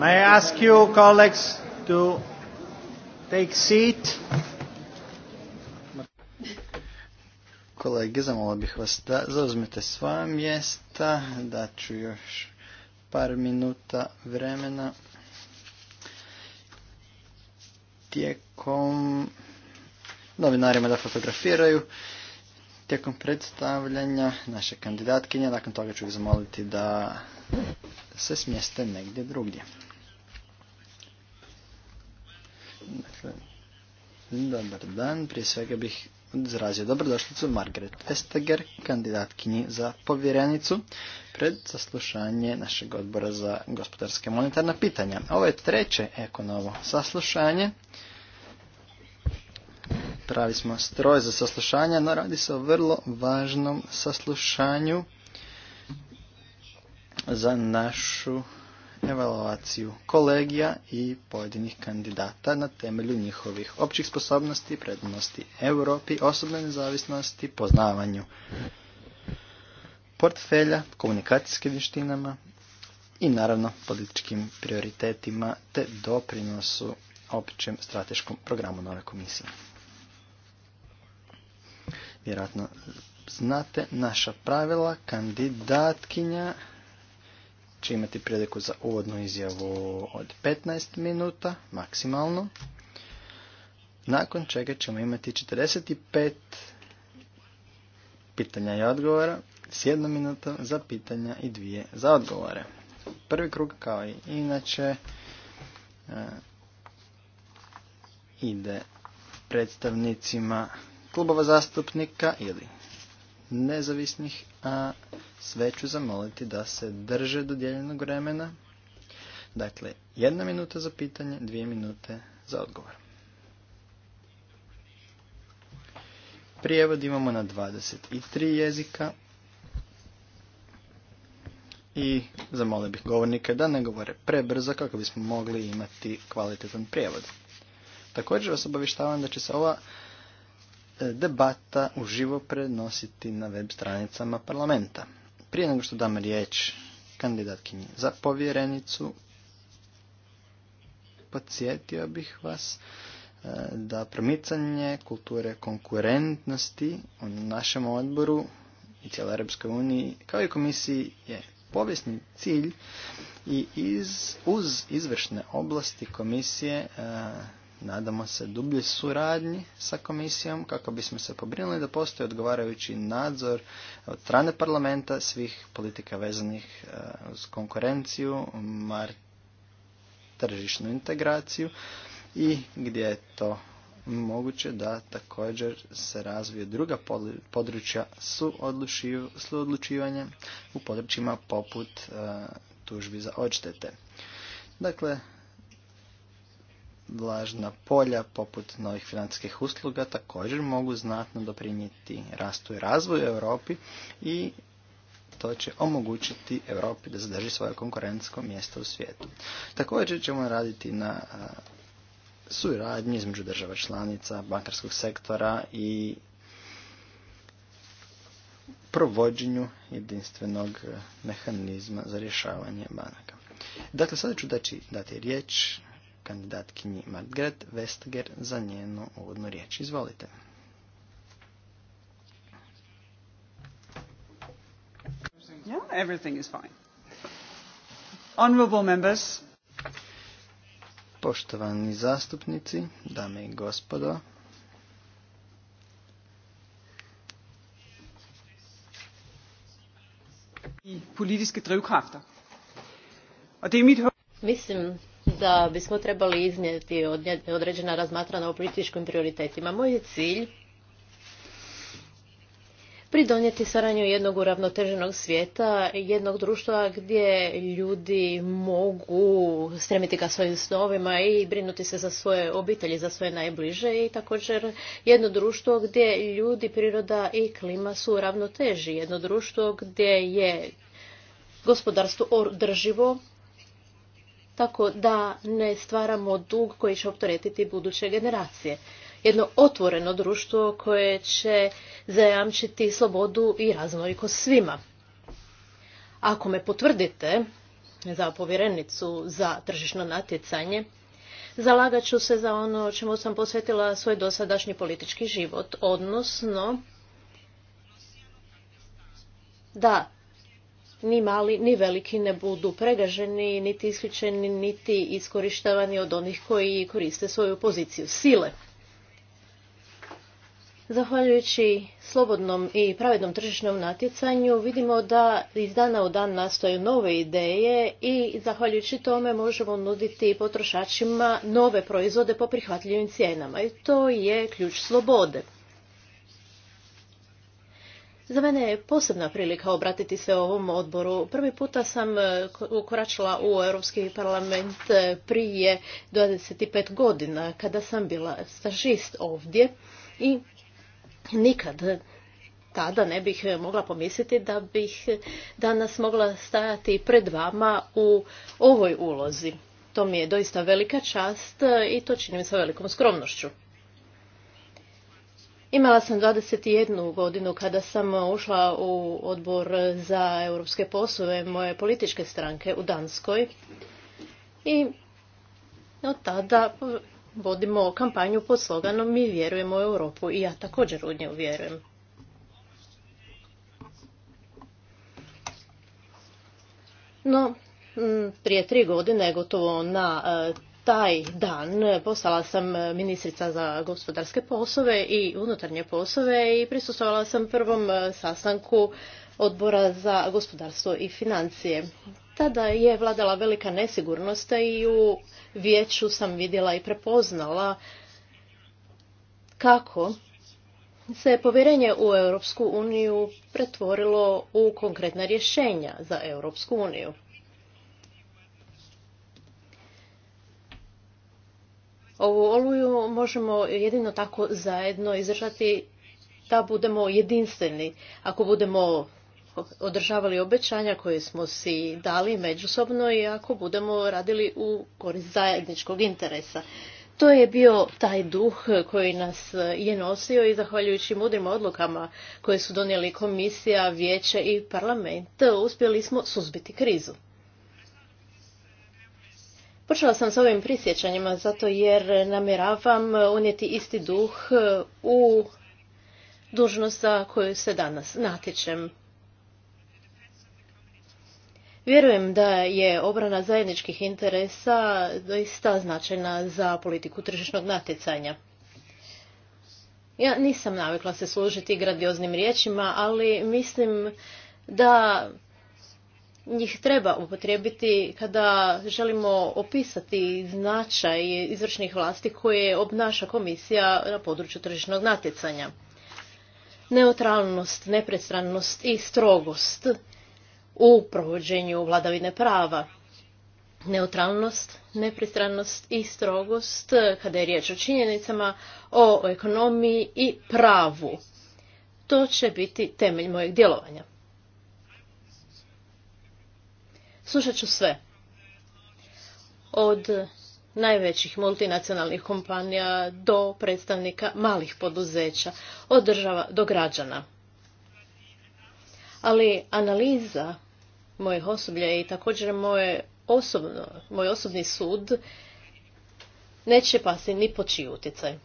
May I ask you, colleagues, to take seat? Kolegi, zamola bih vas da zauzmete sva mjesta, da ću još par minuta vremena tijekom novinarima da fotografiraju tijekom predstavljanja naše kandidatkinje. Nakon toga ću ih zamoliti da se smjeste negdje drugdje. Dakle, dobar dan, prije svega bih izrazio dobrodošlicu Margaret Esteger, kandidatkinji za povjerenicu, pred saslušanje našeg odbora za gospodarske monetarna pitanja. Ovo je treće ekonovo saslušanje. Pravi smo stroj za saslušanje, no radi se o vrlo važnom saslušanju za našu evaluaciju kolegija i pojedinih kandidata na temelju njihovih općih sposobnosti, prednosti Europi, osobne nezavisnosti, poznavanju portfelja, komunikacijskim vještinama i naravno političkim prioritetima te doprinosu općem strateškom programu nove komisije. Vjerojatno znate naša pravila, kandidatkinja će imati priliku za uvodnu izjavu od 15 minuta maksimalno, nakon čega ćemo imati 45 pitanja i odgovora s jednom minutom za pitanja i dvije za odgovore. Prvi krug kao i inače e, ide predstavnicima klubova zastupnika ili nezavisnih, a sve ću zamoliti da se drže dijeljenog vremena. Dakle, jedna minuta za pitanje, dvije minute za odgovor. Prijevod imamo na 23 jezika i zamolio bih govornike da ne govore prebrzo kako bismo mogli imati kvalitetan prijevod. Također vas obavještavam da će se ova E, debata uživo prenositi na web stranicama parlamenta. Prije nego što dam riječ kandidatkinji za povjerenicu, podsjetio bih vas e, da promicanje kulture konkurentnosti u našem odboru i cijeloj Europskoj uniji kao i komisiji je povijesni cilj i iz, uz izvršne oblasti komisije e, Nadamo se dublje suradnji sa komisijom kako bismo se pobrinuli da postoji odgovarajući nadzor od strane parlamenta svih politika vezanih e, uz konkurenciju, mar tržišnu integraciju i gdje je to moguće da također se razvije druga područja suodlučivanja u područjima poput e, tužbi za odštete. Dakle, Vlažna polja, poput novih financijskih usluga, također mogu znatno doprinijeti rastu i razvoju u Europi i to će omogućiti Europi da zadrži svoje konkurentsko mjesto u svijetu. Također ćemo raditi na suradnji između država članica, bankarskog sektora i provođenju jedinstvenog mehanizma za rješavanje banaka. Dakle, sada ću dati, dati riječ kandidatkinji Margaret Vestager za njenu uvodnu riječ. Izvolite. Yeah, everything is fine. Honorable members. Poštovani zastupnici, dame i gospodo. I političke drivkrafter. Og det er mit Mislim da bismo trebali iznijeti određena razmatrana o političkim prioritetima. Moj je cilj pridonijeti stvaranju jednog uravnoteženog svijeta, jednog društva gdje ljudi mogu stremiti ka svojim snovima i brinuti se za svoje obitelji, za svoje najbliže i također jedno društvo gdje ljudi, priroda i klima su uravnoteži. jedno društvo gdje je gospodarstvo održivo tako da ne stvaramo dug koji će optoretiti buduće generacije. Jedno otvoreno društvo koje će zajamčiti slobodu i raznolikost svima. Ako me potvrdite za povjerenicu za tržišno natjecanje, zalagat ću se za ono čemu sam posvetila svoj dosadašnji politički život, odnosno da ni mali ni veliki ne budu pregaženi, niti isključeni, niti iskorištavani od onih koji koriste svoju poziciju sile. Zahvaljujući slobodnom i pravednom tržišnom natjecanju vidimo da iz dana u dan nastaju nove ideje i zahvaljujući tome možemo nuditi potrošačima nove proizvode po prihvatljivim cijenama i to je ključ slobode. Za mene je posebna prilika obratiti se ovom odboru. Prvi puta sam e, ukoračila u Europski parlament e, prije 25 godina kada sam bila stažist ovdje i nikad tada ne bih mogla pomisliti da bih danas mogla stajati pred vama u ovoj ulozi. To mi je doista velika čast e, i to mi sa velikom skromnošću. Imala sam 21 godinu kada sam ušla u odbor za europske poslove moje političke stranke u Danskoj i od tada vodimo kampanju pod sloganom Mi vjerujemo u Europu i ja također u nju vjerujem. No, prije tri godine, gotovo na e, taj dan postala sam ministrica za gospodarske poslove i unutarnje poslove i prisustvovala sam prvom e, sastanku odbora za gospodarstvo i financije. Tada je vladala velika nesigurnost i u vijeću sam vidjela i prepoznala kako se povjerenje u Europsku uniju pretvorilo u konkretna rješenja za Europsku uniju. ovu oluju možemo jedino tako zajedno izdržati da budemo jedinstveni. Ako budemo održavali obećanja koje smo si dali međusobno i ako budemo radili u korist zajedničkog interesa. To je bio taj duh koji nas je nosio i zahvaljujući mudrim odlukama koje su donijeli komisija, vijeće i parlament uspjeli smo suzbiti krizu. Počela sam s ovim prisjećanjima zato jer namjeravam unijeti isti duh e, u dužnost za koju se danas natječem. Vjerujem da je obrana zajedničkih interesa doista značajna za politiku tržišnog natjecanja. Ja nisam navikla se služiti gradioznim riječima, ali mislim da njih treba upotrijebiti kada želimo opisati značaj izvršnih vlasti koje obnaša komisija na području tržišnog natjecanja. Neutralnost, nepristranost i strogost u provođenju vladavine prava. Neutralnost, nepristranost i strogost kada je riječ o činjenicama, o ekonomiji i pravu. To će biti temelj mojeg djelovanja. Slušat ću sve. Od najvećih multinacionalnih kompanija do predstavnika malih poduzeća, od država do građana. Ali analiza mojih osoblja i također moj osobni sud neće pasti ni po čiji utjecaj.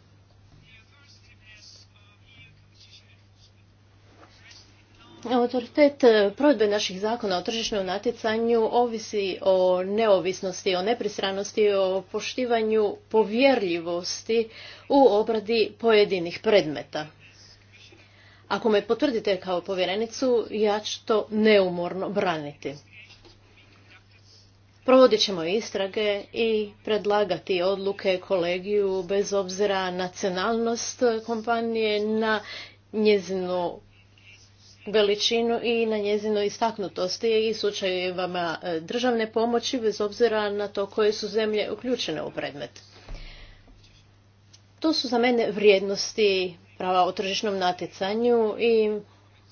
Autoritet e, provedbe naših zakona o tržišnom natjecanju ovisi o neovisnosti, o nepristranosti, o poštivanju povjerljivosti u obradi pojedinih predmeta. Ako me potvrdite kao povjerenicu, ja ću to neumorno braniti. Provodit ćemo istrage i predlagati odluke kolegiju bez obzira nacionalnost kompanije na njezinu veličinu i na njezinu istaknutosti i slučajevama e, državne pomoći bez obzira na to koje su zemlje uključene u predmet. To su za mene vrijednosti prava o tržišnom natjecanju i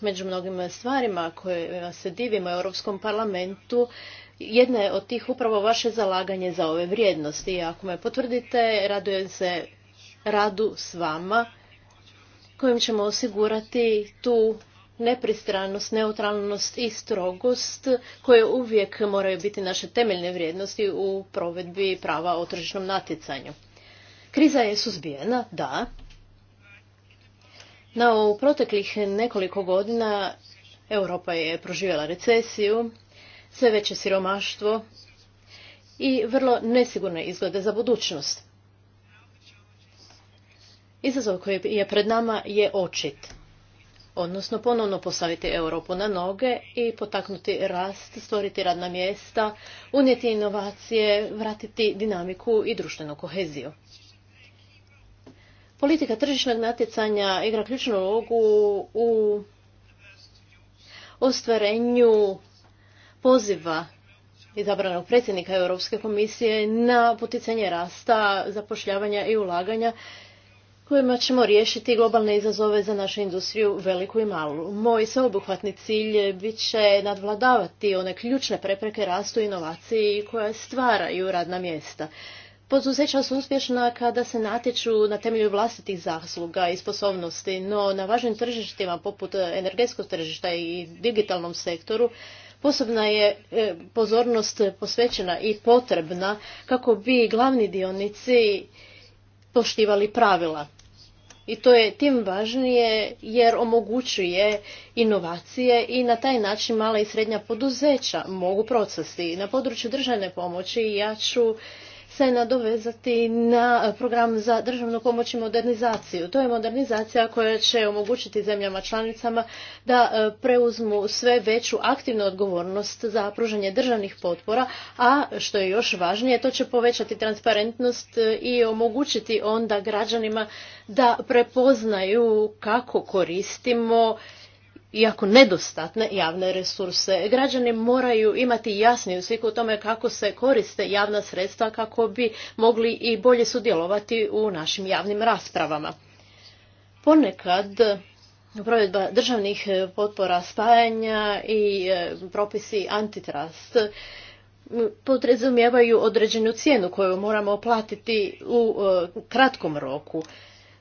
među mnogim stvarima koje se divimo u Europskom parlamentu jedna je od tih upravo vaše zalaganje za ove vrijednosti. I ako me potvrdite, radujem se radu s vama kojim ćemo osigurati tu nepristranost, neutralnost i strogost koje uvijek moraju biti naše temeljne vrijednosti u provedbi prava o tržišnom natjecanju. Kriza je suzbijena, da. No, u proteklih nekoliko godina Europa je proživjela recesiju, sve veće siromaštvo i vrlo nesigurne izglede za budućnost. Izazov koji je pred nama je očit odnosno ponovno postaviti Europu na noge i potaknuti rast, stvoriti radna mjesta, unijeti inovacije, vratiti dinamiku i društvenu koheziju. Politika tržišnog natjecanja igra ključnu ulogu u ostvarenju poziva izabranog predsjednika Europske komisije na poticanje rasta, zapošljavanja i ulaganja kojima ćemo riješiti globalne izazove za našu industriju, veliku i malu. Moj sveobuhvatni cilj bit će nadvladavati one ključne prepreke rastu inovaciji koje stvaraju radna mjesta. Poduzeća su uspješna kada se natječu na temelju vlastitih zasluga i sposobnosti, no na važnim tržištima poput energetskog tržišta i digitalnom sektoru posebna je e, pozornost posvećena i potrebna kako bi glavni dionici poštivali pravila. I to je tim važnije jer omogućuje inovacije i na taj način mala i srednja poduzeća mogu procesi Na području državne pomoći ja ću se nadovezati na program za državnu pomoć i modernizaciju. To je modernizacija koja će omogućiti zemljama članicama da e, preuzmu sve veću aktivnu odgovornost za pružanje državnih potpora, a što je još važnije, to će povećati transparentnost e, i omogućiti onda građanima da prepoznaju kako koristimo iako nedostatne javne resurse. Građani moraju imati jasniju sliku o tome kako se koriste javna sredstva kako bi mogli i bolje sudjelovati u našim javnim raspravama. Ponekad provedba državnih potpora spajanja i e, propisi antitrust podrazumijevaju određenu cijenu koju moramo platiti u e, kratkom roku.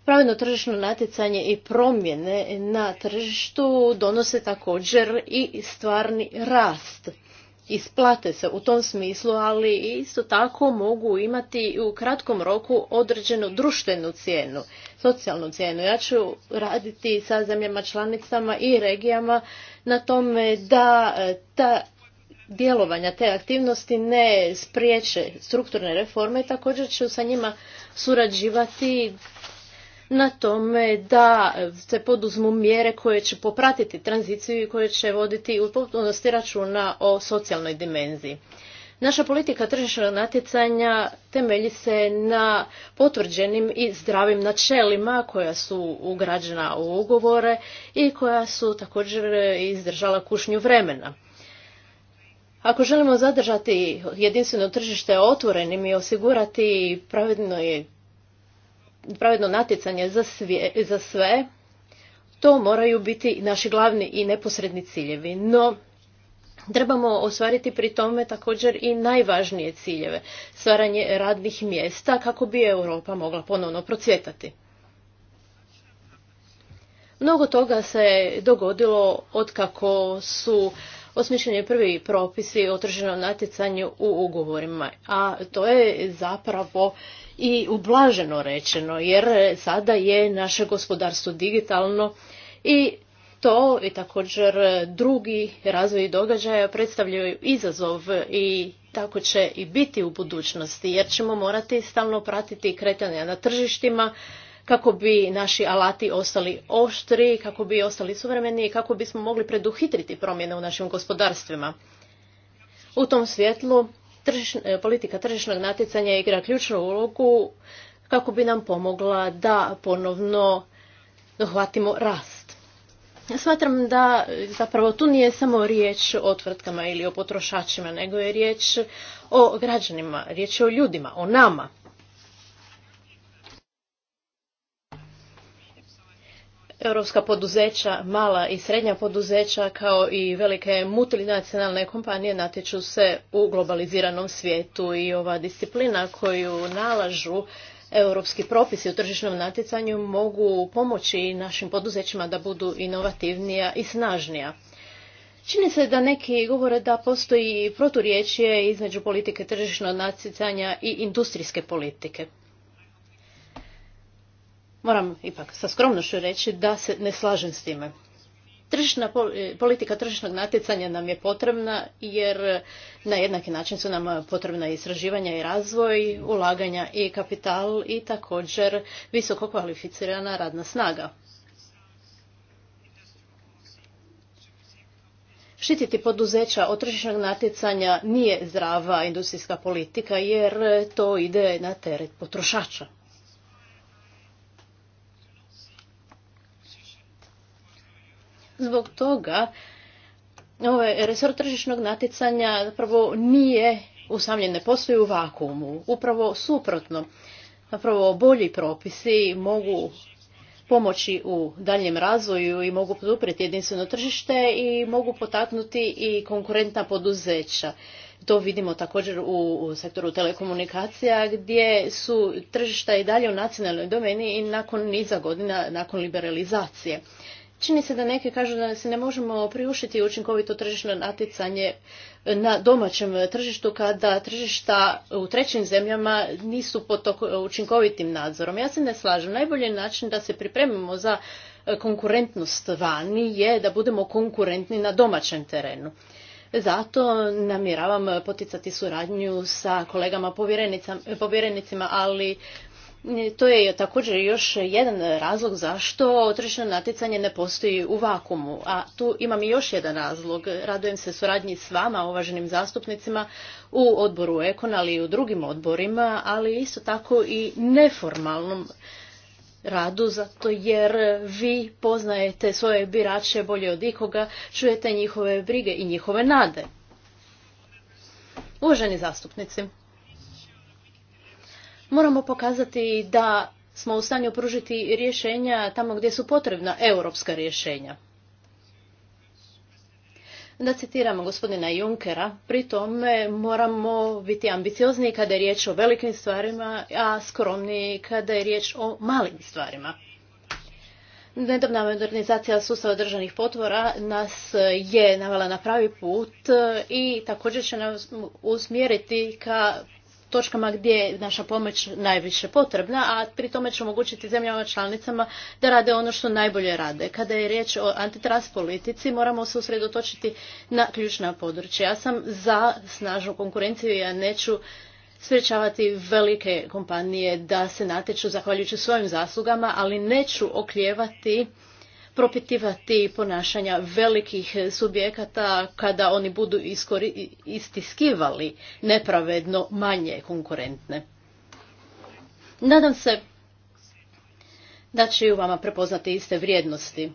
Pravno tržišno natjecanje i promjene na tržištu donose također i stvarni rast. Isplate se u tom smislu, ali isto tako mogu imati u kratkom roku određenu društvenu cijenu, socijalnu cijenu. Ja ću raditi sa zemljama članicama i regijama na tome da e, ta djelovanja te aktivnosti ne spriječe strukturne reforme i također ću sa njima surađivati na tome da se poduzmu mjere koje će popratiti tranziciju i koje će voditi u potpunosti računa o socijalnoj dimenziji. Naša politika tržišnog natjecanja temelji se na potvrđenim i zdravim načelima koja su ugrađena u ugovore i koja su također izdržala kušnju vremena. Ako želimo zadržati jedinstveno tržište otvorenim i osigurati pravedno pravedno natjecanje za, sve, to moraju biti naši glavni i neposredni ciljevi. No, trebamo ostvariti pri tome također i najvažnije ciljeve, stvaranje radnih mjesta kako bi Europa mogla ponovno procvjetati. Mnogo toga se dogodilo otkako su osmišljen prvi propisi o tržišnom natjecanju u ugovorima, a to je zapravo i ublaženo rečeno, jer sada je naše gospodarstvo digitalno i to i također drugi razvoj događaja predstavljaju izazov i tako će i biti u budućnosti jer ćemo morati stalno pratiti kretanja na tržištima kako bi naši alati ostali oštri, kako bi ostali suvremeni i kako bismo mogli preduhitriti promjene u našim gospodarstvima. U tom svjetlu e, politika tržišnog natjecanja igra ključnu ulogu kako bi nam pomogla da ponovno dohvatimo rast. Ja smatram da e, zapravo tu nije samo riječ o tvrtkama ili o potrošačima, nego je riječ o građanima, riječ je o ljudima, o nama. europska poduzeća, mala i srednja poduzeća kao i velike multinacionalne kompanije natječu se u globaliziranom svijetu i ova disciplina koju nalažu europski propisi u tržišnom natjecanju mogu pomoći našim poduzećima da budu inovativnija i snažnija. Čini se da neki govore da postoji proturječje između politike tržišnog natjecanja i industrijske politike. Moram ipak sa skromnošću reći da se ne slažem s time. Tržišna e, politika tržišnog natjecanja nam je potrebna jer na jednaki način su nam potrebna istraživanja i razvoj, ulaganja i kapital i također visoko kvalificirana radna snaga. Štititi poduzeća od tržišnog natjecanja nije zdrava industrijska politika jer to ide na teret potrošača. Zbog toga ovaj resor tržišnog natjecanja zapravo nije usamljen, ne postoji u vakuumu. Upravo suprotno, zapravo bolji propisi mogu pomoći u daljem razvoju i mogu poduprijeti jedinstveno tržište i mogu potaknuti i konkurentna poduzeća. To vidimo također u sektoru telekomunikacija gdje su tržišta i dalje u nacionalnoj domeni i nakon niza godina nakon liberalizacije. Čini se da neki kažu da se ne možemo priušiti učinkovito tržišno natjecanje na domaćem tržištu kada tržišta u trećim zemljama nisu pod učinkovitim nadzorom. Ja se ne slažem. Najbolji način da se pripremimo za konkurentnost vani je da budemo konkurentni na domaćem terenu. Zato namjeravam poticati suradnju sa kolegama povjerenicima, ali to je također još jedan razlog zašto tržišno natjecanje ne postoji u vakumu. A tu imam i još jedan razlog. Radujem se suradnji s vama, uvaženim zastupnicima, u odboru Ekon, ali i u drugim odborima, ali isto tako i neformalnom radu, zato jer vi poznajete svoje birače bolje od ikoga, čujete njihove brige i njihove nade. Uvaženi zastupnici, moramo pokazati da smo u stanju pružiti rješenja tamo gdje su potrebna europska rješenja. Da citiramo gospodina Junkera, pri tome moramo biti ambiciozni kada je riječ o velikim stvarima, a skromni kada je riječ o malim stvarima. Nedavna modernizacija sustava državnih potvora nas je navela na pravi put i također će nas usmjeriti ka točkama gdje je naša pomoć najviše potrebna, a pri tome će omogućiti zemljama članicama da rade ono što najbolje rade. Kada je riječ o antitrust politici, moramo se usredotočiti na ključna područja. Ja sam za snažnu konkurenciju, ja neću sprječavati velike kompanije da se natječu zahvaljujući svojim zaslugama, ali neću oklijevati propitivati ponašanja velikih subjekata kada oni budu istiskivali nepravedno manje konkurentne. Nadam se da će u vama prepoznati iste vrijednosti.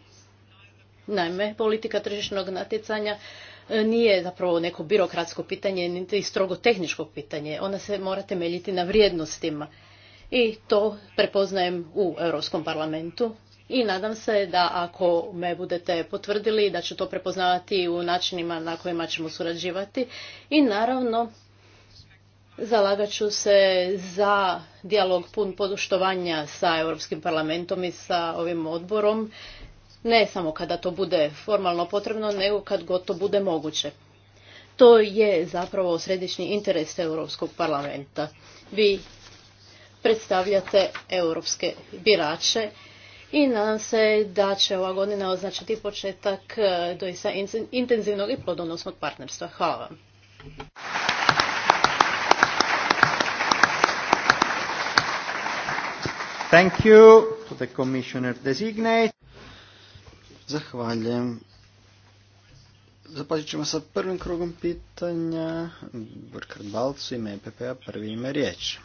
Naime, politika tržišnog natjecanja e, nije zapravo neko birokratsko pitanje, niti strogo tehničko pitanje. Ona se mora temeljiti na vrijednostima. I to prepoznajem u Europskom parlamentu, i nadam se da ako me budete potvrdili da ću to prepoznavati u načinima na kojima ćemo surađivati i naravno zalagat ću se za dijalog pun poduštovanja sa Europskim parlamentom i sa ovim odborom ne samo kada to bude formalno potrebno nego kad god to bude moguće. To je zapravo središnji interes Europskog parlamenta. Vi predstavljate europske birače i nadam se da će ova godina označiti početak e, doista intenzivnog i plodonosnog partnerstva. Hvala vam. Thank you to the commissioner designate. Zahvaljujem. Započet ćemo sa prvim krugom pitanja. Burkhard Balcu ime EPP-a prvi ime riječ.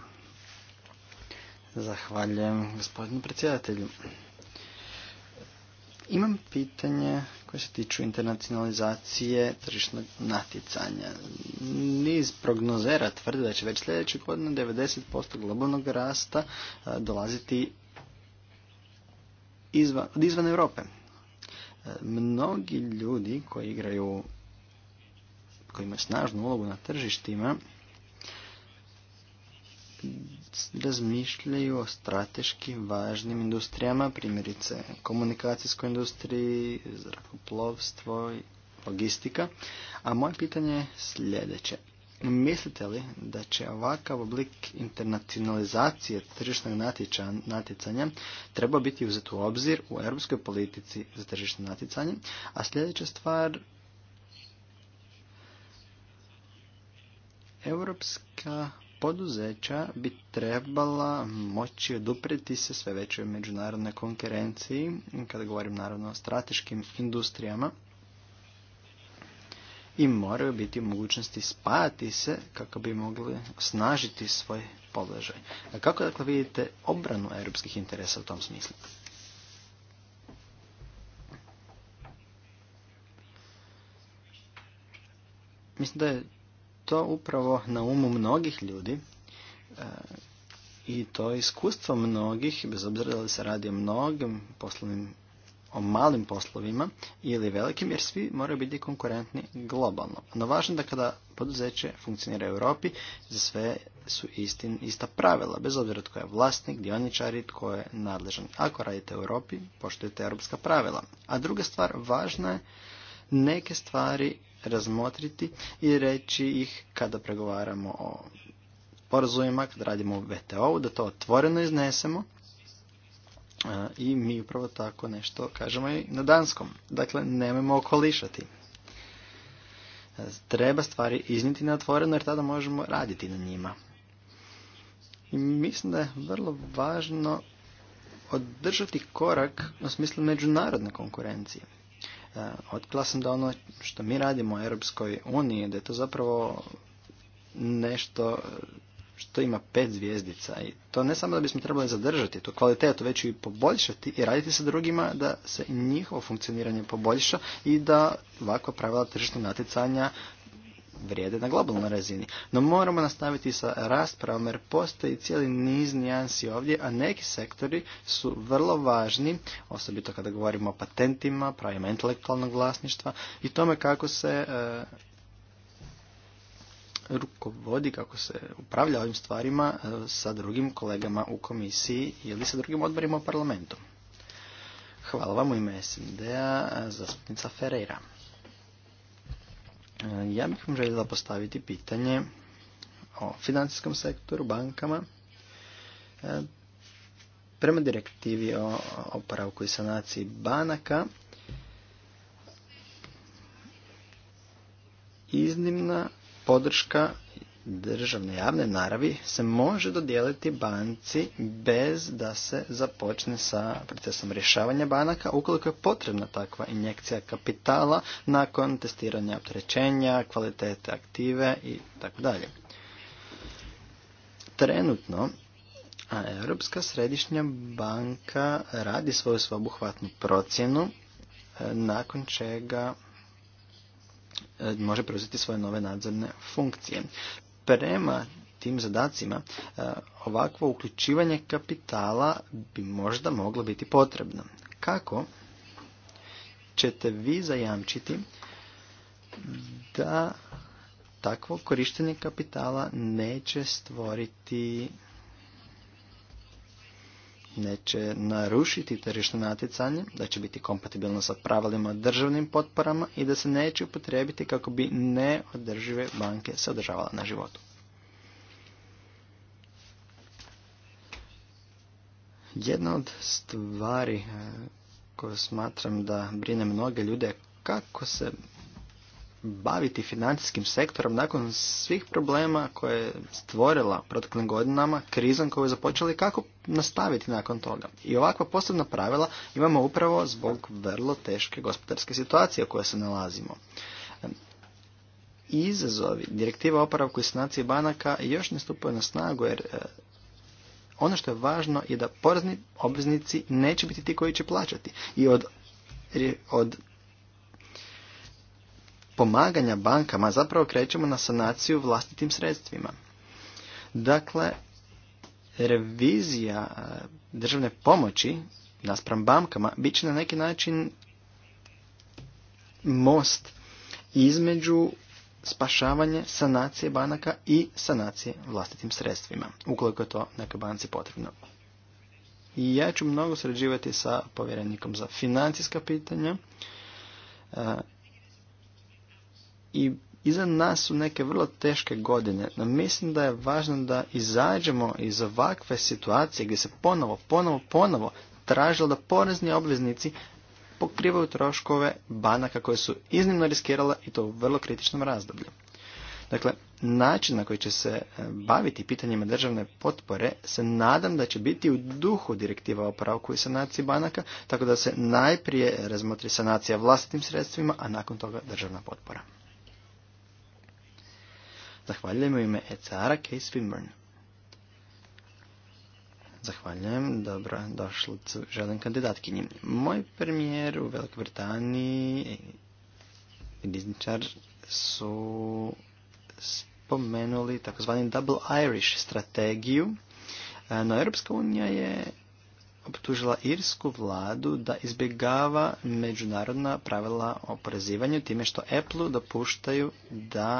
Zahvaljujem gospodinu predsjedatelju. Imam pitanje koje se tiču internacionalizacije tržišnog natjecanja. Niz prognozera tvrde da će već sljedeće godine 90% globalnog rasta dolaziti izvan, izvan Europe. E, mnogi ljudi koji igraju, koji imaju snažnu ulogu na tržištima, razmišljaju o strateški važnim industrijama, primjerice komunikacijskoj industriji, zrakoplovstvo i logistika. A moje pitanje je sljedeće. Mislite li da će ovakav oblik internacionalizacije tržišnog natjecanja treba biti uzet u obzir u europskoj politici za tržišno natjecanje? A sljedeća stvar, europska poduzeća bi trebala moći odupriti se sve većoj međunarodnoj konkurenciji, kada govorim naravno o strateškim industrijama, i moraju biti u mogućnosti spajati se kako bi mogli snažiti svoj položaj. A kako dakle vidite obranu europskih interesa u tom smislu? Mislim da je to upravo na umu mnogih ljudi e, i to iskustvo mnogih, bez obzira da li se radi o mnogim poslovnim, o malim poslovima ili velikim, jer svi moraju biti konkurentni globalno. No važno je da kada poduzeće funkcionira u Europi, za sve su istin, ista pravila, bez obzira tko je vlasnik, dioničar i tko je nadležan. Ako radite u Europi, poštujete europska pravila. A druga stvar, važna je neke stvari razmotriti i reći ih kada pregovaramo o porazumima, kada radimo o VTO-u, da to otvoreno iznesemo i mi upravo tako nešto kažemo i na danskom. Dakle, nemojmo okolišati. Treba stvari izniti na otvoreno jer tada možemo raditi na njima. I mislim da je vrlo važno održati korak u smislu međunarodne konkurencije. E, Otkla sam da ono što mi radimo u Europskoj uniji, da je to zapravo nešto što ima pet zvijezdica i to ne samo da bismo trebali zadržati tu kvalitetu, već i poboljšati i raditi sa drugima da se njihovo funkcioniranje poboljša i da ovakva pravila tržišnog natjecanja vrijede na globalnoj razini. No moramo nastaviti sa raspravom jer postoji cijeli niz nijansi ovdje, a neki sektori su vrlo važni, osobito kada govorimo o patentima, pravima intelektualnog vlasništva i tome kako se e, rukovodi, kako se upravlja ovim stvarima e, sa drugim kolegama u komisiji ili sa drugim odborima u parlamentu. Hvala vam u ime snd a zastupnica Ferreira. E, ja bih vam željela postaviti pitanje o financijskom sektoru, bankama. E, prema direktivi o oporavku i sanaciji banaka, iznimna podrška državne javne naravi se može dodijeliti banci bez da se započne sa procesom rješavanja banaka ukoliko je potrebna takva injekcija kapitala nakon testiranja opterećenja, kvalitete aktive i tako dalje. Trenutno a Europska središnja banka radi svoju svobuhvatnu procjenu e, nakon čega e, može preuzeti svoje nove nadzorne funkcije prema tim zadacima e, ovakvo uključivanje kapitala bi možda moglo biti potrebno. Kako ćete vi zajamčiti da takvo korištenje kapitala neće stvoriti neće narušiti tržišno natjecanje, da će biti kompatibilno sa pravilima državnim potporama i da se neće upotrebiti kako bi neodržive banke se održavala na životu. Jedna od stvari eh, koju smatram da brine mnoge ljude kako se baviti financijskim sektorom nakon svih problema koje je stvorila proteklim godinama, krizom koju je započela i kako nastaviti nakon toga. I ovakva posebna pravila imamo upravo zbog vrlo teške gospodarske situacije u kojoj se nalazimo. Izazovi direktiva oporavku i sanacije banaka još ne stupaju na snagu jer e, ono što je važno je da porezni obveznici neće biti ti koji će plaćati. I od, od pomaganja bankama zapravo krećemo na sanaciju vlastitim sredstvima. Dakle, revizija e, državne pomoći naspram bankama bit će na neki način most između spašavanje sanacije banaka i sanacije vlastitim sredstvima, ukoliko je to nekoj banci potrebno. I ja ću mnogo sređivati sa povjerenikom za financijska pitanja e, i iza nas su neke vrlo teške godine, no mislim da je važno da izađemo iz ovakve situacije gdje se ponovo, ponovo, ponovo tražilo da porezni obveznici pokrivaju troškove banaka koje su iznimno riskirala i to u vrlo kritičnom razdoblju. Dakle, način na koji će se e, baviti pitanjima državne potpore se nadam da će biti u duhu direktiva o pravku i sanaciji banaka, tako da se najprije razmotri sanacija vlastitim sredstvima, a nakon toga državna potpora. Zahvaljujem u ime Ecara K. Swinburne. Zahvaljujem, dobro došli želim kandidatkinji. Moj premijer u Velikoj Britaniji i Disneyčar su spomenuli takozvani Double Irish strategiju, e, no Europska unija je optužila irsku vladu da izbjegava međunarodna pravila o porezivanju time što Apple dopuštaju da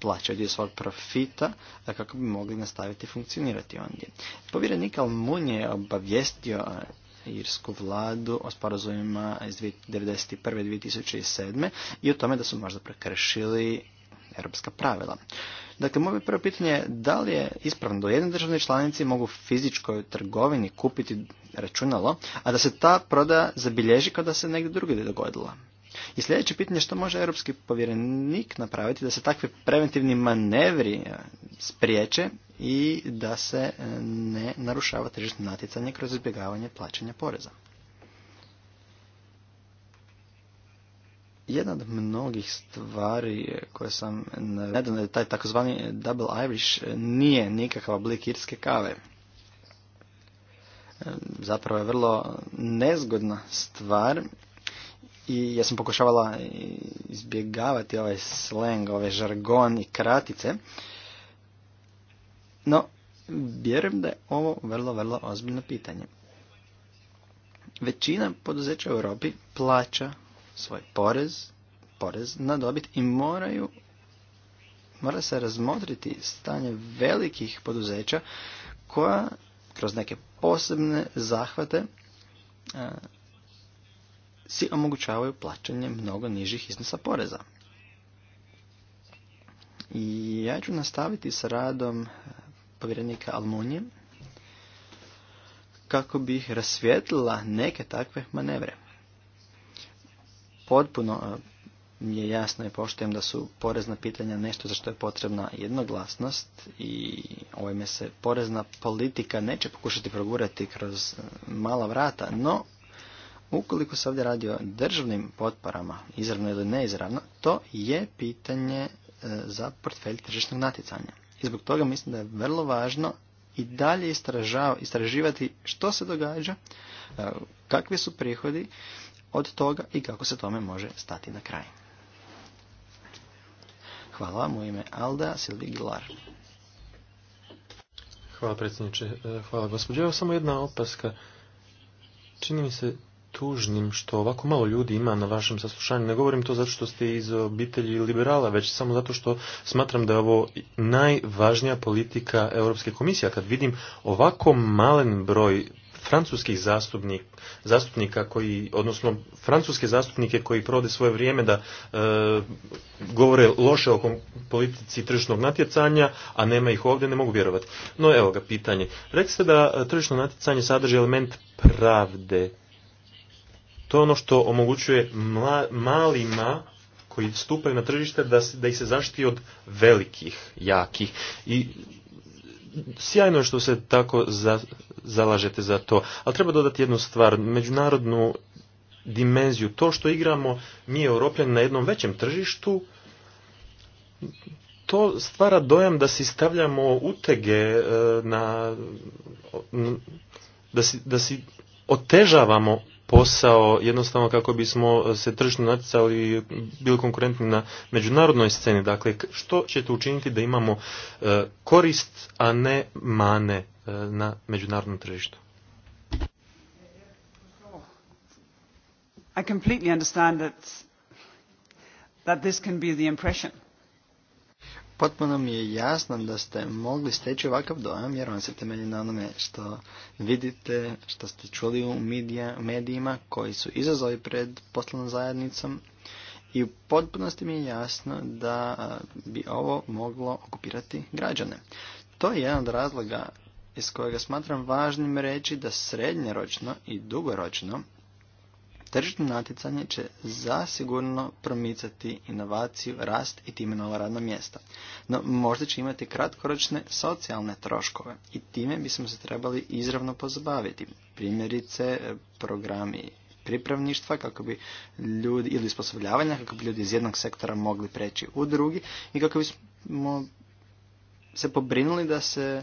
plaća dio svog profita kako bi mogli nastaviti funkcionirati ondje. Povjerenik Almun je obavijestio e, irsku vladu o sporazumima iz 1991. 2007. i o tome da su možda prekršili europska pravila. Dakle, moje prvo pitanje je da li je ispravno da jedne državne članici mogu fizičkoj trgovini kupiti računalo, a da se ta proda zabilježi kada se negdje drugdje dogodila. I sljedeće pitanje što može europski povjerenik napraviti da se takvi preventivni manevri e, spriječe i da se e, ne narušava tržišno natjecanje kroz izbjegavanje plaćanja poreza. Jedna od mnogih stvari koje sam nedavno je taj takozvani Double Irish e, nije nikakav oblik irske kave. Zapravo je vrlo nezgodna stvar i ja sam pokušavala izbjegavati ovaj sleng, ovaj žargon i kratice. No, vjerujem da je ovo vrlo, vrlo ozbiljno pitanje. Većina poduzeća u Europi plaća svoj porez, porez na dobit i moraju mora se razmotriti stanje velikih poduzeća koja kroz neke posebne zahvate si omogućavaju plaćanje mnogo nižih iznosa poreza. I ja ću nastaviti sa radom e, povjerenika Almunije kako bih rasvijetlila neke takve manevre. Potpuno e, je jasno i poštujem da su porezna pitanja nešto za što je potrebna jednoglasnost i ovime se porezna politika neće pokušati progurati kroz e, mala vrata, no Ukoliko se ovdje radi o državnim potporama, izravno ili neizravno, to je pitanje e, za portfelj tržišnog natjecanja. I zbog toga mislim da je vrlo važno i dalje istraživati što se događa, e, kakvi su prihodi od toga i kako se tome može stati na kraj. Hvala vam u ime Alda Silvi Gilar. Hvala predsjedniče. E, hvala Evo samo jedna opaska. Čini mi se tužnim što ovako malo ljudi ima na vašem saslušanju. Ne govorim to zato što ste iz obitelji liberala, već samo zato što smatram da je ovo najvažnija politika Europske komisije. kad vidim ovako malen broj francuskih zastupnik, zastupnika koji, odnosno francuske zastupnike koji provode svoje vrijeme da e, govore loše o politici tržišnog natjecanja, a nema ih ovdje, ne mogu vjerovati. No evo ga, pitanje. Rekli ste da e, tržišno natjecanje sadrži element pravde. To je ono što omogućuje malima koji stupaju na tržište da, da ih se zaštiti od velikih, jakih. I sjajno je što se tako zalažete za to. Ali treba dodati jednu stvar, međunarodnu dimenziju. To što igramo mi europljani na jednom većem tržištu, to stvara dojam da si stavljamo utege e, na... da si, da si otežavamo posao jednostavno kako bismo se tržno natjecali i bili konkurentni na međunarodnoj sceni. Dakle, što ćete učiniti da imamo e, korist, a ne mane e, na međunarodnom tržištu? I completely understand that, that this can be the impression Potpuno mi je jasno da ste mogli steći ovakav dojam jer on se temelji na onome što vidite, što ste čuli u medijima koji su izazovi pred poslovnom zajednicom i u potpunosti mi je jasno da bi ovo moglo okupirati građane. To je jedan od razloga iz kojega smatram važnim reći da srednjeročno i dugoročno Tržno natjecanje će zasigurno promicati inovaciju, rast i time nova radna mjesta. No možda će imati kratkoročne socijalne troškove i time bismo se trebali izravno pozabaviti. Primjerice programi pripravništva kako bi ljudi ili sposobljavanja kako bi ljudi iz jednog sektora mogli preći u drugi i kako bismo se pobrinuli da se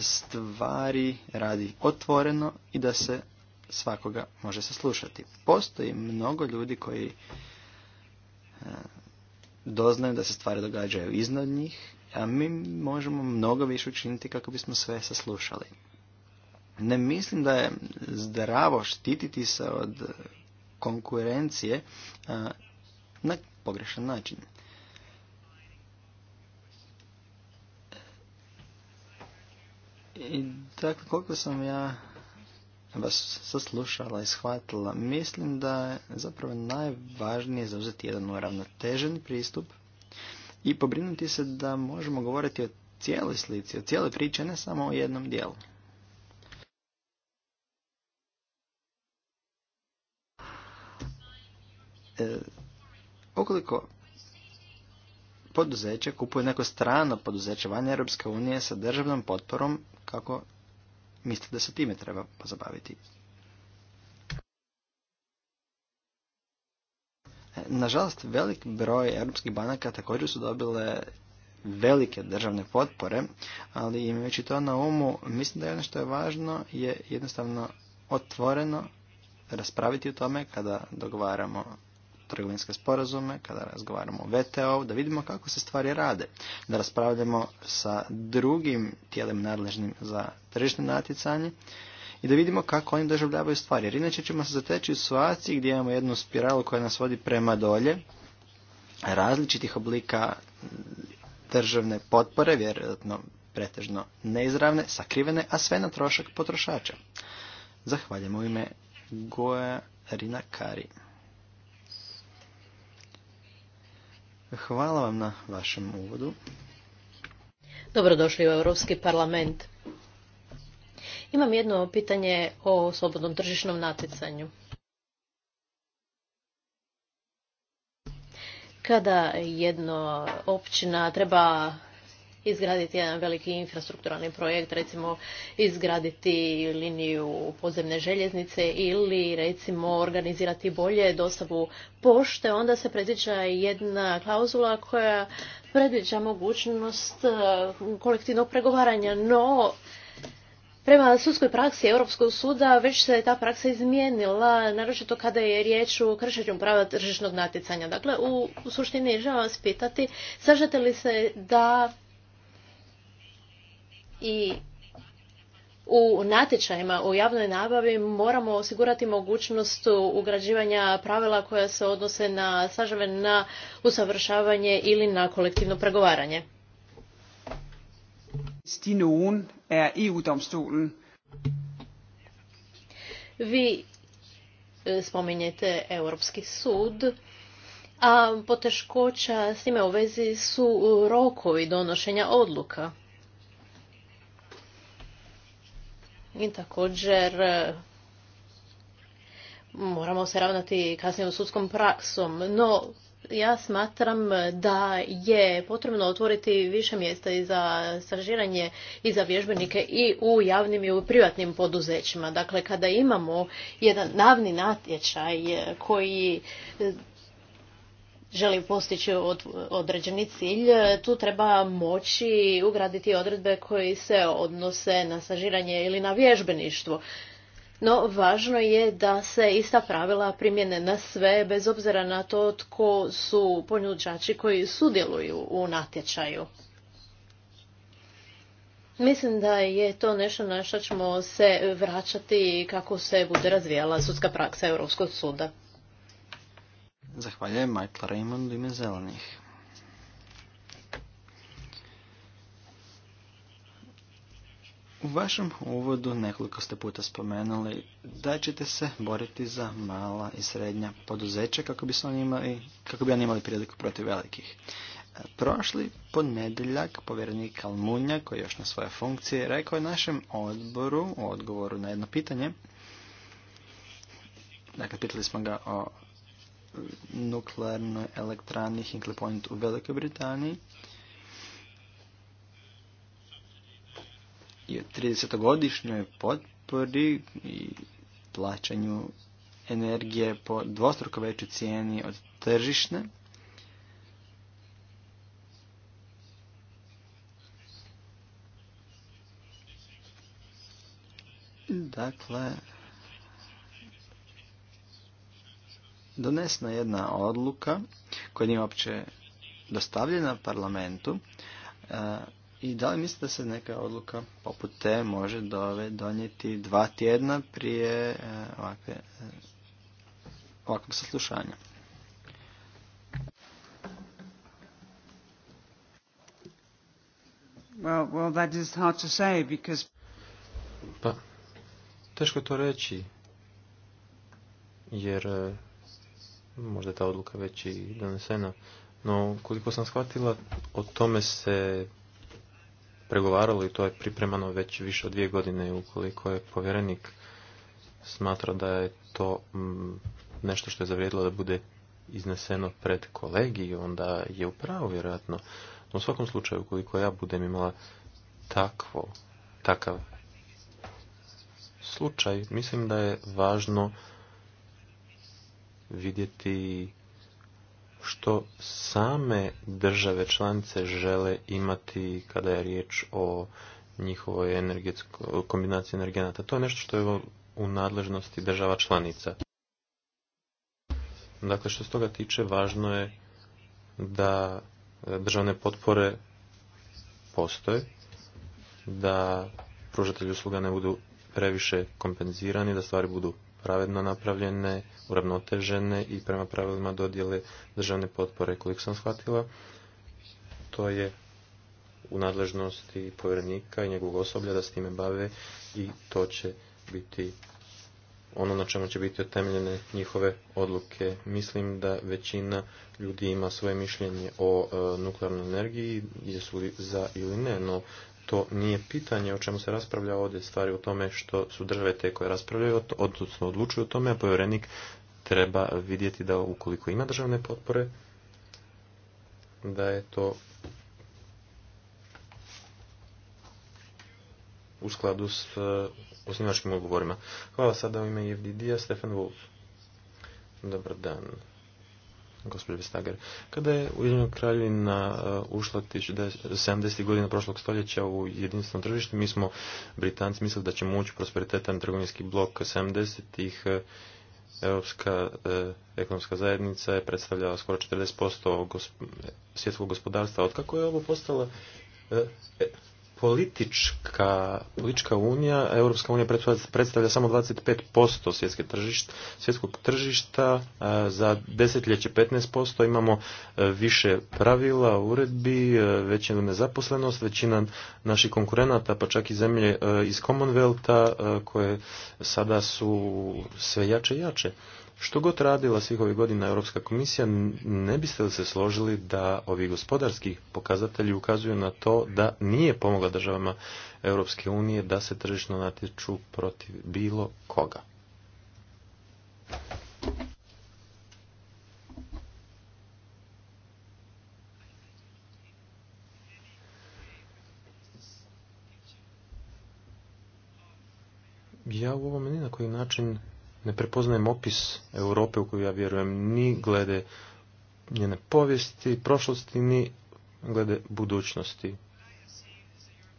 stvari radi otvoreno i da se svakoga može saslušati. Postoji mnogo ljudi koji e, doznaju da se stvari događaju iznad njih, a mi možemo mnogo više učiniti kako bismo sve saslušali. Ne mislim da je zdravo štititi se od konkurencije e, na pogrešan način. I dakle, koliko sam ja vas saslušala i shvatila, mislim da je zapravo najvažnije zauzeti jedan uravnotežen pristup i pobrinuti se da možemo govoriti o cijeloj slici, o cijeloj priči, ne samo o jednom dijelu. E, ukoliko poduzeće kupuje neko strano poduzeće van Europske unije sa državnom potporom, kako mislim da se time treba pozabaviti. E, nažalost, velik broj europskih banaka također su dobile velike državne potpore, ali imajući to na umu, mislim da je ono što je važno je jednostavno otvoreno raspraviti o tome kada dogovaramo trgovinske sporazume, kada razgovaramo o VTO, da vidimo kako se stvari rade, da raspravljamo sa drugim tijelima nadležnim za tržišno natjecanje i da vidimo kako oni doživljavaju stvari. Jer inače ćemo se zateći u situaciji gdje imamo jednu spiralu koja nas vodi prema dolje, različitih oblika državne potpore, vjerojatno pretežno neizravne, sakrivene, a sve na trošak potrošača. u ime Goja Rina Kari. Hvala vam na vašem uvodu. Dobrodošli u Europski parlament. Imam jedno pitanje o slobodnom tržišnom natjecanju. Kada jedna općina treba izgraditi jedan veliki infrastrukturalni projekt, recimo izgraditi liniju podzemne željeznice ili recimo organizirati bolje dostavu pošte, onda se predviđa jedna klauzula koja predviđa mogućnost e, kolektivnog pregovaranja, no Prema sudskoj praksi Europskog suda već se ta praksa izmijenila, naročito kada je riječ o kršenju prava tržišnog natjecanja. Dakle, u, suštini želim vas pitati, slažete li se da i u natječajima u javnoj nabavi moramo osigurati mogućnost ugrađivanja pravila koja se odnose na sažave na usavršavanje ili na kolektivno pregovaranje. Er e Vi e, spominjete Europski sud, a poteškoća s time u vezi su rokovi donošenja odluka. I također e, moramo se ravnati kasnijom sudskom praksom, no ja smatram da je potrebno otvoriti više mjesta i za stražiranje i za vježbenike i u javnim i u privatnim poduzećima. Dakle, kada imamo jedan navni natječaj e, koji želi postići određeni cilj, tu treba moći ugraditi odredbe koje se odnose na sažiranje ili na vježbeništvo. No, važno je da se ista pravila primjene na sve, bez obzira na to tko su ponuđači koji sudjeluju u natječaju. Mislim da je to nešto na što ćemo se vraćati kako se bude razvijala sudska praksa Europskog suda. Zahvaljujem Michael Raymond ime zelenih. U vašem uvodu nekoliko ste puta spomenuli da ćete se boriti za mala i srednja poduzeća kako bi, se oni imali, kako bi oni imali priliku protiv velikih. Prošli ponedjeljak povjerenik Almunja, koji je još na svoje funkcije, rekao je našem odboru u odgovoru na jedno pitanje. Dakle, pitali smo ga o nuklearnoj elektrani Hinkley Point u Velikoj Britaniji. I od 30-godišnjoj potpori i plaćanju energije po dvostruko većoj cijeni od tržišne. Dakle, donesna jedna odluka koja nije uopće dostavljena parlamentu e, i da li mislite da se neka odluka poput te može donijeti dva tjedna prije e, ovakve, e, ovakvog saslušanja? to Pa, teško to reći, jer možda je ta odluka već i donesena, no koliko sam shvatila, o tome se pregovaralo i to je pripremano već više od dvije godine ukoliko je povjerenik smatra da je to mm, nešto što je zavrijedilo da bude izneseno pred kolegij, onda je upravo vjerojatno. No, u svakom slučaju, ukoliko ja budem imala takvo, takav slučaj, mislim da je važno vidjeti što same države članice žele imati kada je riječ o njihovoj kombinaciji energenata. To je nešto što je u nadležnosti država članica. Dakle, što se toga tiče, važno je da državne potpore postoje, da pružatelji usluga ne budu previše kompenzirani, da stvari budu pravedno napravljene, uravnotežene i prema pravilima dodjele državne potpore. Koliko sam shvatila, to je u nadležnosti povjerenika i njegovog osoblja da s time bave i to će biti ono na čemu će biti otemljene njihove odluke. Mislim da većina ljudi ima svoje mišljenje o e, nuklearnoj energiji, jesu li za ili ne, no to nije pitanje o čemu se raspravlja ovdje, stvari o tome što su države te koje raspravljaju, odnosno odlučuju o tome, a povjerenik treba vidjeti da ukoliko ima državne potpore, da je to u skladu s e, osnivačkim ugovorima. Hvala sada u ime FDD-a Stefan Wolf. Dobar dan gospođa Vestager. Kada je Ujedinjena kraljevina uh, ušla 70. godina prošlog stoljeća u jedinstveno tržište, mi smo, Britanci, mislili da ćemo ući prosperitetan trgovinski blok 70-ih uh, Europska uh, ekonomska zajednica je predstavljala skoro 40% svjetskog gospodarstva. kako je ovo postala politička, politička unija, Europska unija predstavlja samo 25% svjetske tržišta, svjetskog tržišta, e, za desetljeće 15% imamo e, više pravila, uredbi, e, većinu nezaposlenost, većina naših konkurenata, pa čak i zemlje iz Commonwealtha koje sada su sve jače i jače. Što god radila svih ovih godina Europska komisija, ne biste li se složili da ovi gospodarski pokazatelji ukazuju na to da nije pomogla državama Europske unije da se tržišno natječu protiv bilo koga? Ja u ovome ni na koji način ne prepoznajem opis Europe u koju ja vjerujem ni glede njene povijesti, prošlosti, ni glede budućnosti.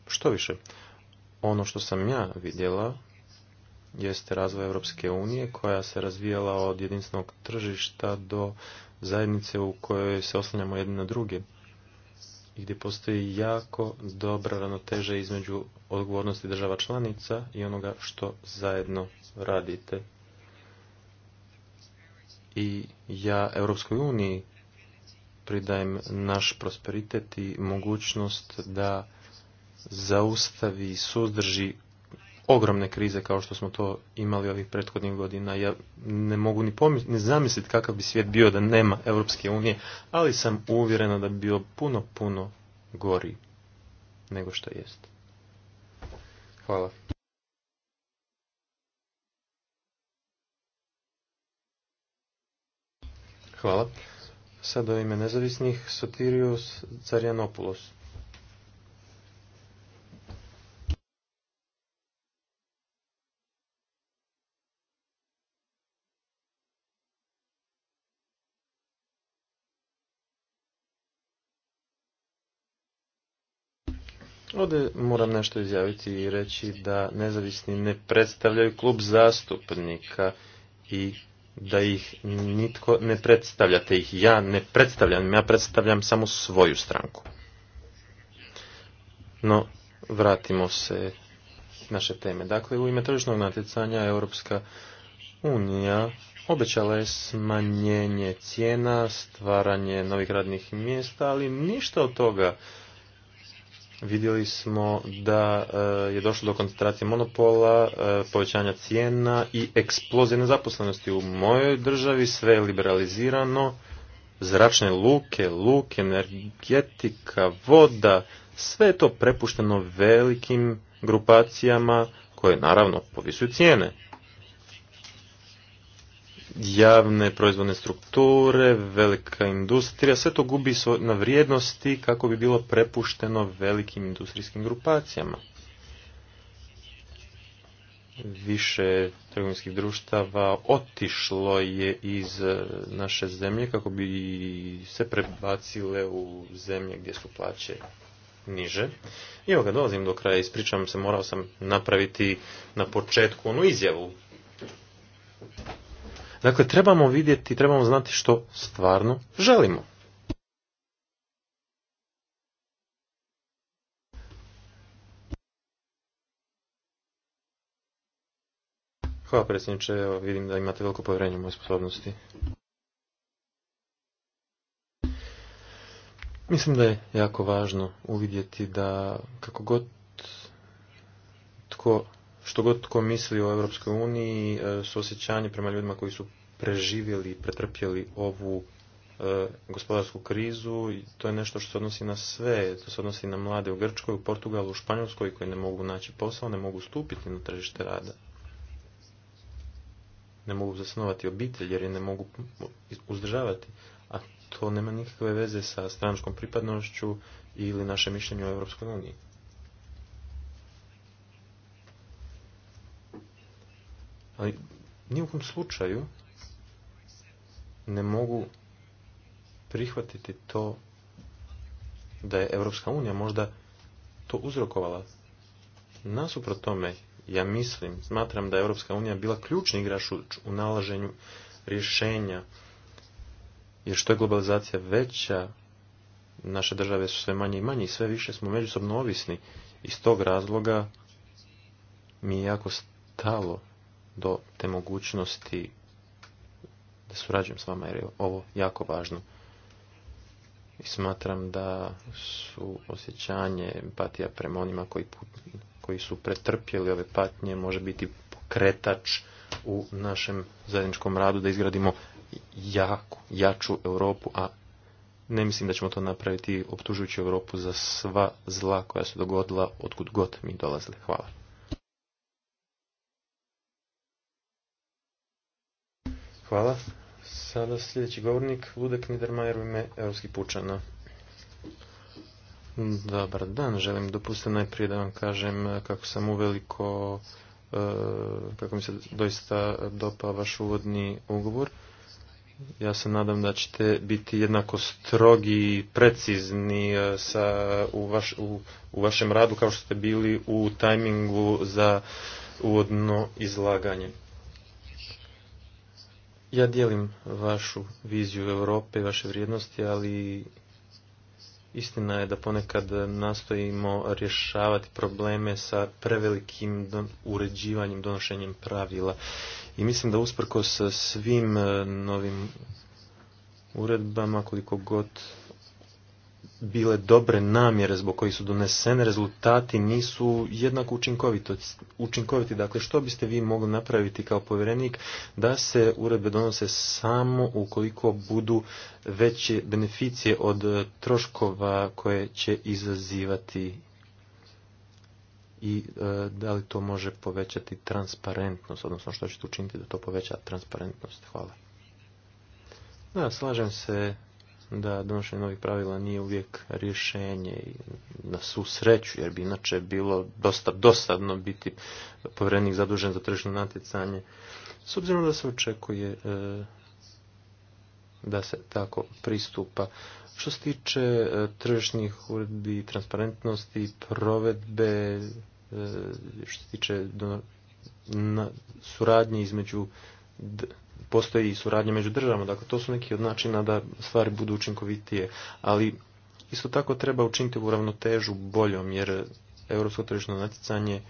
Što više, ono što sam ja vidjela jeste razvoj Europske unije koja se razvijala od jedinstvenog tržišta do zajednice u kojoj se oslanjamo jedni na druge i gdje postoji jako dobra ravnoteža između odgovornosti država članica i onoga što zajedno radite i ja Europskoj uniji pridajem naš prosperitet i mogućnost da zaustavi i suzdrži ogromne krize kao što smo to imali ovih prethodnih godina. Ja ne mogu ni, ni zamisliti kakav bi svijet bio da nema Europske unije, ali sam uvjerena da bi bio puno, puno gori nego što jest. Hvala. Hvala. Sada u ime nezavisnih Sotirius Carianopoulos. Ovdje moram nešto izjaviti i reći da nezavisni ne predstavljaju klub zastupnika i da ih nitko ne predstavljate ih. Ja ne predstavljam, ja predstavljam samo svoju stranku. No, vratimo se naše teme. Dakle, u ime tržišnog natjecanja Europska unija obećala je smanjenje cijena, stvaranje novih radnih mjesta, ali ništa od toga vidjeli smo da e, je došlo do koncentracije monopola, e, povećanja cijena i eksplozije nezaposlenosti. U mojoj državi sve je liberalizirano, zračne luke, luke, energetika, voda, sve je to prepušteno velikim grupacijama koje naravno povisuju cijene javne proizvodne strukture, velika industrija, sve to gubi na vrijednosti kako bi bilo prepušteno velikim industrijskim grupacijama. Više trgovinskih društava otišlo je iz e, naše zemlje kako bi se prebacile u zemlje gdje su plaće niže. I evo ga, dolazim do kraja, ispričavam se, morao sam napraviti na početku onu izjavu. Dakle, trebamo vidjeti, trebamo znati što stvarno želimo. Hvala predsjedniče, vidim da imate veliko povjerenje u moje sposobnosti. Mislim da je jako važno uvidjeti da kako god tko što god tko misli o Europskoj uniji, e, suosjećanje prema ljudima koji su preživjeli i pretrpjeli ovu e, gospodarsku krizu to je nešto što se odnosi na sve, to se odnosi na mlade u Grčkoj, u Portugalu, u Španjolskoj koji ne mogu naći posao, ne mogu stupiti na tržište rada. Ne mogu zasnovati obitelj jer je ne mogu uzdržavati, a to nema nikakve veze sa stranačkom pripadnošću ili naše mišljenje o Europskoj uniji. Ali nijekom slučaju ne mogu prihvatiti to da je Europska unija možda to uzrokovala. Nasuprot tome, ja mislim, smatram da je Europska unija bila ključni igrač u nalaženju rješenja. Jer što je globalizacija veća, naše države su sve manje i manje i sve više smo međusobno ovisni. Iz tog razloga mi je jako stalo do te mogućnosti da surađujem s vama jer je ovo jako važno. I smatram da su osjećanje, empatija prema onima koji, koji su pretrpjeli ove patnje može biti pokretač u našem zajedničkom radu da izgradimo jaku, jaču Europu, a ne mislim da ćemo to napraviti optužujući Europu za sva zla koja su dogodila otkud god mi dolazili. Hvala. Hvala. Sada sljedeći govornik, Ludek Niedermayer u ime Europskih pučana. Dobar dan, želim dopustiti najprije da vam kažem e, kako sam uveliko, e, kako mi se doista dopa vaš uvodni ugovor. Ja se nadam da ćete biti jednako strogi i precizni e, sa, u, vaš, u, u vašem radu kao što ste bili u tajmingu za uvodno izlaganje. Ja dijelim vašu viziju Europe i vaše vrijednosti, ali istina je da ponekad nastojimo rješavati probleme sa prevelikim uređivanjem, donošenjem pravila. I mislim da usprkos svim eh, novim uredbama, koliko god bile dobre namjere zbog kojih su donesene, rezultati nisu jednako učinkoviti. Dakle, što biste vi mogli napraviti kao povjerenik da se uredbe donose samo ukoliko budu veće beneficije od troškova koje će izazivati i e, da li to može povećati transparentnost, odnosno što ćete učiniti da to poveća transparentnost. Hvala. Da, slažem se da donošenje novih pravila nije uvijek rješenje na svu sreću, jer bi inače bilo dosta dosadno biti povrednik zadužen za tržišno natjecanje. S obzirom da se očekuje e, da se tako pristupa. Što se tiče e, tržišnih uredbi, transparentnosti, provedbe, e, što se tiče suradnje između postoji suradnja među državama. Dakle, to su neki od načina da stvari budu učinkovitije. Ali isto tako treba učiniti u ravnotežu boljom, jer europsko tržišno natjecanje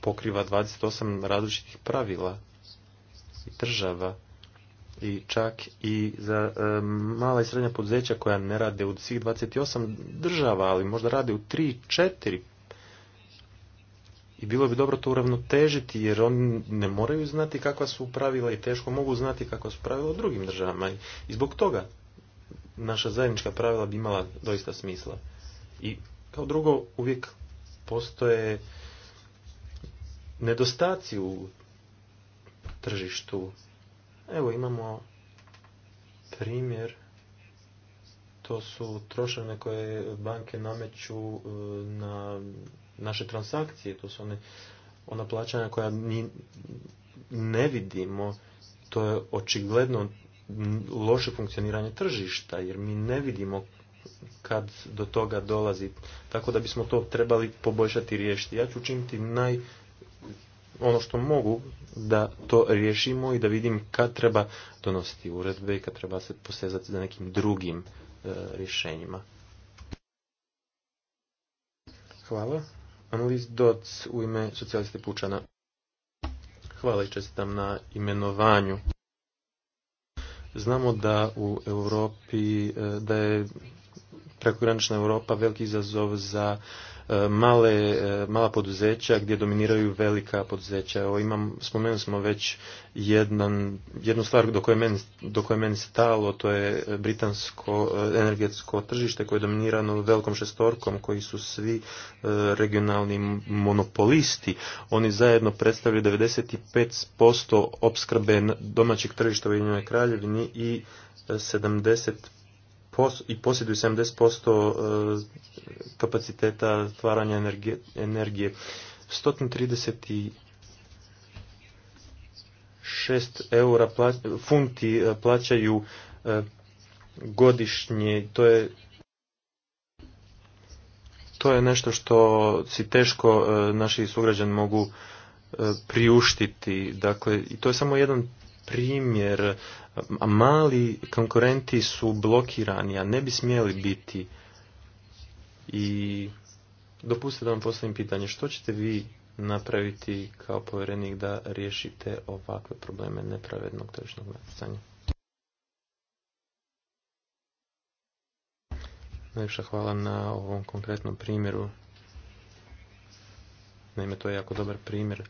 pokriva 28 različitih pravila i država i čak i za e, mala i srednja poduzeća koja ne rade u svih 28 država, ali možda rade u 3, 4, i bilo bi dobro to uravnotežiti jer oni ne moraju znati kakva su pravila i teško mogu znati kakva su pravila u drugim državama i zbog toga naša zajednička pravila bi imala doista smisla. I kao drugo uvijek postoje nedostaci u tržištu. Evo imamo primjer to su trošene koje banke nameću e, na naše transakcije, to su one, ona plaćanja koja mi ne vidimo, to je očigledno loše funkcioniranje tržišta, jer mi ne vidimo kad do toga dolazi. Tako da bismo to trebali poboljšati i riješiti. Ja ću učiniti naj ono što mogu da to riješimo i da vidim kad treba donositi uredbe i kad treba se posezati za nekim drugim e, rješenjima. Hvala. Annelies Doc u ime socijaliste Pučana. Hvala i čestitam na imenovanju. Znamo da u Europi, eh, da je prekogranična Europa veliki izazov za E, male, e, mala poduzeća gdje dominiraju velika poduzeća. Evo imam, spomenuli smo već jedan, jednu stvar do koje, meni, do koje meni stalo, to je britansko e, energetsko tržište koje je dominirano velikom šestorkom koji su svi regionalni monopolisti. Oni zajedno predstavljaju 95% opskrbe domaćeg tržišta u Ujedinjenoj Kraljevini i 70 i posjeduju 70% e, kapaciteta stvaranja sto energije. 136 eura funti e, plaćaju e, godišnje. To je to je nešto što si teško naši sugrađani mogu priuštiti. Dakle, i to je samo jedan primjer, mali konkurenti su blokirani, a ne bi smjeli biti. I dopustite da vam postavim pitanje, što ćete vi napraviti kao povjerenik da riješite ovakve probleme nepravednog tržišnog natjecanja? Najviše hvala na ovom konkretnom primjeru. Naime, to je jako dobar primjer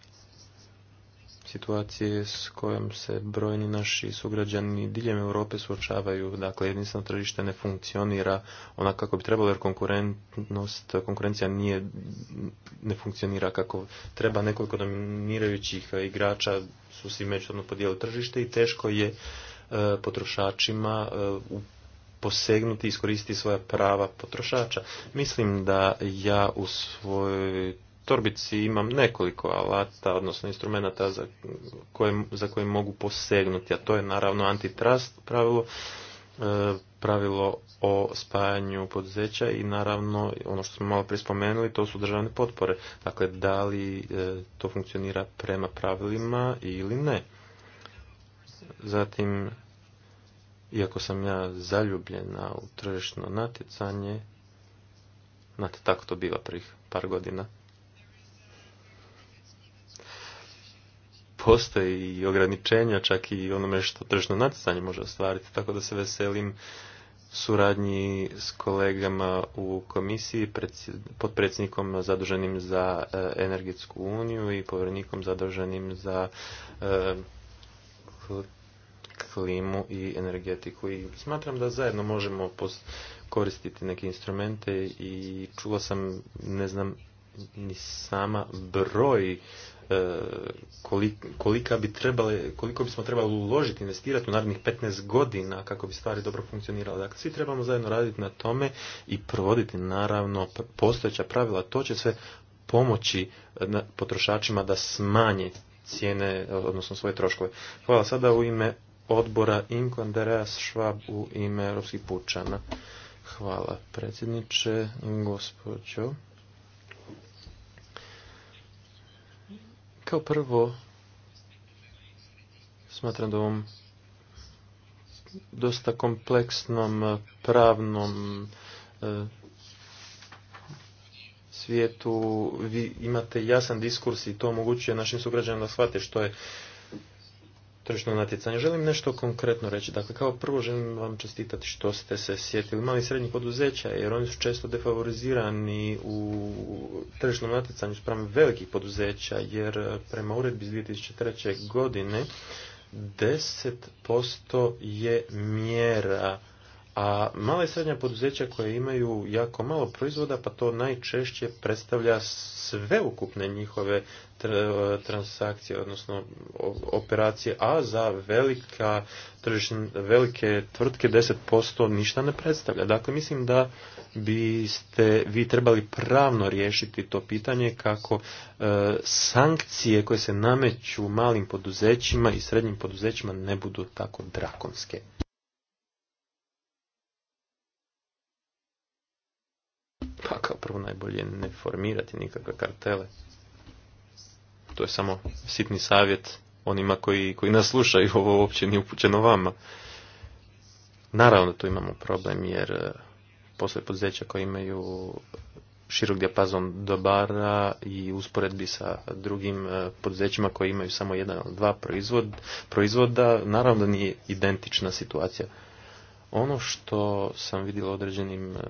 situacije s kojom se brojni naši sugrađani diljem Europe suočavaju. Dakle, jedinstveno tržište ne funkcionira onako kako bi trebalo jer konkurentnost, konkurencija nije, ne funkcionira kako treba. Nekoliko dominirajućih igrača su svi međusobno podijeli tržište i teško je e, potrošačima e, u posegnuti i iskoristiti svoja prava potrošača. Mislim da ja u svojoj torbici imam nekoliko alata, odnosno instrumenta za koje, za koje mogu posegnuti, a to je naravno antitrust pravilo, e, pravilo o spajanju poduzeća i naravno ono što smo malo prije spomenuli to su državne potpore. Dakle, da li e, to funkcionira prema pravilima ili ne. Zatim, iako sam ja zaljubljena u tržišno natjecanje, znate, tako to bila prvih par godina. postoji i ograničenja čak i onome što tržno natjecanje može ostvariti, tako da se veselim suradnji s kolegama u komisiji, potpredsjednikom zaduženim za e, energetsku uniju i povjerenikom zaduženim za e, klimu i energetiku. I smatram da zajedno možemo koristiti neke instrumente i čuo sam, ne znam, ni sama broj E, kolika bi trebali, koliko bismo trebali uložiti, investirati u narednih 15 godina kako bi stvari dobro funkcionirale. Dakle, svi trebamo zajedno raditi na tome i provoditi naravno postojeća pravila. To će sve pomoći e, potrošačima da smanje cijene, e, odnosno svoje troškove. Hvala sada u ime odbora Inko Andreas Švab u ime Europskih pučana. Hvala predsjedniče, gospođo. Kao prvo, smatram da ovom dosta kompleksnom eh, pravnom eh, svijetu vi imate jasan diskurs i to omogućuje našim sugrađanima da shvate što je tržišnog natjecanje. Želim nešto konkretno reći. Dakle, kao prvo želim vam čestitati što ste se sjetili malih srednji poduzeća, jer oni su često defavorizirani u tržišnom natjecanju spram velikih poduzeća, jer prema uredbi iz 2003. godine 10% je mjera a mala i srednja poduzeća koje imaju jako malo proizvoda, pa to najčešće predstavlja sveukupne njihove transakcije, odnosno operacije, a za velika, velike tvrtke 10% ništa ne predstavlja. Dakle, mislim da biste vi trebali pravno riješiti to pitanje kako e, sankcije koje se nameću malim poduzećima i srednjim poduzećima ne budu tako drakonske. prvo najbolje ne formirati nikakve kartele. To je samo sitni savjet onima koji, koji nas slušaju, ovo uopće nije upućeno vama. Naravno tu imamo problem jer e, postoje poduzeća koji imaju širok dijapazon dobara i usporedbi sa drugim e, poduzećima koji imaju samo jedan ili dva proizvod, proizvoda, naravno da nije identična situacija. Ono što sam vidjela određenim e,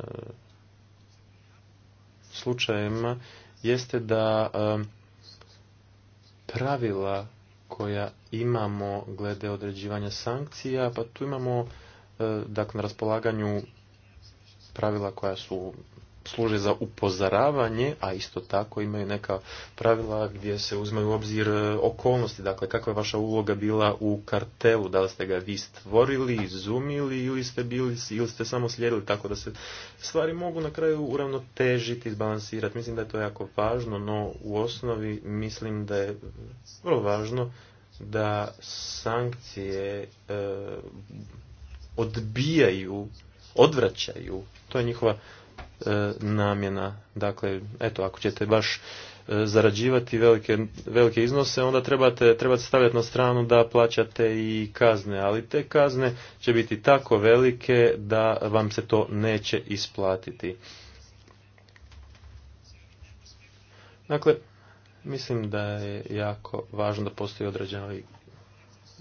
slučajevima jeste da pravila koja imamo glede određivanja sankcija, pa tu imamo eh, dakle na raspolaganju pravila koja su služe za upozoravanje, a isto tako imaju neka pravila gdje se uzmaju u obzir e, okolnosti. Dakle, kakva je vaša uloga bila u kartelu? Da li ste ga vi stvorili, izumili ili ste bili ili ste samo slijedili tako da se stvari mogu na kraju uravnotežiti, izbalansirati. Mislim da je to jako važno, no u osnovi mislim da je vrlo važno da sankcije e, odbijaju, odvraćaju. To je njihova E, namjena. Dakle, eto, ako ćete baš e, zarađivati velike, velike iznose, onda trebate, trebate stavljati na stranu da plaćate i kazne, ali te kazne će biti tako velike da vam se to neće isplatiti. Dakle, mislim da je jako važno da postoji određeni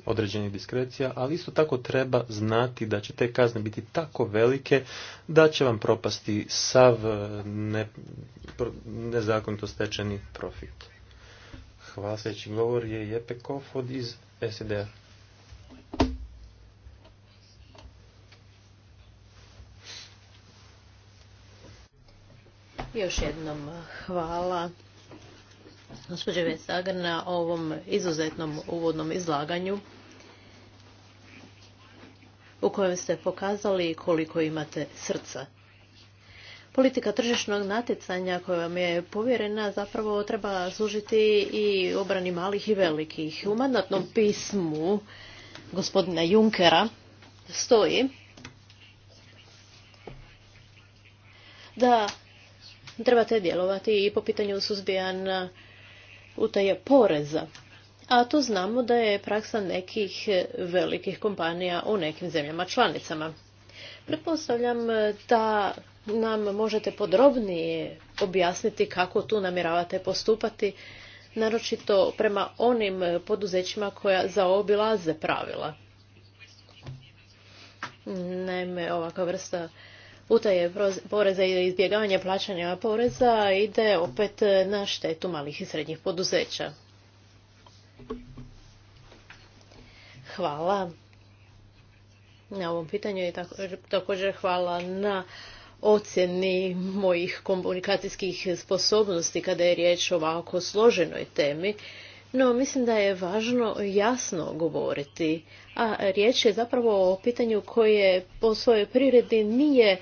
određenih diskrecija, ali isto tako treba znati da će te kazne biti tako velike da će vam propasti sav nezakonito stečeni profit. Hvala sljedeći govor je Jepe Kofod iz sed Još jednom hvala gospođe vesagr na ovom izuzetnom uvodnom izlaganju u kojem ste pokazali koliko imate srca. Politika tržišnog natjecanja koja vam je povjerena zapravo treba služiti i obrani malih i velikih. U mandatnom pismu gospodina Junkera stoji da trebate djelovati i po pitanju suzbijana utaje poreza. A to znamo da je praksa nekih velikih kompanija u nekim zemljama članicama. Pretpostavljam da nam možete podrobnije objasniti kako tu namjeravate postupati, naročito prema onim poduzećima koja zaobilaze pravila. Naime, ovakva vrsta utaje poreza i izbjegavanje plaćanja poreza ide opet na štetu malih i srednjih poduzeća. Hvala na ovom pitanju i također hvala na ocjeni mojih komunikacijskih sposobnosti kada je riječ o ovako složenoj temi. No, mislim da je važno jasno govoriti, a riječ je zapravo o pitanju koje po svojoj priredi nije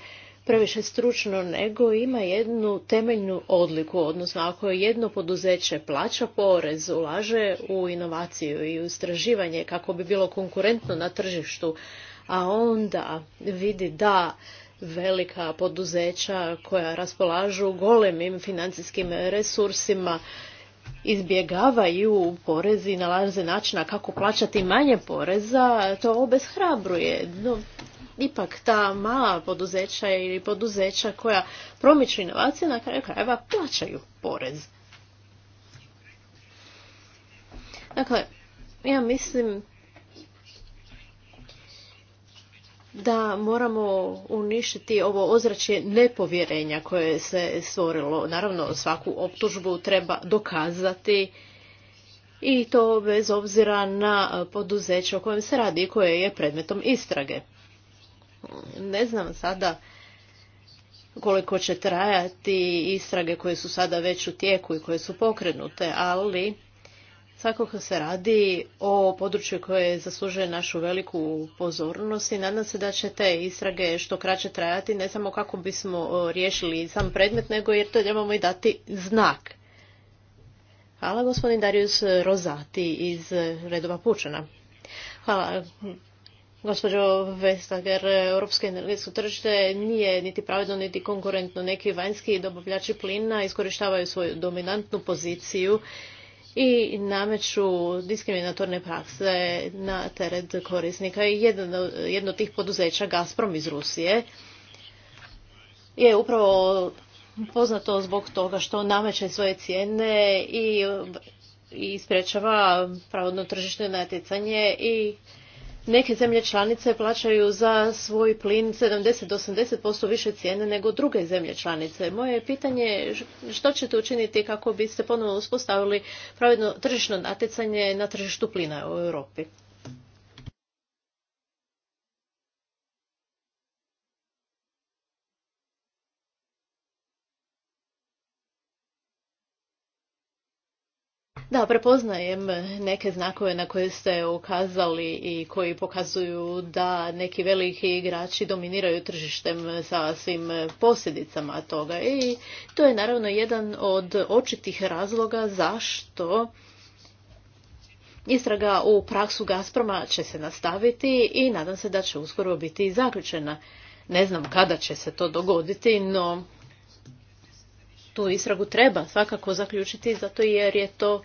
previše stručno, nego ima jednu temeljnu odliku, odnosno ako jedno poduzeće plaća porez, ulaže u inovaciju i u istraživanje kako bi bilo konkurentno na tržištu, a onda vidi da velika poduzeća koja raspolažu golemim financijskim resursima izbjegavaju porezi, nalaze načina kako plaćati manje poreza, to obeshrabruje. No, ipak ta mala poduzeća ili poduzeća koja promiču inovacije na kraju krajeva plaćaju porez. Dakle, ja mislim da moramo uništiti ovo ozračje nepovjerenja koje se stvorilo. Naravno, svaku optužbu treba dokazati i to bez obzira na poduzeće o kojem se radi i koje je predmetom istrage. Ne znam sada koliko će trajati istrage koje su sada već u tijeku i koje su pokrenute, ali Svakako se radi o području koje zaslužuje našu veliku pozornost i nadam se da će te istrage što kraće trajati, ne samo kako bismo riješili sam predmet, nego jer to trebamo i dati znak. Hvala gospodin Darius Rozati iz redova Pučana. Hvala Gospođo Vestager, europsko energetsko tržište nije niti pravedno niti konkurentno. Neki vanjski dobavljači plina iskorištavaju svoju dominantnu poziciju i nameću diskriminatorne prakse na teret korisnika. I jedno, od tih poduzeća, Gazprom iz Rusije, je upravo poznato zbog toga što nameće svoje cijene i, i sprečava pravodno tržišno natjecanje i Neke zemlje članice plaćaju za svoj plin 70 do 80% više cijene nego druge zemlje članice. Moje pitanje je što ćete učiniti kako biste ponovno uspostavili pravedno tržišno natjecanje na tržištu plina u Europi? Da, prepoznajem neke znakove na koje ste ukazali i koji pokazuju da neki veliki igrači dominiraju tržištem sa svim posljedicama toga. I to je naravno jedan od očitih razloga zašto istraga u praksu Gazproma će se nastaviti i nadam se da će uskoro biti zaključena. Ne znam kada će se to dogoditi, no tu istragu treba svakako zaključiti zato jer je to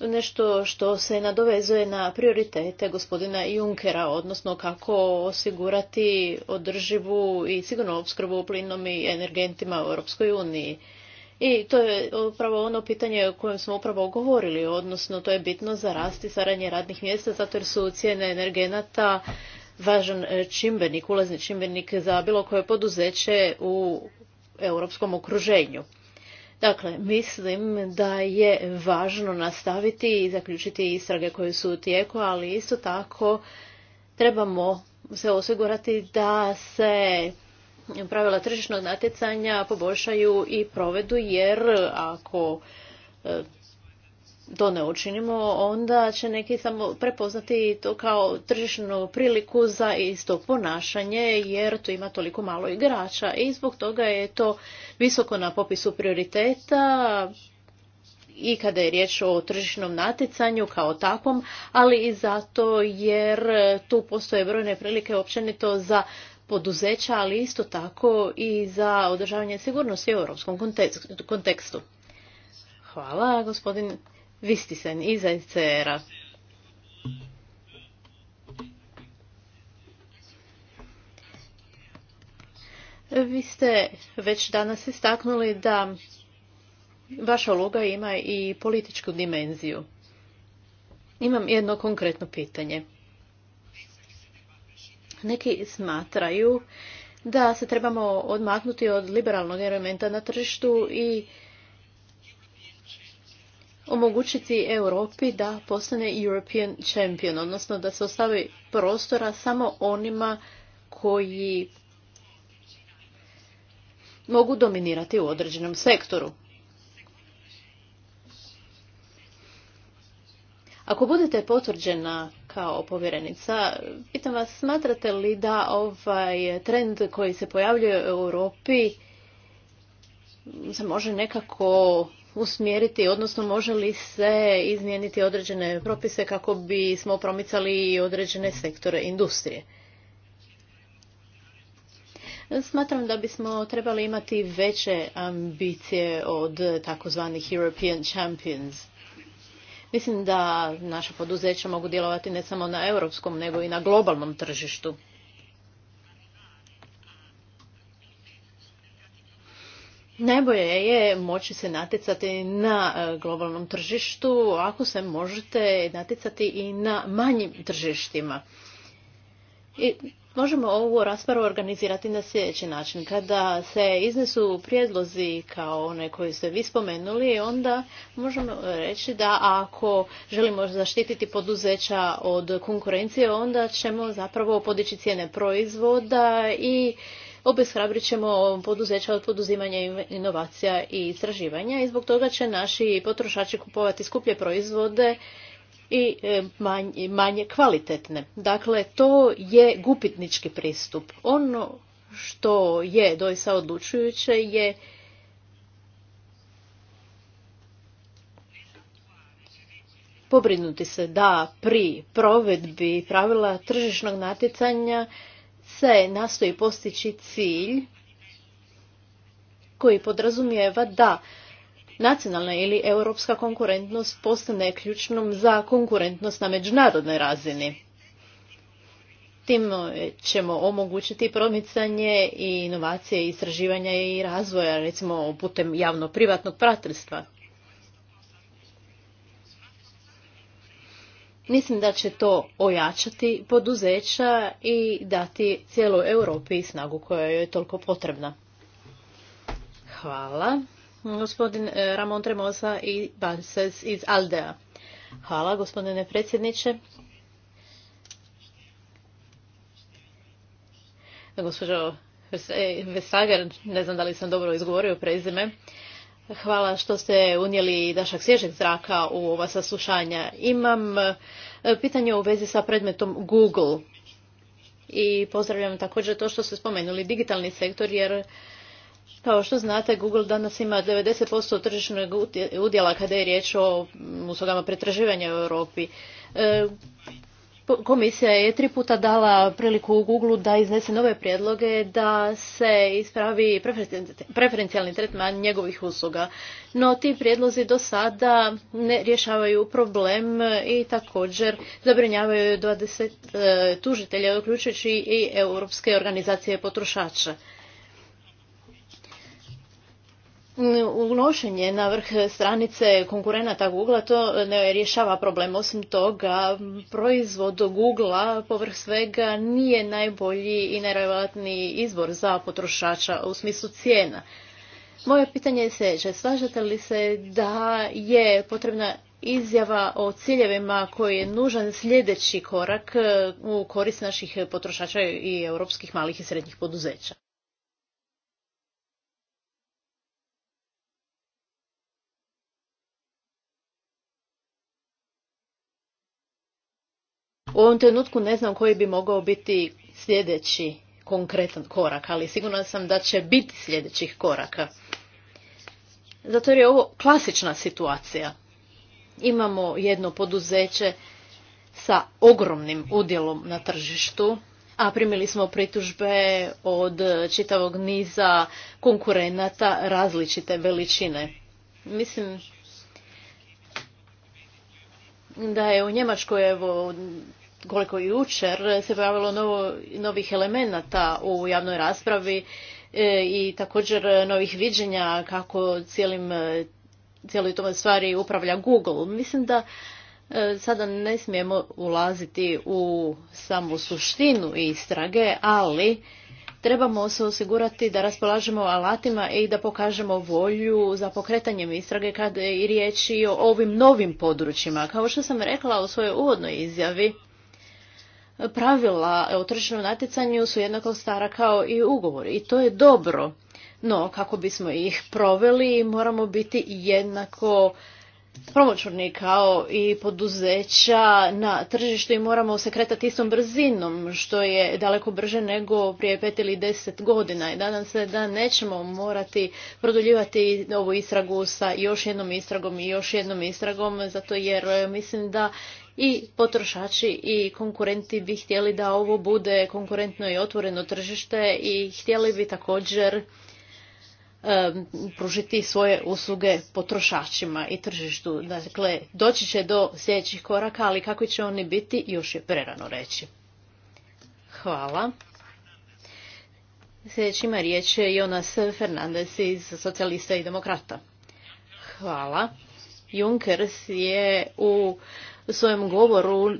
nešto što se nadovezuje na prioritete gospodina Junkera, odnosno kako osigurati održivu i sigurnu opskrbu plinom i energentima u Europskoj uniji. I to je upravo ono pitanje o kojem smo upravo govorili, odnosno to je bitno za rast i radnih mjesta, zato jer su cijene energenata važan e, čimbenik, ulazni čimbenik za bilo koje poduzeće u europskom okruženju. Dakle, mislim da je važno nastaviti i zaključiti istrage koje su u tijeku, ali isto tako trebamo se osigurati da se pravila tržišnog natjecanja poboljšaju i provedu, jer ako e, to ne učinimo, onda će neki samo prepoznati to kao tržišnu priliku za isto ponašanje, jer tu ima toliko malo igrača i zbog toga je to visoko na popisu prioriteta i kada je riječ o tržišnom natjecanju kao takvom, ali i zato jer tu postoje brojne prilike općenito za poduzeća, ali isto tako i za održavanje sigurnosti u europskom kontekstu. Hvala, gospodin viste iz ECR-a. Vi ste već danas istaknuli da vaša uloga ima i političku dimenziju. Imam jedno konkretno pitanje. Neki smatraju da se trebamo odmaknuti od liberalnog elementa na tržištu i omogućiti Europi da postane European champion, odnosno da se ostavi prostora samo onima koji mogu dominirati u određenom sektoru. Ako budete potvrđena kao povjerenica, pitam vas, smatrate li da ovaj trend koji se pojavljuje u Europi se može nekako usmjeriti, odnosno može li se izmijeniti određene propise kako bi smo promicali i određene sektore industrije. Smatram da bismo trebali imati veće ambicije od takozvanih European Champions. Mislim da naša poduzeća mogu djelovati ne samo na europskom, nego i na globalnom tržištu. Najbolje je moći se natjecati na e, globalnom tržištu ako se možete natjecati i na manjim tržištima. I možemo ovu raspravu organizirati na sljedeći način. Kada se iznesu prijedlozi kao one koje ste vi spomenuli, onda možemo reći da ako želimo zaštititi poduzeća od konkurencije, onda ćemo zapravo podići cijene proizvoda i obeshrabrit ćemo poduzeća od poduzimanja inovacija i istraživanja i zbog toga će naši potrošači kupovati skuplje proizvode i e, manje, manje kvalitetne. Dakle, to je gupitnički pristup. Ono što je doista odlučujuće je pobrinuti se da pri provedbi pravila tržišnog natjecanja se nastoji postići cilj koji podrazumijeva da nacionalna ili europska konkurentnost postane ključnom za konkurentnost na međunarodnoj razini. Tim ćemo omogućiti promicanje i inovacije, istraživanja i razvoja, recimo putem javno-privatnog pratrstva. Mislim da će to ojačati poduzeća i dati cijeloj Europi snagu koja joj je toliko potrebna. Hvala. Gospodin eh, Ramon Tremosa i Balses iz Aldea. Hvala gospodine predsjedniče. Gospođo Vesager, eh, ne znam da li sam dobro izgovorio prezime. Hvala što ste unijeli dašak svježeg zraka u ova saslušanja. Imam e, pitanje u vezi sa predmetom Google. I pozdravljam također to što ste spomenuli, digitalni sektor, jer kao što znate, Google danas ima 90% tržišnog udjela kada je riječ o uslugama pretraživanja u Europi. E, Komisija je tri puta dala priliku Google da iznese nove prijedloge da se ispravi preferencijalni tretman njegovih usluga. No ti prijedlozi do sada ne rješavaju problem i također zabrinjavaju 20 e, tužitelja, uključujući i Europske organizacije potrošača unošenje na vrh stranice konkurenata Google to ne rješava problem. Osim toga, proizvod Google povrh svega nije najbolji i najrelevantniji izbor za potrošača u smislu cijena. Moje pitanje je sljedeće. Slažete li se da je potrebna izjava o ciljevima koji je nužan sljedeći korak u korist naših potrošača i europskih malih i srednjih poduzeća? U ovom trenutku ne znam koji bi mogao biti sljedeći konkretan korak, ali sigurna sam da će biti sljedećih koraka. Zato jer je ovo klasična situacija. Imamo jedno poduzeće sa ogromnim udjelom na tržištu, a primili smo pritužbe od čitavog niza konkurenata različite veličine. Mislim da je u Njemačkoj evo koliko jučer se pojavilo novo, novih elemenata u javnoj raspravi e, i također novih viđenja kako cijelim, e, cijeloj tome stvari upravlja Google. Mislim da e, sada ne smijemo ulaziti u samu suštinu istrage, ali trebamo se osigurati da raspolažemo alatima i da pokažemo volju za pokretanjem istrage kada je i riječ o ovim novim područjima. Kao što sam rekla u svojoj uvodnoj izjavi, pravila o tržišnom natjecanju su jednako stara kao i ugovori i to je dobro. No, kako bismo ih proveli, moramo biti jednako promoćurni kao i poduzeća na tržištu i moramo se kretati istom brzinom, što je daleko brže nego prije pet ili deset godina. I nadam se da nećemo morati produljivati ovu istragu sa još jednom istragom i još jednom istragom, zato jer e, mislim da i potrošači i konkurenti bi htjeli da ovo bude konkurentno i otvoreno tržište i htjeli bi također pružiti svoje usluge potrošačima i tržištu. Dakle, doći će do sljedećih koraka, ali kako će oni biti, još je prerano reći. Hvala. Sljedeći ima riječ Jonas Fernandez iz Socijalista i Demokrata. Hvala. Junkers je u svojem govoru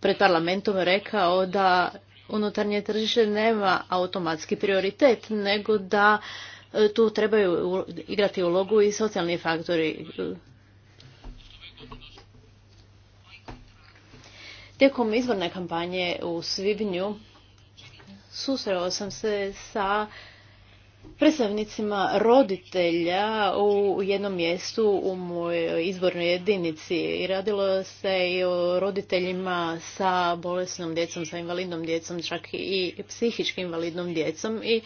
pred parlamentom rekao da unutarnje tržište nema automatski prioritet, nego da e, tu trebaju igrati ulogu i socijalni faktori. Tijekom izborne kampanje u Svibnju susreo sam se sa predstavnicima roditelja u jednom mjestu u mojoj izbornoj jedinici. i Radilo se i o roditeljima sa bolesnom djecom, sa invalidnom djecom, čak i psihički invalidnom djecom i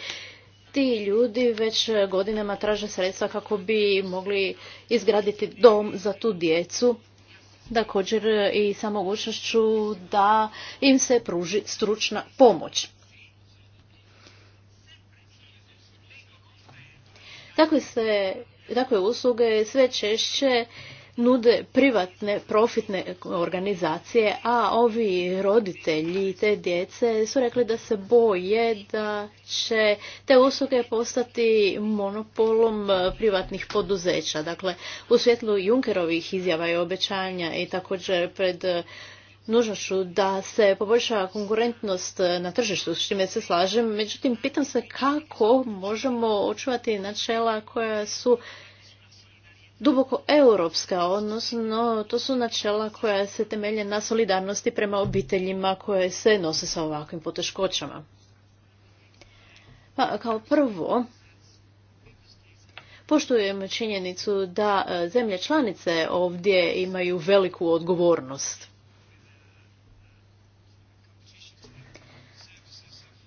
ti ljudi već godinama traže sredstva kako bi mogli izgraditi dom za tu djecu također i sa mogućnošću da im se pruži stručna pomoć. Dakle, se, dakle usluge sve češće nude privatne profitne organizacije, a ovi roditelji te djece su rekli da se boje da će te usluge postati monopolom privatnih poduzeća. Dakle, u svjetlu Junkerovih izjava i obećanja i također pred nužnošću da se poboljša konkurentnost eh, na tržištu, s čime se slažem. Međutim, pitam se kako možemo očuvati načela koja su duboko europska, odnosno to su načela koja se temelje na solidarnosti prema obiteljima koje se nose sa ovakvim poteškoćama. Pa, kao prvo, poštujem činjenicu da eh, zemlje članice ovdje imaju veliku odgovornost.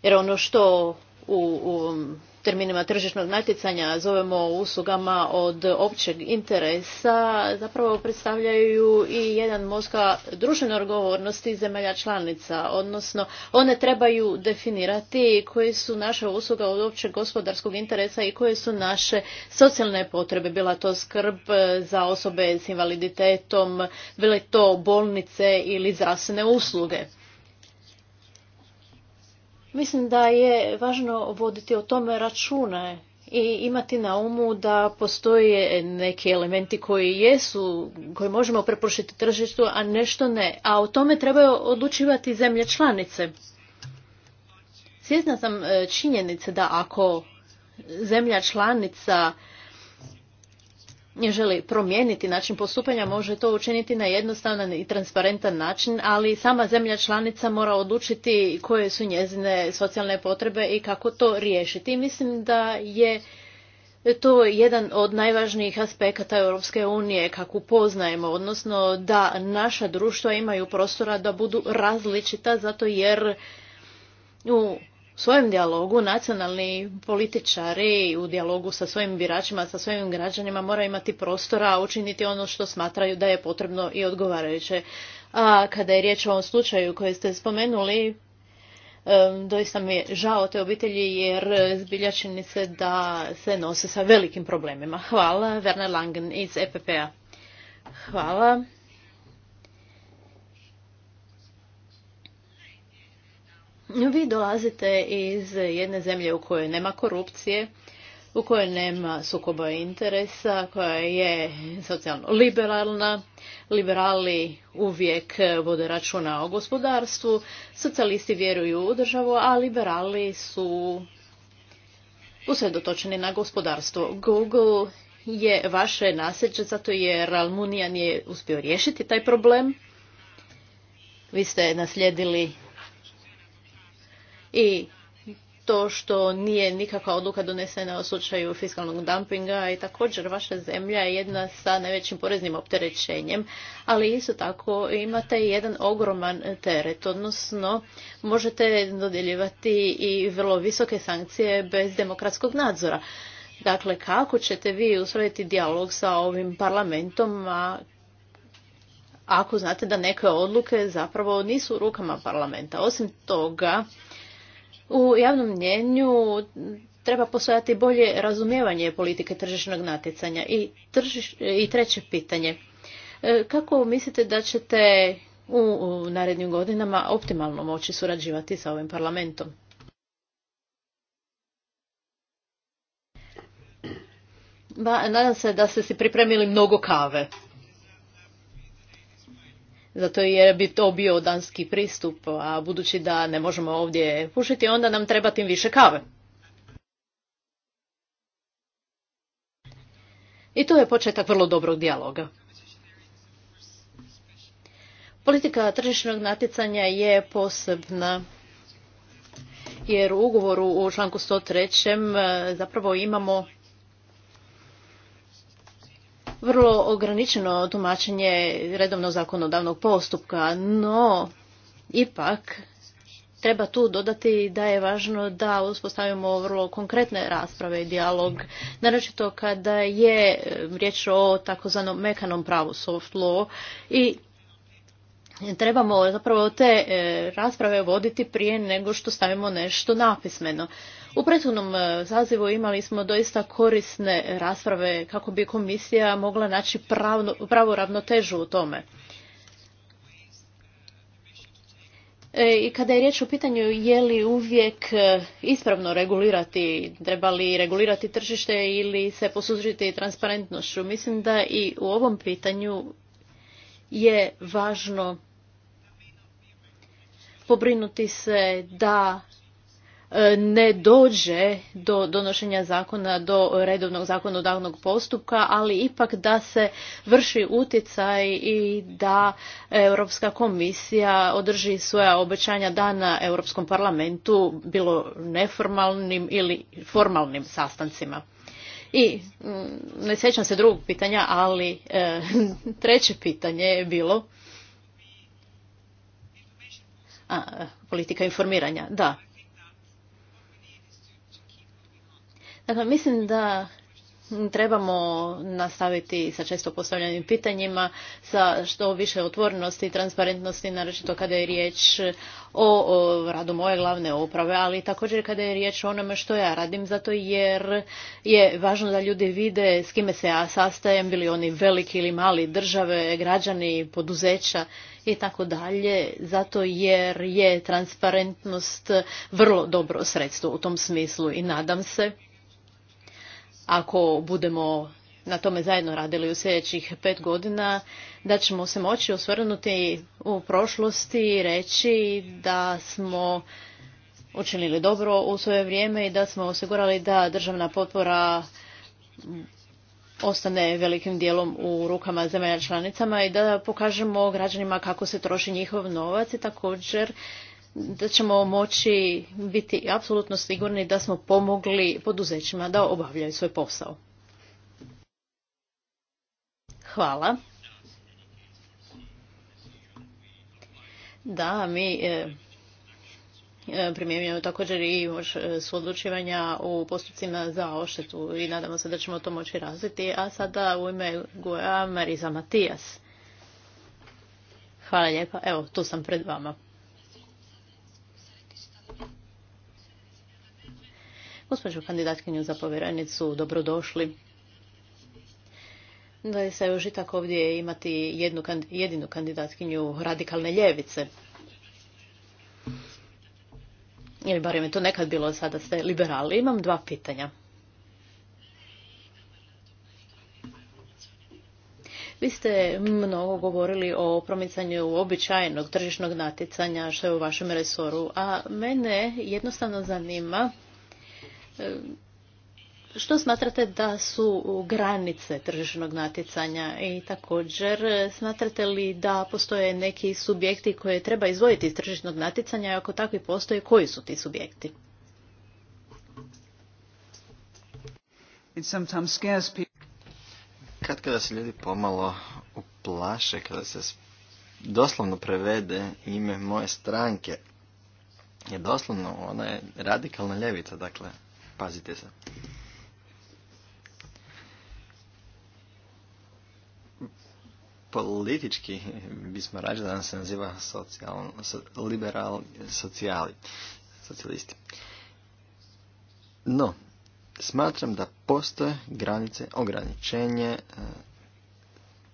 Jer ono što u, terminima tržišnog natjecanja zovemo uslugama od općeg interesa zapravo predstavljaju i jedan mozga društvene odgovornosti zemalja članica, odnosno one trebaju definirati koje su naše usluge od općeg gospodarskog interesa i koje su naše socijalne potrebe, bila to skrb za osobe s invaliditetom, bile to bolnice ili zdravstvene usluge. Mislim da je važno voditi o tome račune i imati na umu da postoje neki elementi koji jesu, koji možemo prepušiti tržištu, a nešto ne. A o tome trebaju odlučivati zemlje članice. Svjesna sam e, činjenice da ako zemlja članica želi promijeniti način postupanja može to učiniti na jednostavan i transparentan način, ali sama zemlja članica mora odlučiti koje su njezine socijalne potrebe i kako to riješiti. mislim da je to jedan od najvažnijih aspekata Europske unije kako poznajemo, odnosno da naša društva imaju prostora da budu različita zato jer u u svojem dijalogu nacionalni političari u dijalogu sa svojim biračima, sa svojim građanima moraju imati prostora učiniti ono što smatraju da je potrebno i odgovarajuće. A kada je riječ o ovom slučaju koji ste spomenuli, doista mi je žao te obitelji jer zbilja čini se da se nose sa velikim problemima. Hvala, Werner Langen iz EPP-a. Hvala. Vi dolazite iz jedne zemlje u kojoj nema korupcije, u kojoj nema sukoba interesa, koja je socijalno liberalna. Liberali uvijek vode računa o gospodarstvu, socijalisti vjeruju u državu, a liberali su usredotočeni na gospodarstvo. Google je vaše nasljeđe zato jer Almunija nije uspio riješiti taj problem. Vi ste naslijedili i to što nije nikakva odluka donesena u slučaju fiskalnog dumpinga i također vaša zemlja je jedna sa najvećim poreznim opterećenjem, ali isto tako imate jedan ogroman teret, odnosno možete dodjeljivati i vrlo visoke sankcije bez demokratskog nadzora. Dakle, kako ćete vi usvojiti dijalog sa ovim parlamentom, ako znate da neke odluke zapravo nisu u rukama parlamenta. Osim toga, u javnom mnjenju treba postojati bolje razumijevanje politike tržišnog natjecanja. I, i treće pitanje. E, kako mislite da ćete u, narednim godinama optimalno moći surađivati sa ovim parlamentom? nadam se da ste si pripremili mnogo kave zato jer bi to bio danski pristup, a budući da ne možemo ovdje pušiti, onda nam treba tim više kave. I to je početak vrlo dobrog dijaloga. Politika tržišnog natjecanja je posebna jer u ugovoru u članku 103. Eh, zapravo imamo vrlo ograničeno tumačenje redovno zakonodavnog postupka, no ipak treba tu dodati da je važno da uspostavimo vrlo konkretne rasprave i dijalog, naročito kada je riječ o takozvanom mekanom pravu soft law i trebamo zapravo te rasprave voditi prije nego što stavimo nešto napismeno. U prethodnom zazivu e, imali smo doista korisne rasprave kako bi komisija mogla naći pravno, pravu ravnotežu u tome. E, I kada je riječ o pitanju je li uvijek e, ispravno regulirati, treba li regulirati tržište ili se posuđiti transparentnošću, mislim da i u ovom pitanju je važno pobrinuti se da E, ne dođe do donošenja zakona, do redovnog zakonodavnog postupka, ali ipak da se vrši utjecaj i da Europska komisija održi svoja obećanja dana Europskom parlamentu, bilo neformalnim ili formalnim sastancima. I mm, ne sjećam se drugog pitanja, ali e, treće pitanje je bilo a, e, politika informiranja. Da, Dakle, mislim da trebamo nastaviti sa često postavljenim pitanjima, sa što više otvornosti i transparentnosti, naročito kada je riječ o, radu moje glavne uprave, ali također kada je riječ o onome što ja radim, zato jer je važno da ljudi vide s kime se ja sastajem, bili oni veliki ili mali države, građani, poduzeća i tako dalje, zato jer je transparentnost vrlo dobro sredstvo u tom smislu i nadam se ako budemo na tome zajedno radili u sljedećih pet godina, da ćemo se moći osvrnuti u prošlosti i reći da smo učinili dobro u svoje vrijeme i da smo osigurali da državna potpora ostane velikim dijelom u rukama zemalja članicama i da pokažemo građanima kako se troši njihov novac i također da ćemo moći biti apsolutno sigurni da smo pomogli poduzećima da obavljaju svoj posao. Hvala. Da, mi e, e, primjenjujemo također i moć e, suodlučivanja u postupcima za oštetu i nadamo se da ćemo to moći razviti. A sada u ime Goja Mariza Matijas. Hvala lijepa. Evo, tu sam pred vama. Gospođu kandidatkinju za povjerenicu, dobrodošli. Da je se užitak ovdje imati jednu, jedinu kandidatkinju radikalne ljevice. Ili barem je to nekad bilo, sada ste liberali. Imam dva pitanja. Vi ste mnogo govorili o promicanju običajnog tržišnog natjecanja što je u vašem resoru, a mene jednostavno zanima E, što smatrate da su granice tržišnog natjecanja i također smatrate li da postoje neki subjekti koje treba izvojiti iz tržišnog natjecanja i ako takvi postoje koji su ti subjekti? Kad kada se ljudi pomalo uplaše, kada se doslovno prevede ime moje stranke, je doslovno ona je radikalna ljevica, dakle Pazite se. Politički bismo rađe da nas se naziva liberal socijali, socijalisti. No, smatram da postoje granice, ograničenje e,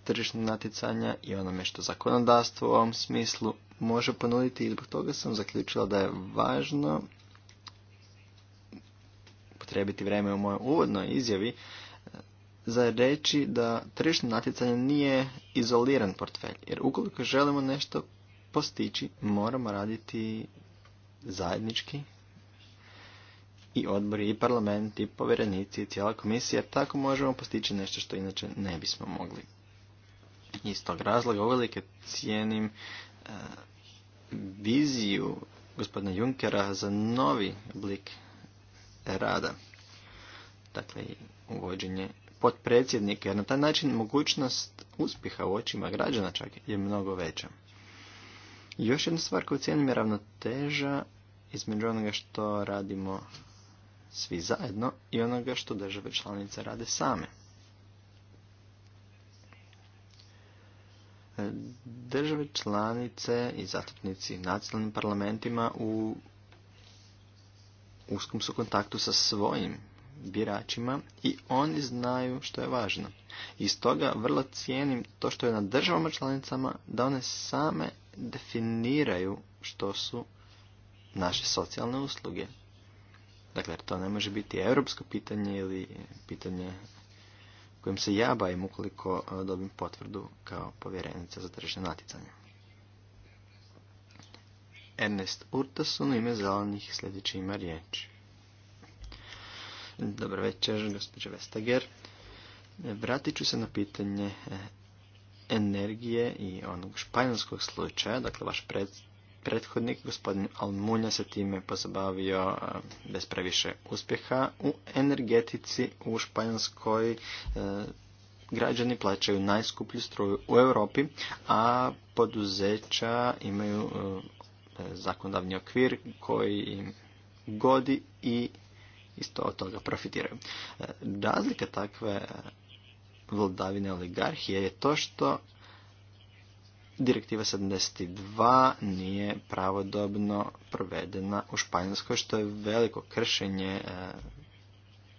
tržišnog natjecanja i onome što zakonodavstvo u ovom smislu može ponuditi i zbog toga sam zaključila da je važno upotrijebiti vrijeme u mojoj uvodnoj izjavi, e, za reći da tržišno natjecanje nije izoliran portfelj. Jer ukoliko želimo nešto postići, moramo raditi zajednički i odbori, i parlament, i povjerenici, i cijela komisija, jer tako možemo postići nešto što inače ne bismo mogli. Iz tog razloga uvelike cijenim e, viziju gospodina Junkera za novi oblik rada. Dakle, uvođenje potpredsjednika, jer na taj način mogućnost uspjeha u očima građana čak je mnogo veća. I još jedna stvar koju cijenim je ravnoteža između onoga što radimo svi zajedno i onoga što države članice rade same. Države članice i zastupnici nacionalnim parlamentima u uskom su kontaktu sa svojim biračima i oni znaju što je važno. I stoga vrlo cijenim to što je na državama članicama da one same definiraju što su naše socijalne usluge. Dakle, to ne može biti europsko pitanje ili pitanje kojim se ja bavim ukoliko e, dobim potvrdu kao povjerenica za tržišno natjecanje. Ernest Urtasun u ime zelenih sljedeći ima riječ. Dobar večer, gospođa Vestager. Vratit ću se na pitanje eh, energije i onog španjolskog slučaja, dakle vaš prethodnik, gospodin Almunja, se time pozabavio eh, bez previše uspjeha u energetici u Španjolskoj. Eh, građani plaćaju najskuplju struju u Europi, a poduzeća imaju E, zakonodavni okvir koji im godi i isto od toga profitiraju. E, razlika takve vladavine oligarhije je to što direktiva 72 nije pravodobno provedena u Španjolskoj, što je veliko kršenje e,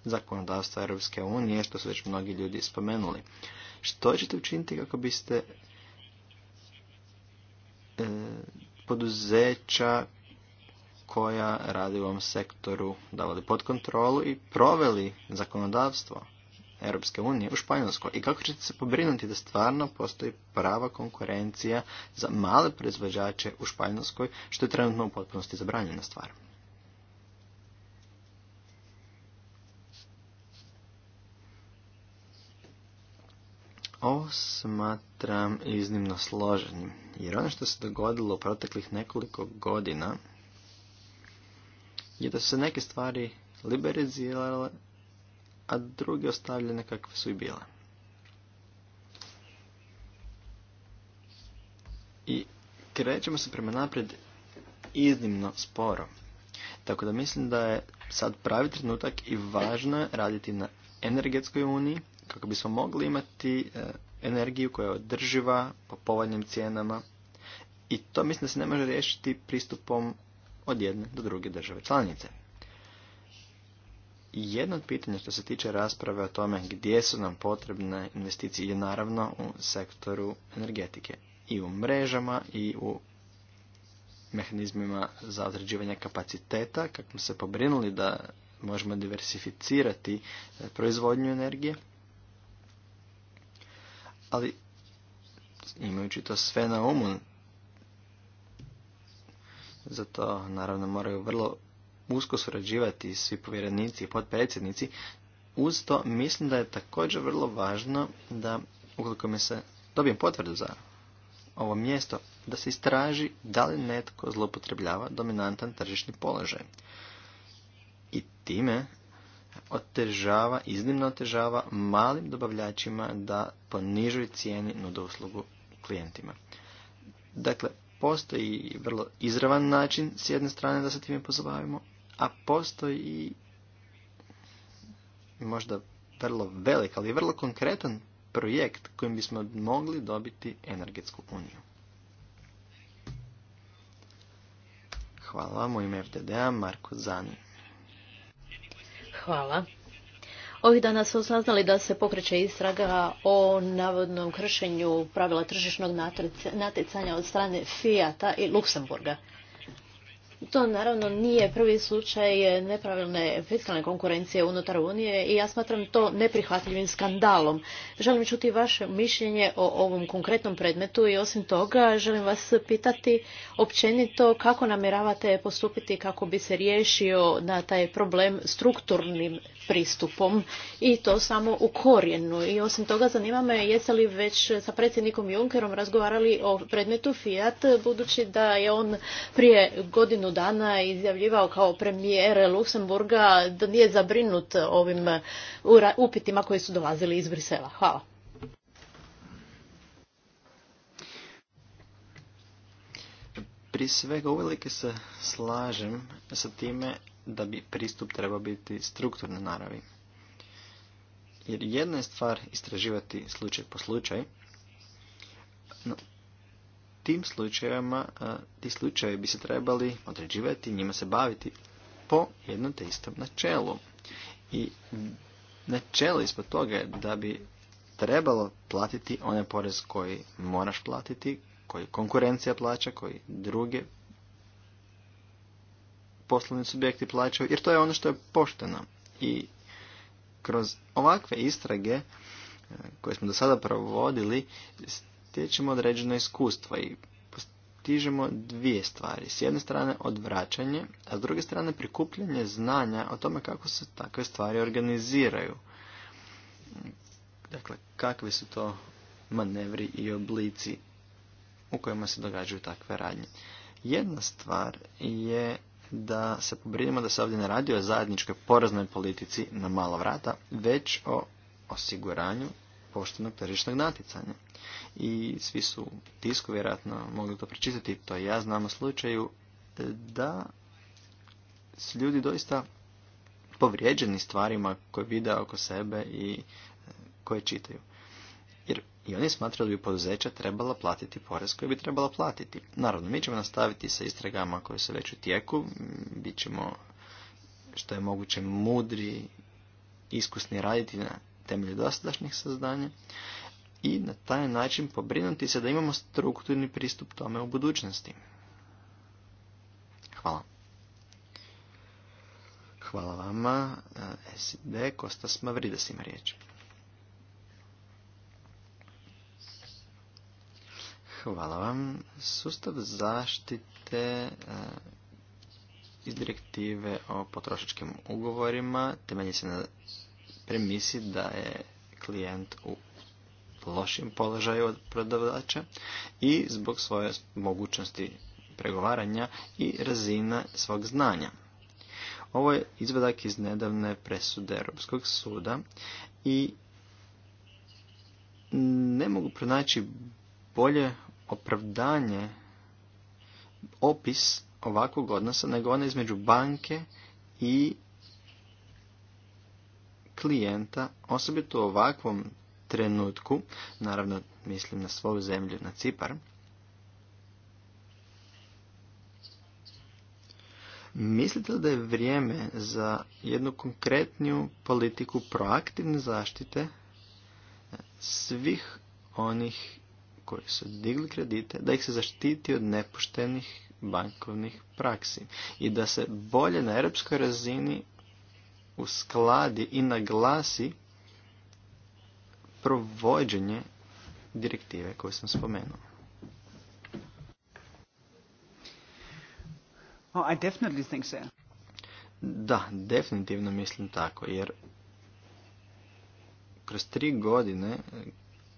zakonodavstva Europske unije, što su već mnogi ljudi spomenuli. Što ćete učiniti kako biste poduzeća koja radi u ovom sektoru davali pod kontrolu i proveli zakonodavstvo Europske unije u Španjolskoj i kako ćete se pobrinuti da stvarno postoji prava konkurencija za male proizvođače u Španjolskoj što je trenutno u potpunosti zabranjena stvar. ovo smatram iznimno složenim, jer ono što se dogodilo u proteklih nekoliko godina je da su se neke stvari liberizirale, a druge ostavljene kakve su i bile. I krećemo se prema naprijed iznimno sporo. Tako da mislim da je sad pravi trenutak i važno je raditi na energetskoj uniji, kako bismo mogli imati e, energiju koja je održiva po povoljnim cijenama i to mislim da se ne može riješiti pristupom od jedne do druge države članice. Jedno od pitanja što se tiče rasprave o tome gdje su nam potrebne investicije je naravno u sektoru energetike i u mrežama i u mehanizmima za određivanje kapaciteta kako smo se pobrinuli da možemo diversificirati e, proizvodnju energije ali imajući to sve na umu, zato naravno moraju vrlo usko surađivati svi povjerenici i potpredsjednici, uz to mislim da je također vrlo važno da ukoliko mi se dobijem potvrdu za ovo mjesto, da se istraži da li netko zloupotrebljava dominantan tržišni položaj. I time otežava, iznimno otežava malim dobavljačima da ponižuju cijeni nude uslugu klijentima. Dakle, postoji vrlo izravan način s jedne strane da se time pozabavimo, a postoji i možda vrlo velik, ali vrlo konkretan projekt kojim bismo mogli dobiti energetsku uniju. Hvala vam u ime FTD-a Marko Zani. Hvala. Ovih dana su saznali da se pokreće istraga o navodnom kršenju pravila tržišnog natjecanja od strane Fijata i Luksemburga. To naravno nije prvi slučaj nepravilne fiskalne konkurencije unutar Unije i ja smatram to neprihvatljivim skandalom. Želim čuti vaše mišljenje o ovom konkretnom predmetu i osim toga želim vas pitati općenito kako namjeravate postupiti kako bi se riješio na taj problem strukturnim pristupom i to samo u korijenu. I osim toga zanima me jeste li već sa predsjednikom Junckerom razgovarali o predmetu Fiat budući da je on prije godinu dana izjavljivao kao premijer Luksemburga da nije zabrinut ovim upitima koji su dolazili iz Brisela. Hvala. Prije svega uvelike se slažem sa time da bi pristup trebao biti strukturne naravi. Jer jedna je stvar istraživati slučaj po slučaj, no, tim slučajevima, ti slučajevi bi se trebali određivati, njima se baviti po jednom te istom načelu. I načelo ispod toga je da bi trebalo platiti onaj porez koji moraš platiti, koji konkurencija plaća, koji druge poslovni subjekti plaćaju, jer to je ono što je pošteno. I kroz ovakve istrage koje smo do sada provodili, stječemo određeno iskustvo i postižemo dvije stvari. S jedne strane odvraćanje, a s druge strane prikupljanje znanja o tome kako se takve stvari organiziraju. Dakle, kakvi su to manevri i oblici u kojima se događaju takve radnje. Jedna stvar je da se pobrinimo da se ovdje ne radi o zajedničkoj poraznoj politici na malo vrata, već o osiguranju poštenog tržišnog natjecanja. I svi su tisku vjerojatno mogli to pročitati, to ja znam u slučaju e, da su ljudi doista povrijeđeni stvarima koje vide oko sebe i e, koje čitaju. Jer i oni smatrali bi poduzeća trebala platiti porez koji bi trebala platiti. Naravno, mi ćemo nastaviti sa istragama koje se već u tijeku, bit ćemo što je moguće mudri, iskusni raditi na temelju dosadašnjih saznanja i na taj način pobrinuti se da imamo strukturni pristup tome u budućnosti. Hvala. Hvala vama. Eh, SID Kostas da ima riječ. Hvala vam. Sustav zaštite eh, iz direktive o potrošačkim ugovorima temelji se na premisi da je klijent u lošim položaju od prodavača i zbog svoje mogućnosti pregovaranja i razina svog znanja. Ovo je izvadak iz nedavne presude Europskog suda i ne mogu pronaći bolje opravdanje opis ovakvog odnosa nego ona između banke i klijenta, osobito u ovakvom trenutku, naravno mislim na svoju zemlju, na Cipar, Mislite li da je vrijeme za jednu konkretniju politiku proaktivne zaštite e, svih onih koji su digli kredite, da ih se zaštiti od nepoštenih bankovnih praksi i da se bolje na europskoj razini skladi i naglasi provođenje direktive koju sam spomenuo. Oh, I definitely think so. Da, definitivno mislim tako, jer kroz tri godine, eh,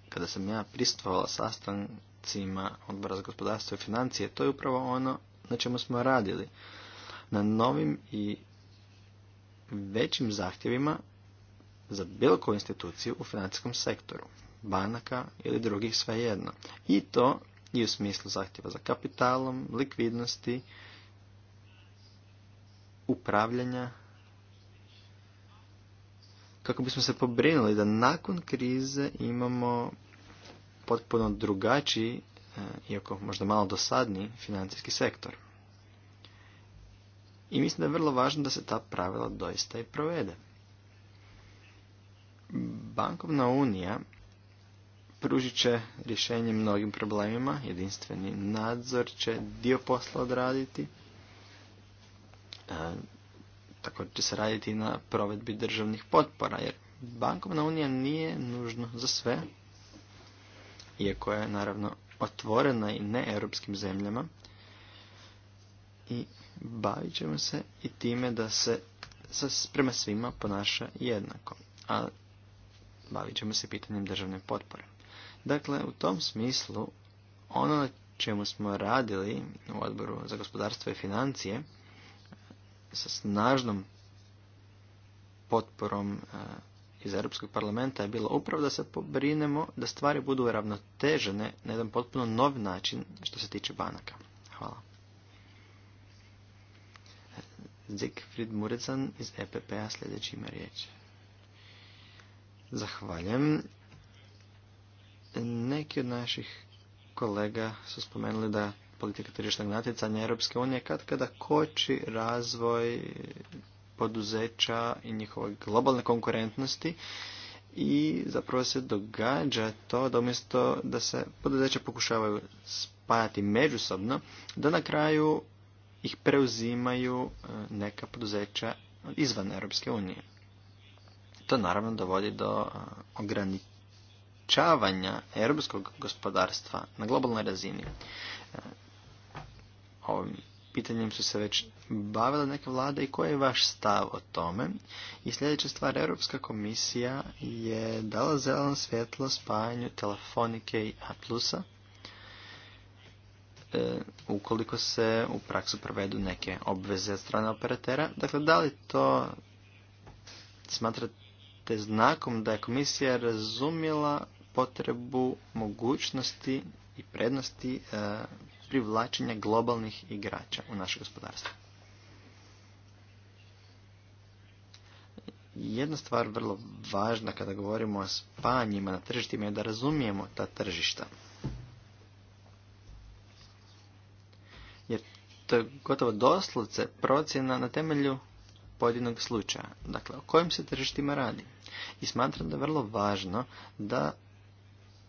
kada sam ja pristupala sastancima odbora za gospodarstvo i financije, to je upravo ono na čemu smo radili. Na novim i većim zahtjevima za bilo koju instituciju u financijskom sektoru, banaka ili drugih svejedno. I to i u smislu zahtjeva za kapitalom, likvidnosti, upravljanja, kako bismo se pobrinuli da nakon krize imamo potpuno drugačiji, e, iako možda malo dosadni, financijski sektor. I mislim da je vrlo važno da se ta pravila doista i provede. Bankovna unija pružit će rješenje mnogim problemima, jedinstveni nadzor će dio posla odraditi, e, također će se raditi na provedbi državnih potpora, jer bankovna unija nije nužno za sve, iako je naravno otvorena i ne europskim zemljama i bavit ćemo se i time da se prema svima ponaša jednako, a bavit ćemo se pitanjem državne potpore. Dakle, u tom smislu, ono na čemu smo radili u odboru za gospodarstvo i financije, sa snažnom potporom e, iz Europskog parlamenta je bilo upravo da se pobrinemo da stvari budu ravnotežene na jedan potpuno nov način što se tiče banaka. Hvala. Zikfrid Murecan iz EPP-a sljedeći ima riječ. Zahvaljujem. Neki od naših kolega su spomenuli da politika tržišnog natjecanja Europske unije kad kada koči razvoj poduzeća i njihove globalne konkurentnosti i zapravo se događa to da umjesto da se poduzeća pokušavaju spajati međusobno, da na kraju ih preuzimaju e, neka poduzeća izvan Europske unije. To naravno dovodi do e, ograničavanja europskog gospodarstva na globalnoj razini. E, ovim pitanjem su se već bavile neke vlade i koji je vaš stav o tome? I sljedeća stvar, Europska komisija je dala zeleno svjetlo spajanju telefonike i Atlusa E, ukoliko se u praksu provedu neke obveze od strane operatera. Dakle, da li to smatrate znakom da je komisija razumjela potrebu mogućnosti i prednosti e, privlačenja globalnih igrača u naše gospodarstvo? Jedna stvar vrlo važna kada govorimo o spanjima na tržištima je da razumijemo ta tržišta. to je gotovo doslovce procjena na temelju pojedinog slučaja. Dakle, o kojim se tržištima radi. I smatram da je vrlo važno da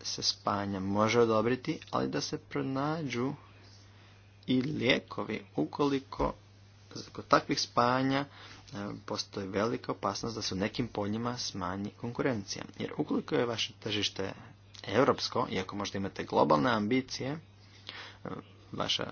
se spanja može odobriti, ali da se pronađu i lijekovi ukoliko kod takvih spajanja e, postoji velika opasnost da se u nekim poljima smanji konkurencija. Jer ukoliko je vaše tržište europsko, iako možda imate globalne ambicije, e, vaša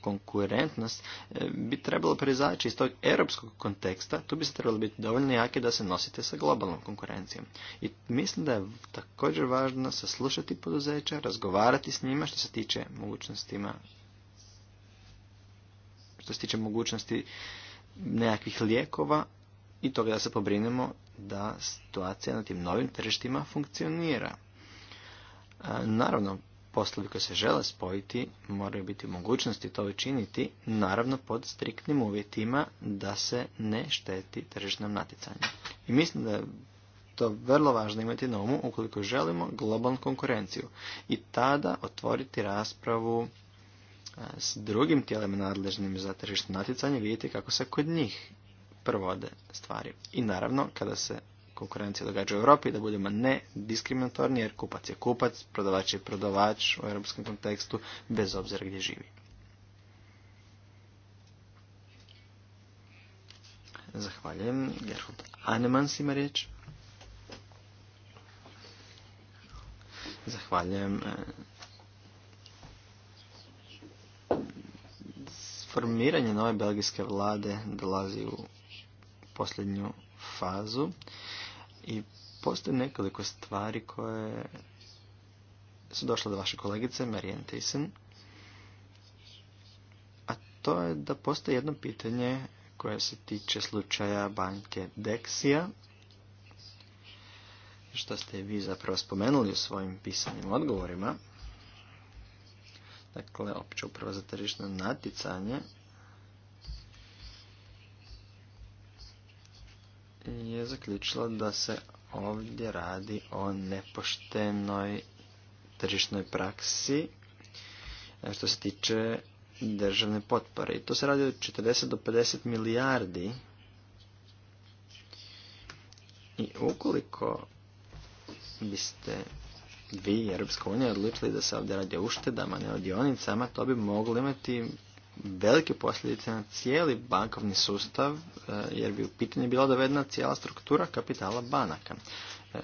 konkurentnost e, bi trebalo prizaći iz tog europskog konteksta, tu bi se trebalo biti dovoljno jake da se nosite sa globalnom konkurencijom. I mislim da je također važno saslušati poduzeća, razgovarati s njima što se tiče mogućnostima što se tiče mogućnosti nekakvih lijekova i toga da se pobrinemo da situacija na tim novim tržištima funkcionira. E, naravno, poslovi koji se žele spojiti moraju biti u mogućnosti to učiniti, naravno pod striktnim uvjetima da se ne šteti tržišnom natjecanju. I mislim da je to vrlo važno imati na umu ukoliko želimo globalnu konkurenciju i tada otvoriti raspravu e, s drugim tijelima nadležnim za tržišno natjecanje vidjeti kako se kod njih provode stvari. I naravno, kada se konkurencija događa u Europi, da budemo ne diskriminatorni jer kupac je kupac, prodavač je prodavač u europskom kontekstu bez obzira gdje živi. Zahvaljujem. Gerhard Anemans ima riječ. Zahvaljujem. Formiranje nove belgijske vlade dolazi u posljednju fazu. I postoje nekoliko stvari koje su došle do vaše kolegice Marijan Thyssen. A to je da postoji jedno pitanje koje se tiče slučaja banke Dexia. Što ste vi zapravo spomenuli u svojim pisanim odgovorima. Dakle, opće upravo za tržišno natjecanje je zaključila da se ovdje radi o nepoštenoj tržišnoj praksi e, što se tiče državne potpore. I to se radi o 40 do 50 milijardi i ukoliko biste vi i Europska unija odlučili da se ovdje radi o uštedama, ne o dionicama, to bi moglo imati velike posljedice na cijeli bankovni sustav, e, jer bi u pitanju bila dovedena cijela struktura kapitala banaka. E,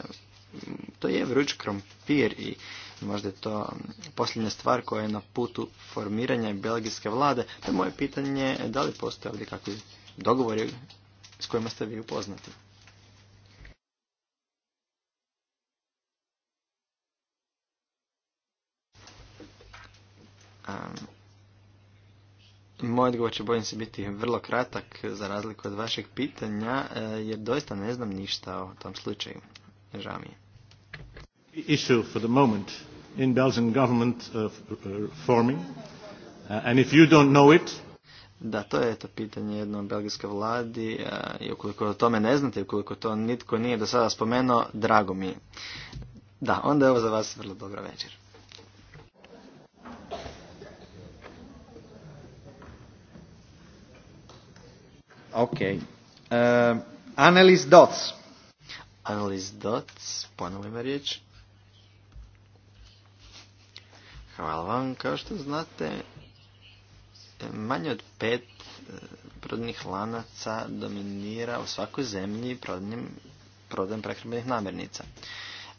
to je vruć krompir i možda je to posljednja stvar koja je na putu formiranja belgijske vlade. To moje pitanje da li postoje ovdje kakvi dogovori s kojima ste vi upoznati. Moj odgovor će bojim se biti vrlo kratak za razliku od vašeg pitanja e, jer doista ne znam ništa o tom slučaju. Žao mi je. Issue for the moment in Belgian government uh, uh, forming uh, and if you don't know it da, to je to pitanje jedno belgijske vladi e, i ukoliko o tome ne znate, ukoliko to nitko nije do sada spomenuo, drago mi. Da, onda je ovo za vas vrlo dobro večer. Ok. Uh, Annelies Dots. Annelies Dots, ponovno riječ. Hvala vam. Kao što znate, manje od pet e, prodnih lanaca dominira u svakoj zemlji prodnim, prodan prehrambenih namirnica.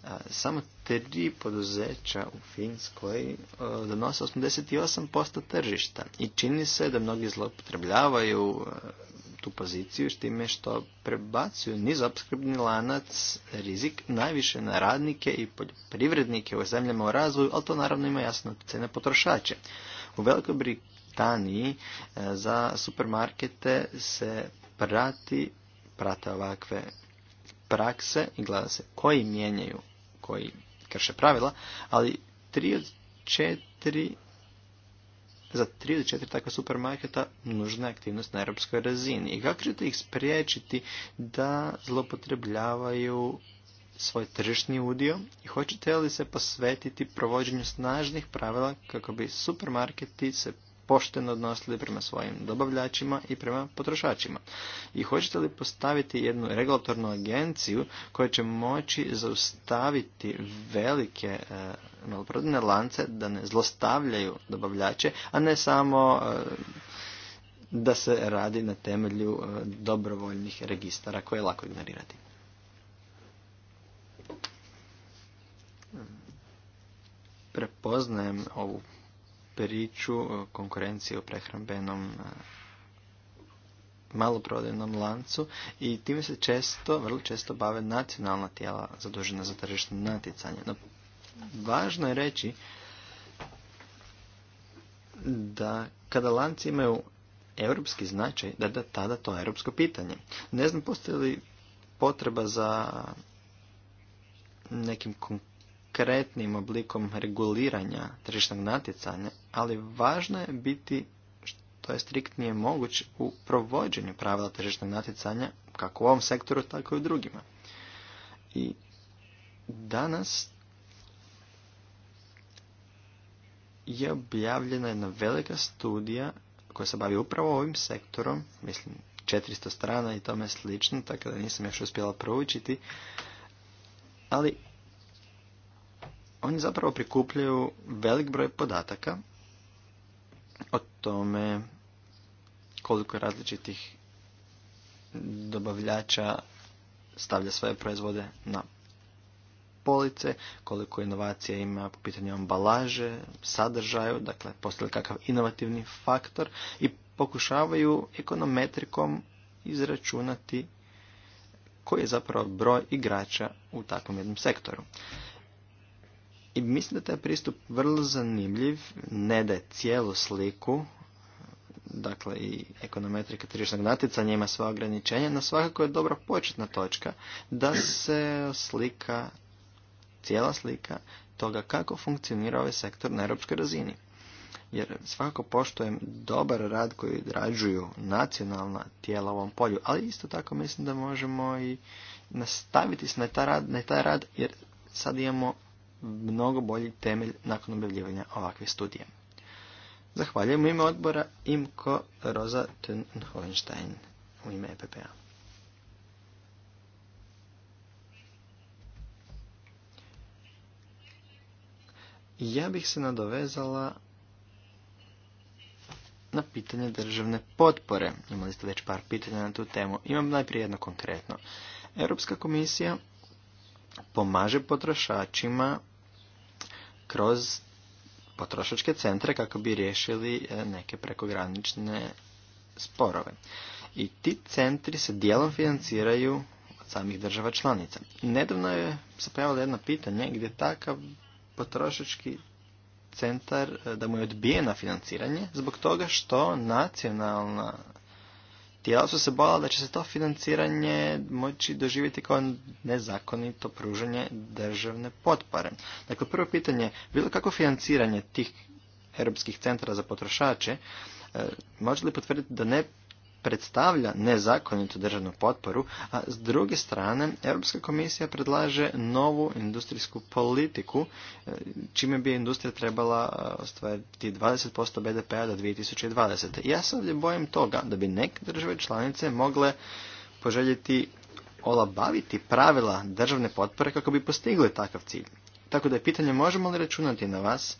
E, samo tri poduzeća u Finskoj donose 88% tržišta i čini se da mnogi zloupotrebljavaju tu poziciju s time što prebacuju niz lanac rizik najviše na radnike i poljoprivrednike u zemljama u razvoju, ali to naravno ima jasno cene potrošače. U Velikoj Britaniji e, za supermarkete se prati, prate ovakve prakse i gleda se koji mijenjaju, koji krše pravila, ali tri od četiri za tri ili četiri takva supermarketa nužna je aktivnost na europskoj razini. I kako ćete ih spriječiti da zlopotrebljavaju svoj tržišni udio i hoćete li se posvetiti provođenju snažnih pravila kako bi supermarketi se pošteno odnosili prema svojim dobavljačima i prema potrošačima. I hoćete li postaviti jednu regulatornu agenciju koja će moći zaustaviti velike e, lance da ne zlostavljaju dobavljače, a ne samo e, da se radi na temelju e, dobrovoljnih registara koje je lako ignorirati. Prepoznajem ovu priču konkurencije u prehrambenom e, maloprodajnom lancu i time se često, vrlo često bave nacionalna tijela zadužena za tržišno natjecanje. No, važno je reći da kada lanci imaju europski značaj, da, tada to europsko pitanje. Ne znam postoji li potreba za nekim konkretnim oblikom reguliranja tržišnog natjecanja, ali važno je biti što je striktnije moguć u provođenju pravila tržišnog natjecanja kako u ovom sektoru, tako i u drugima. I danas je objavljena jedna velika studija koja se bavi upravo ovim sektorom, mislim 400 strana i tome slično, tako da nisam još uspjela proučiti, ali oni zapravo prikupljaju velik broj podataka o tome koliko različitih dobavljača stavlja svoje proizvode na police, koliko inovacija ima po pitanju ambalaže, sadržaju, dakle postoji kakav inovativni faktor i pokušavaju ekonometrikom izračunati koji je zapravo broj igrača u takvom jednom sektoru. I mislim da taj pristup vrlo zanimljiv, ne da je cijelu sliku, dakle i ekonometrika tržišnog natjecanja ima sva ograničenja, no svakako je dobra početna točka da se slika, cijela slika toga kako funkcionira ovaj sektor na europskoj razini. Jer svakako poštujem dobar rad koji odrađuju nacionalna tijela u ovom polju, ali isto tako mislim da možemo i nastaviti na taj rad, na taj rad jer sad imamo mnogo bolji temelj nakon objavljivanja ovakve studije. Zahvaljujem u ime odbora Imko Roza Hohenstein u ime EPP-a. Ja bih se nadovezala na pitanje državne potpore. Imali ste već par pitanja na tu temu. Imam najprije jedno konkretno. Europska komisija pomaže potrošačima kroz potrošačke centre kako bi riješili e, neke prekogranične sporove. I ti centri se dijelom financiraju od samih država članica. Nedavno je se pojavilo jedno pitanje gdje takav potrošački centar e, da mu je odbijeno financiranje zbog toga što nacionalna tijela su se bojala da će se to financiranje moći doživjeti kao nezakonito pružanje državne potpore. Dakle, prvo pitanje, bilo kako financiranje tih europskih centara za potrošače, e, može li potvrditi da ne predstavlja nezakonitu državnu potporu, a s druge strane Europska komisija predlaže novu industrijsku politiku e, čime bi industrija trebala e, ostvariti 20% BDP-a do 2020. Ja sam ovdje bojim toga da bi neke države članice mogle poželjeti olabaviti pravila državne potpore kako bi postigli takav cilj. Tako da je pitanje možemo li računati na vas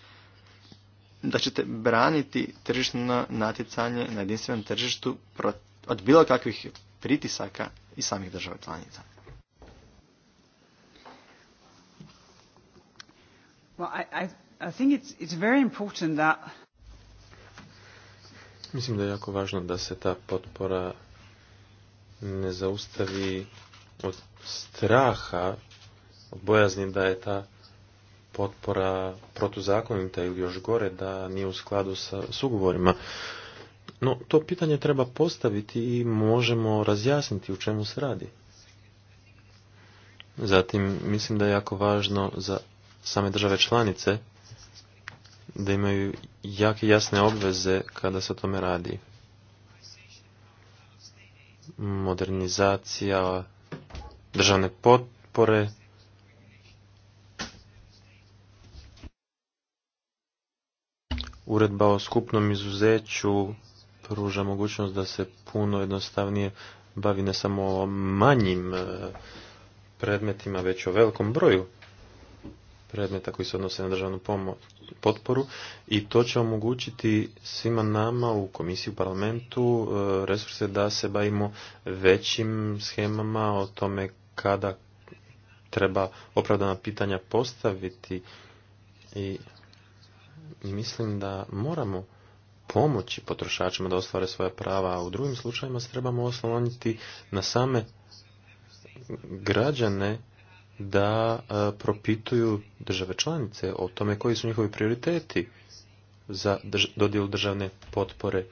da ćete braniti tržišno natjecanje na jedinstvenom tržištu od bilo kakvih pritisaka i samih država članica. I, Mislim da je jako važno da se ta potpora ne zaustavi od straha, od bojazni da je ta potpora protuzakonita ili još gore da nije u skladu sa sugovorima. No, to pitanje treba postaviti i možemo razjasniti u čemu se radi. Zatim, mislim da je jako važno za same države članice da imaju jake jasne obveze kada se o tome radi. Modernizacija, državne potpore, uredba o skupnom izuzeću pruža mogućnost da se puno jednostavnije bavi ne samo o manjim e, predmetima, već o velikom broju predmeta koji se odnose na državnu potporu i to će omogućiti svima nama u komisiji, u parlamentu e, resurse da se bavimo većim schemama o tome kada treba opravdana pitanja postaviti i mislim da moramo pomoći potrošačima da ostvare svoja prava, a u drugim slučajima se trebamo osloniti na same građane da e, propituju države članice o tome koji su njihovi prioriteti za dodjelu državne potpore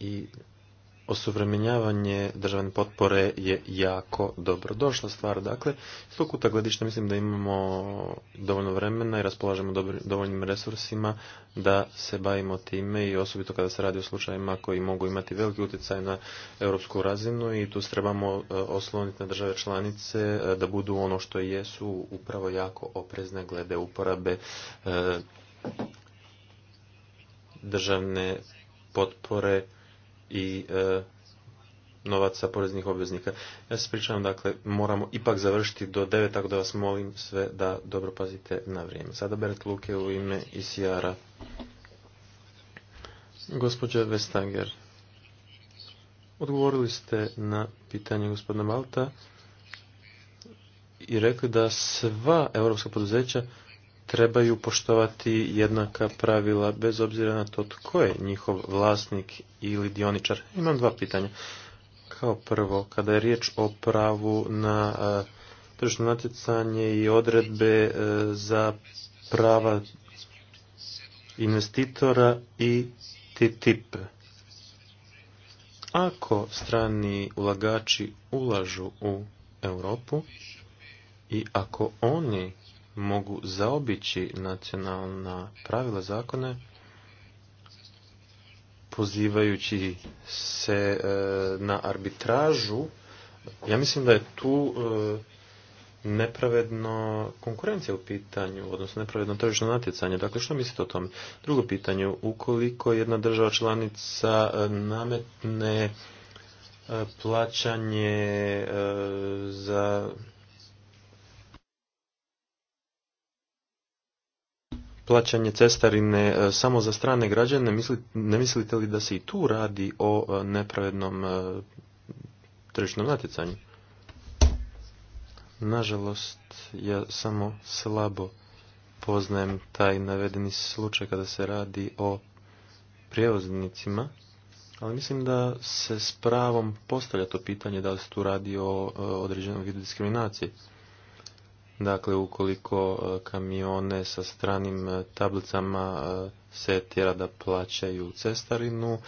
i osuvremenjavanje državne potpore je jako dobro došla stvar. Dakle, s kuta gledišta mislim da imamo dovoljno vremena i raspolažemo dovoljnim resursima da se bavimo time i osobito kada se radi o slučajima koji mogu imati veliki utjecaj na europsku razinu i tu se trebamo e, osloniti na države članice e, da budu ono što jesu upravo jako oprezne glede uporabe e, državne potpore i e, novaca poreznih obveznika. Ja se pričavam dakle, moramo ipak završiti do 9, tako da vas molim sve da dobro pazite na vrijeme. Sada Beret Luke u ime Isijara. Gospođa Vestanger, odgovorili ste na pitanje gospodina Malta i rekli da sva europska poduzeća trebaju poštovati jednaka pravila bez obzira na to tko je njihov vlasnik ili dioničar. Imam dva pitanja. Kao prvo, kada je riječ o pravu na e, tržno natjecanje i odredbe e, za prava investitora i TTIP. Ako strani ulagači ulažu u Europu i ako oni mogu zaobići nacionalna pravila zakone pozivajući se e, na arbitražu ja mislim da je tu e, nepravedno konkurencija u pitanju, odnosno nepravedno tržišno natjecanje. Dakle, što mislite o tome? Drugo pitanje, ukoliko jedna država članica e, nametne plaćanje za plaćanje cestarine e, samo za strane građane, ne mislite li da se i tu radi o e, nepravednom e, tržišnom natjecanju? Nažalost, ja samo slabo poznajem taj navedeni slučaj kada se radi o prijevoznicima, ali mislim da se s pravom postavlja to pitanje da li se tu radi o određenom vidu diskriminacije. Dakle, ukoliko e, kamione sa stranim e, tablicama e, se tjera da plaćaju cestarinu,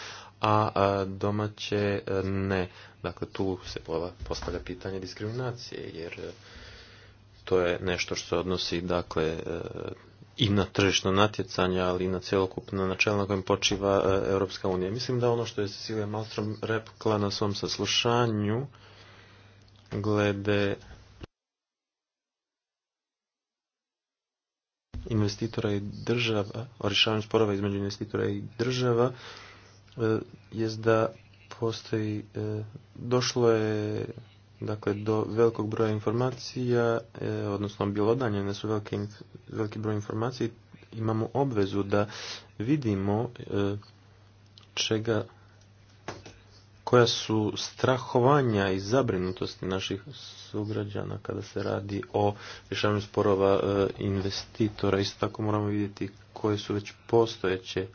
a domaće ne. Dakle, tu se postavlja pitanje diskriminacije, jer to je nešto što se odnosi dakle, i na tržišno natjecanje, ali i na cjelokupno načelo na kojem počiva Europska unija. Mislim da ono što je Cecilia Malstrom rekla na svom saslušanju glede investitora i država, o rješavanju sporova između investitora i država, e, je da postoji, e, došlo je dakle, do velikog broja informacija, e, odnosno ne su velike, veliki broj informacija, imamo obvezu da vidimo čega koja su strahovanja i zabrinutosti naših sugrađana kada se radi o rješavanju sporova e, investitora. Isto tako moramo vidjeti koje su već postojeće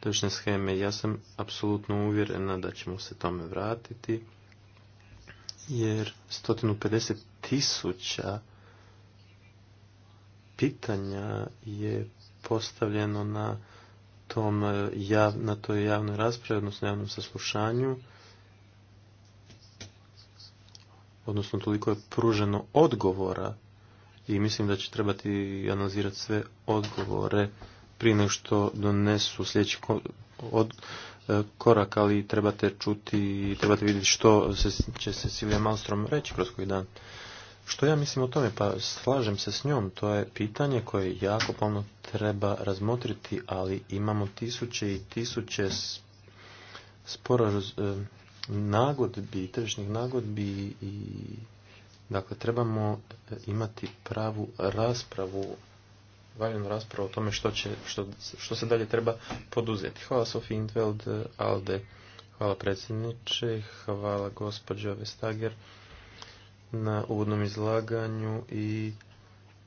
točne scheme. Ja sam apsolutno uvjerena da ćemo se tome vratiti jer 150 tisuća pitanja je postavljeno na tom, e, jav, na toj javnoj raspravi, odnosno javnom saslušanju, odnosno toliko je pruženo odgovora i mislim da će trebati analizirati sve odgovore prije nego što donesu sljedeći e, korak, ali trebate čuti i trebate vidjeti što se, će se Silvija Malstrom reći kroz koji dan. Što ja mislim o tome? Pa slažem se s njom. To je pitanje koje jako pomno treba razmotriti, ali imamo tisuće i tisuće sporo e, nagodbi, tržišnih nagodbi i dakle trebamo e, imati pravu raspravu valjenu raspravu o tome što, će, što, se dalje treba poduzeti. Hvala Sofie Intveld, e, Alde, hvala predsjedniče, hvala gospođo Vestager na uvodnom izlaganju i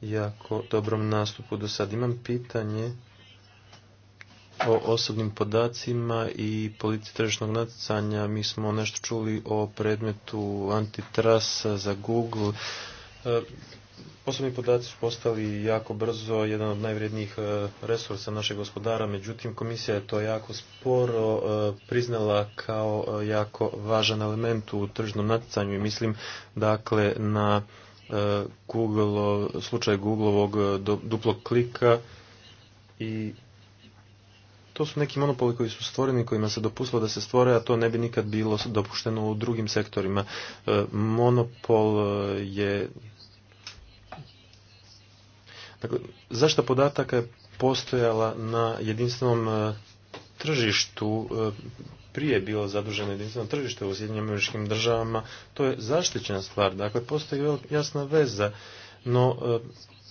jako dobrom nastupu do sad. Imam pitanje o osobnim podacima i politici tržišnog natjecanja. Mi smo nešto čuli o predmetu antitrasa za Google. E, Osobni podaci su postali jako brzo jedan od najvrijednijih e, resursa našeg gospodara, međutim komisija je to jako sporo e, priznala kao e, jako važan element u tržnom natjecanju i mislim dakle na Google, slučaj Googleovog duplog klika i to su neki monopoli koji su stvoreni, kojima se dopustilo da se stvore, a to ne bi nikad bilo dopušteno u drugim sektorima. Monopol je Dakle, podataka je postojala na jedinstvenom e, tržištu, e, prije je bilo zaduženo jedinstveno tržište u Sjedinjim američkim državama, to je zaštićena stvar, dakle postoji jasna veza, no e,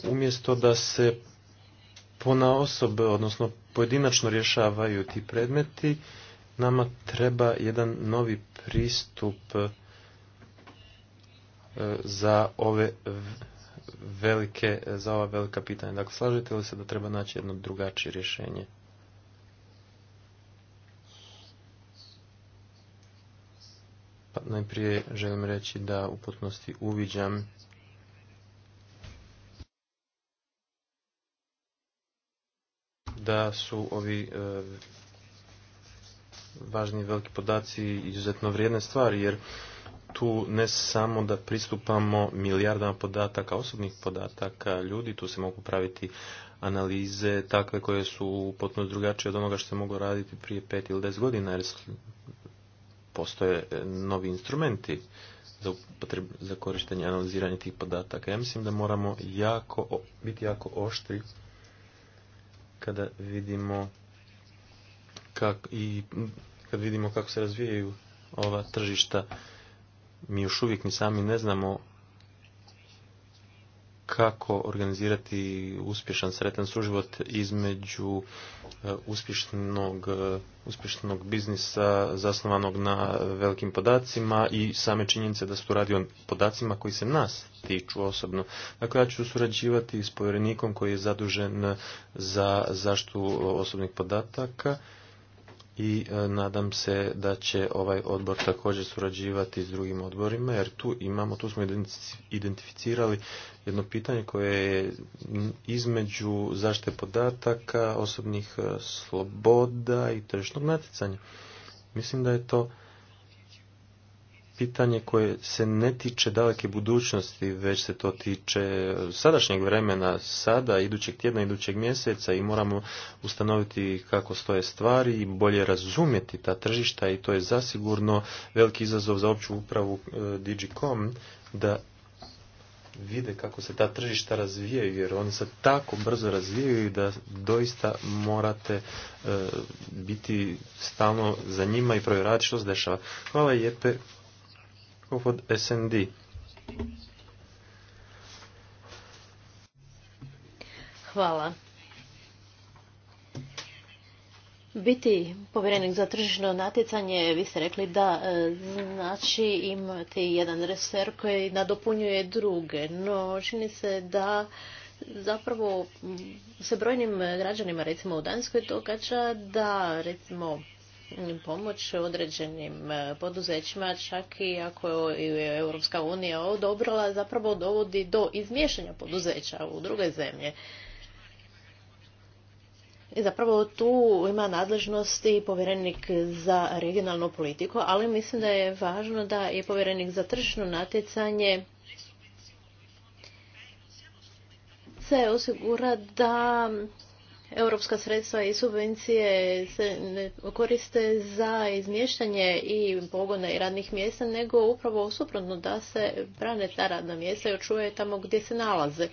umjesto da se pona osobe, odnosno pojedinačno rješavaju ti predmeti, nama treba jedan novi pristup za ove velike, za ova velika pitanja. Dakle, slažete li se da treba naći jedno drugačije rješenje? Pa najprije želim reći da u potpunosti uviđam da su ovi e, važni veliki podaci izuzetno vrijedne stvari, jer tu ne samo da pristupamo milijardama podataka, osobnih podataka ljudi, tu se mogu praviti analize takve koje su potpuno drugačije od onoga što se mogu raditi prije pet ili deset godina, jer postoje e, novi instrumenti za, potreb, za korištenje analiziranje tih podataka. Ja mislim da moramo jako, biti jako oštri kada vidimo i kad vidimo kako se razvijaju ova tržišta mi još uvijek ni sami ne znamo kako organizirati uspješan sretan suživot između e, uspješnog, e, uspješnog biznisa zasnovanog na velikim podacima i same činjenice da se tu radi o podacima koji se nas tiču osobno. Dakle, ja ću surađivati s povjerenikom koji je zadužen za zaštu osobnih podataka i e, nadam se da će ovaj odbor također surađivati s drugim odborima jer tu imamo, tu smo identificirali jedno pitanje koje je između zaštite podataka, osobnih e, sloboda i tržišnog natjecanja. Mislim da je to pitanje koje se ne tiče daleke budućnosti, već se to tiče sadašnjeg vremena, sada, idućeg tjedna, idućeg mjeseca i moramo ustanoviti kako stoje stvari i bolje razumjeti ta tržišta i to je zasigurno veliki izazov za opću upravu e, Digicom da vide kako se ta tržišta razvijaju, jer oni se tako brzo razvijaju da doista morate e, biti stalno za njima i provjerati što se dešava. Hvala Jepe, SND. Hvala. Biti povjerenik za tržišno natjecanje, vi ste rekli da e, znači imati jedan reser koji nadopunjuje druge, no čini se da zapravo se brojnim građanima recimo u Danskoj događa da recimo pomoć određenim e, poduzećima, čak i ako je Europska unija odobrila, zapravo dovodi do izmješanja poduzeća u druge zemlje. I zapravo tu ima nadležnosti povjerenik za regionalnu politiku, ali mislim da je važno da i povjerenik za tržišno natjecanje se osigura da europska sredstva i subvencije se ne koriste za izmještanje i pogona i radnih mjesta, nego upravo suprotno da se brane ta radna mjesta i očuje tamo gdje se nalaze.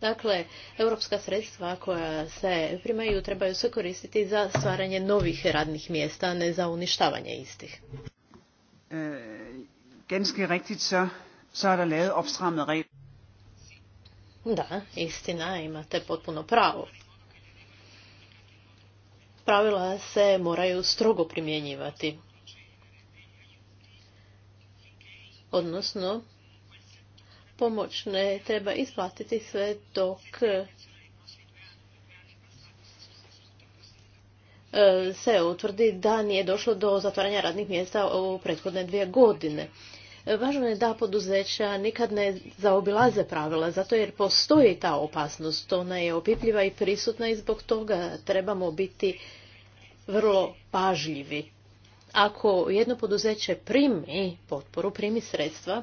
Dakle, europska sredstva koja se primaju trebaju se koristiti za stvaranje novih radnih mjesta, a ne za uništavanje istih. Eh, ganske er Da, istina, imate potpuno pravo pravila se moraju strogo primjenjivati. Odnosno, pomoć ne treba isplatiti sve dok e, se utvrdi da nije došlo do zatvaranja radnih mjesta u prethodne dvije godine. Važno je da poduzeća nikad ne zaobilaze pravila, zato jer postoji ta opasnost, ona je opipljiva i prisutna i zbog toga trebamo biti vrlo pažljivi. Ako jedno poduzeće primi potporu, primi sredstva,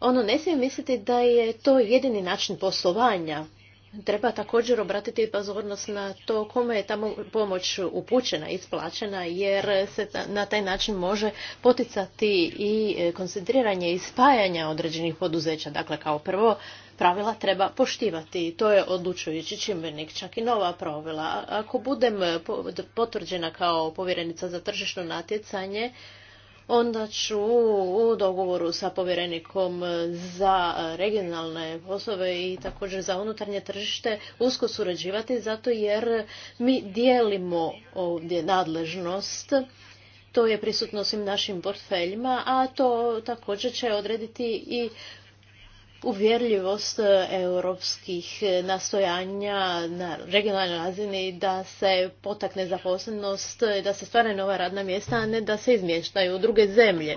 ono ne smije misliti da je to jedini način poslovanja. Treba također obratiti pozornost na to kome je tamo pomoć upućena, isplaćena, jer se na taj način može poticati i e, koncentriranje i spajanja određenih poduzeća. Dakle, kao prvo, pravila treba poštivati to je odlučujući čimbenik, čak i nova pravila. Ako budem potvrđena kao povjerenica za tržišno natjecanje, onda ću u dogovoru sa povjerenikom za regionalne poslove i također za unutarnje tržište usko surađivati zato jer mi dijelimo ovdje nadležnost to je prisutno svim našim portfeljima, a to također će odrediti i uvjerljivost e, europskih e, nastojanja na regionalnoj razini da se potakne zaposlenost, e, da se stvara nova radna mjesta, a ne da se izmještaju u druge zemlje.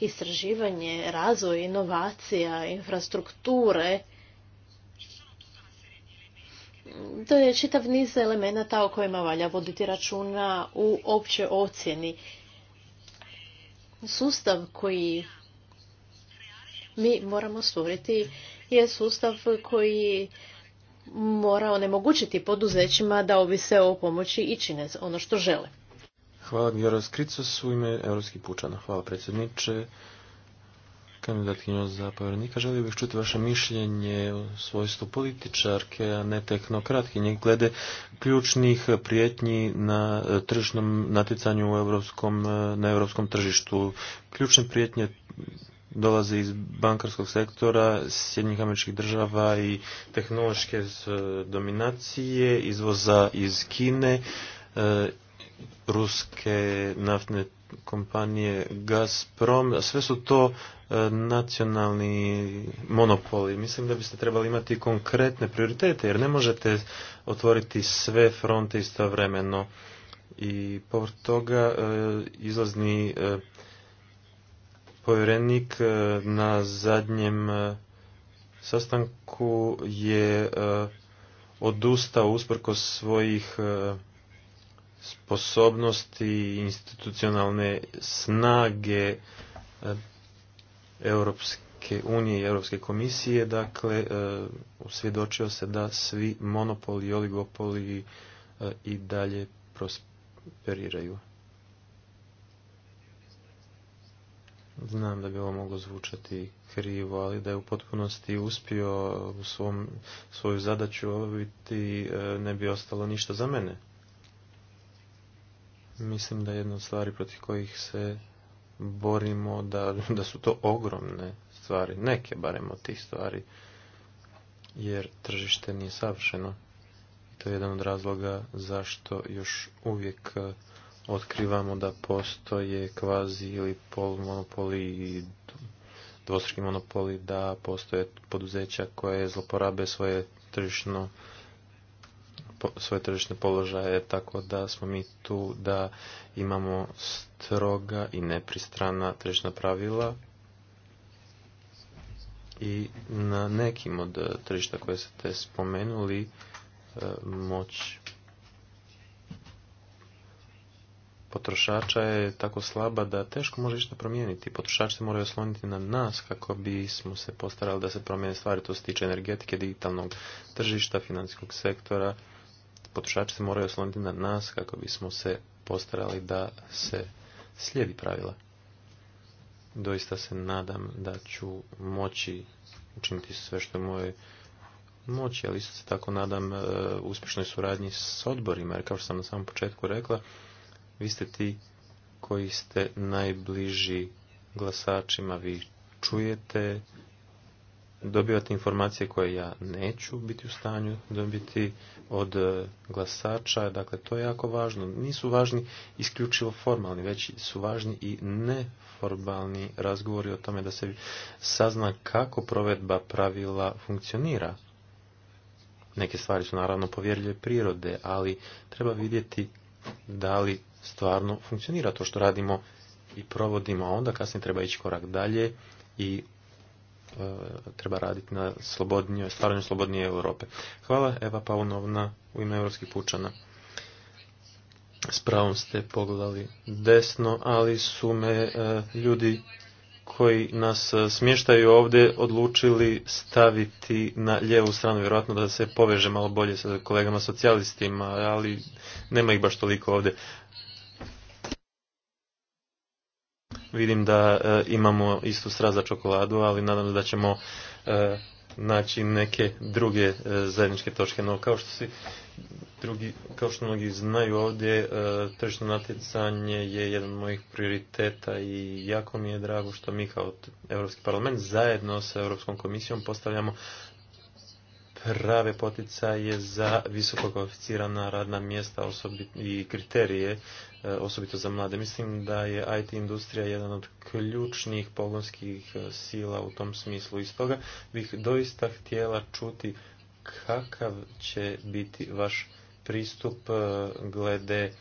Istraživanje, razvoj, inovacija, infrastrukture, to je čitav niz elemenata o kojima valja voditi računa u općoj ocjeni. Sustav koji mi moramo stvoriti je sustav koji mora onemogućiti poduzećima da ovise o pomoći i čine ono što žele. Hvala Geras Kricos u ime Europskih pučana. Hvala predsjedniče. Kandidatkinjo za povjerenika, želio bih čuti vaše mišljenje o svojstvu političarke, a ne tehnokratkinje, glede ključnih prijetnji na tržišnom natjecanju na europskom tržištu. Ključne prijetnje dolaze iz bankarskog sektora Sjednjih američkih država i tehnološke e, dominacije, izvoza iz Kine, e, ruske naftne kompanije Gazprom, sve su to e, nacionalni monopoli. Mislim da biste trebali imati konkretne prioritete, jer ne možete otvoriti sve fronte istovremeno. I povrt toga izlazni povjerenik e, na zadnjem e, sastanku je e, odustao usprko svojih sposobnosti i institucionalne snage Europske unije i Europske komisije, dakle, usvjedočio se da svi monopoli i oligopoli i dalje prosperiraju. Znam da bi ovo moglo zvučati krivo, ali da je u potpunosti uspio u svom, svoju zadaću obaviti e, ne bi ostalo ništa za mene. Mislim da je jedna od stvari protiv kojih se borimo da, da su to ogromne stvari, neke barem od tih stvari, jer tržište nije savršeno. I to je jedan od razloga zašto još uvijek otkrivamo da postoje kvazi ili polumonopoli i dvostruki monopoli, da postoje poduzeća koje zloporabe svoje tržišno svoje tržišne položaje, tako da smo mi tu da imamo stroga i nepristrana tržišna pravila i na nekim od tržišta koje ste spomenuli e, moć potrošača je tako slaba da teško može išta promijeniti. Potrošači se moraju osloniti na nas kako bismo se postarali da se promijene stvari. To se tiče energetike, digitalnog tržišta, financijskog sektora. Potrošači se moraju osloniti na nas kako bismo se postarali da se slijedi pravila. Doista se nadam da ću moći učiniti sve što je moje moći, ali isto se tako nadam e, uspješnoj suradnji s odborima, jer kao što sam na samom početku rekla, vi ste ti koji ste najbliži glasačima, vi čujete, dobivate informacije koje ja neću biti u stanju dobiti od e, glasača, dakle to je jako važno. Nisu važni isključivo formalni, već su važni i neformalni razgovori o tome da se sazna kako provedba pravila funkcionira. Neke stvari su naravno povjerljive prirode, ali treba vidjeti da li stvarno funkcionira to što radimo i provodimo, a onda kasnije treba ići korak dalje i e, treba raditi na slobodnjoj, stvaranju slobodnije Europe. Hvala Eva Paunovna u ime Europskih pučana. S pravom ste pogledali desno, ali su me e, ljudi koji nas e, smještaju ovdje odlučili staviti na lijevu stranu, vjerojatno da se poveže malo bolje sa kolegama socijalistima, ali nema ih baš toliko ovdje. Vidim da e, imamo istu strast za čokoladu, ali nadam se da ćemo e, naći neke druge e, zajedničke točke. No, kao što si drugi, kao što mnogi znaju ovdje, tržno natjecanje je jedan od mojih prioriteta i jako mi je drago što mi kao Europski parlament zajedno sa Europskom komisijom postavljamo prave poticaje za visoko kvalificirana radna mjesta i kriterije, e, osobito za mlade. Mislim da je IT industrija jedan od ključnih pogonskih e, sila u tom smislu. I stoga bih doista htjela čuti kakav će biti vaš pristup e, glede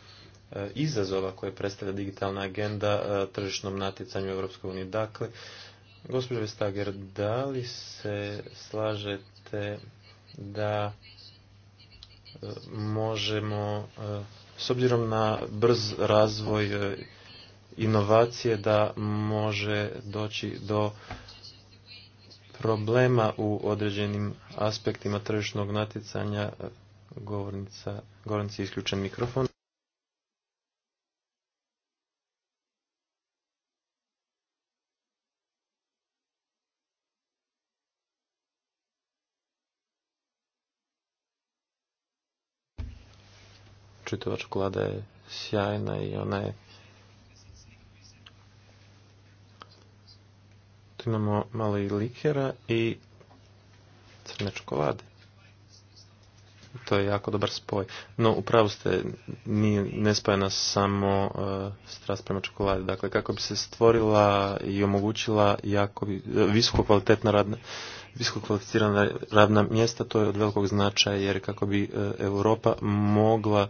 izazova koje predstavlja digitalna agenda tržišnom natjecanju u EU. Dakle, gospođo Vestager, da li se slažete da e, možemo, e, s obzirom na brz razvoj e, inovacije, da može doći do problema u određenim aspektima tržišnog natjecanja. Govornica, govornici isključen mikrofon. čitava čokolada je sjajna i ona je tu imamo malo i likera i crne čokolade to je jako dobar spoj. No, upravo ste, nije spojena samo uh, strast prema čokolade. Dakle, kako bi se stvorila i omogućila jako e, visoko kvalitetna radna, visoko kvalificirana radna mjesta, to je od velikog značaja, jer kako bi e, Europa mogla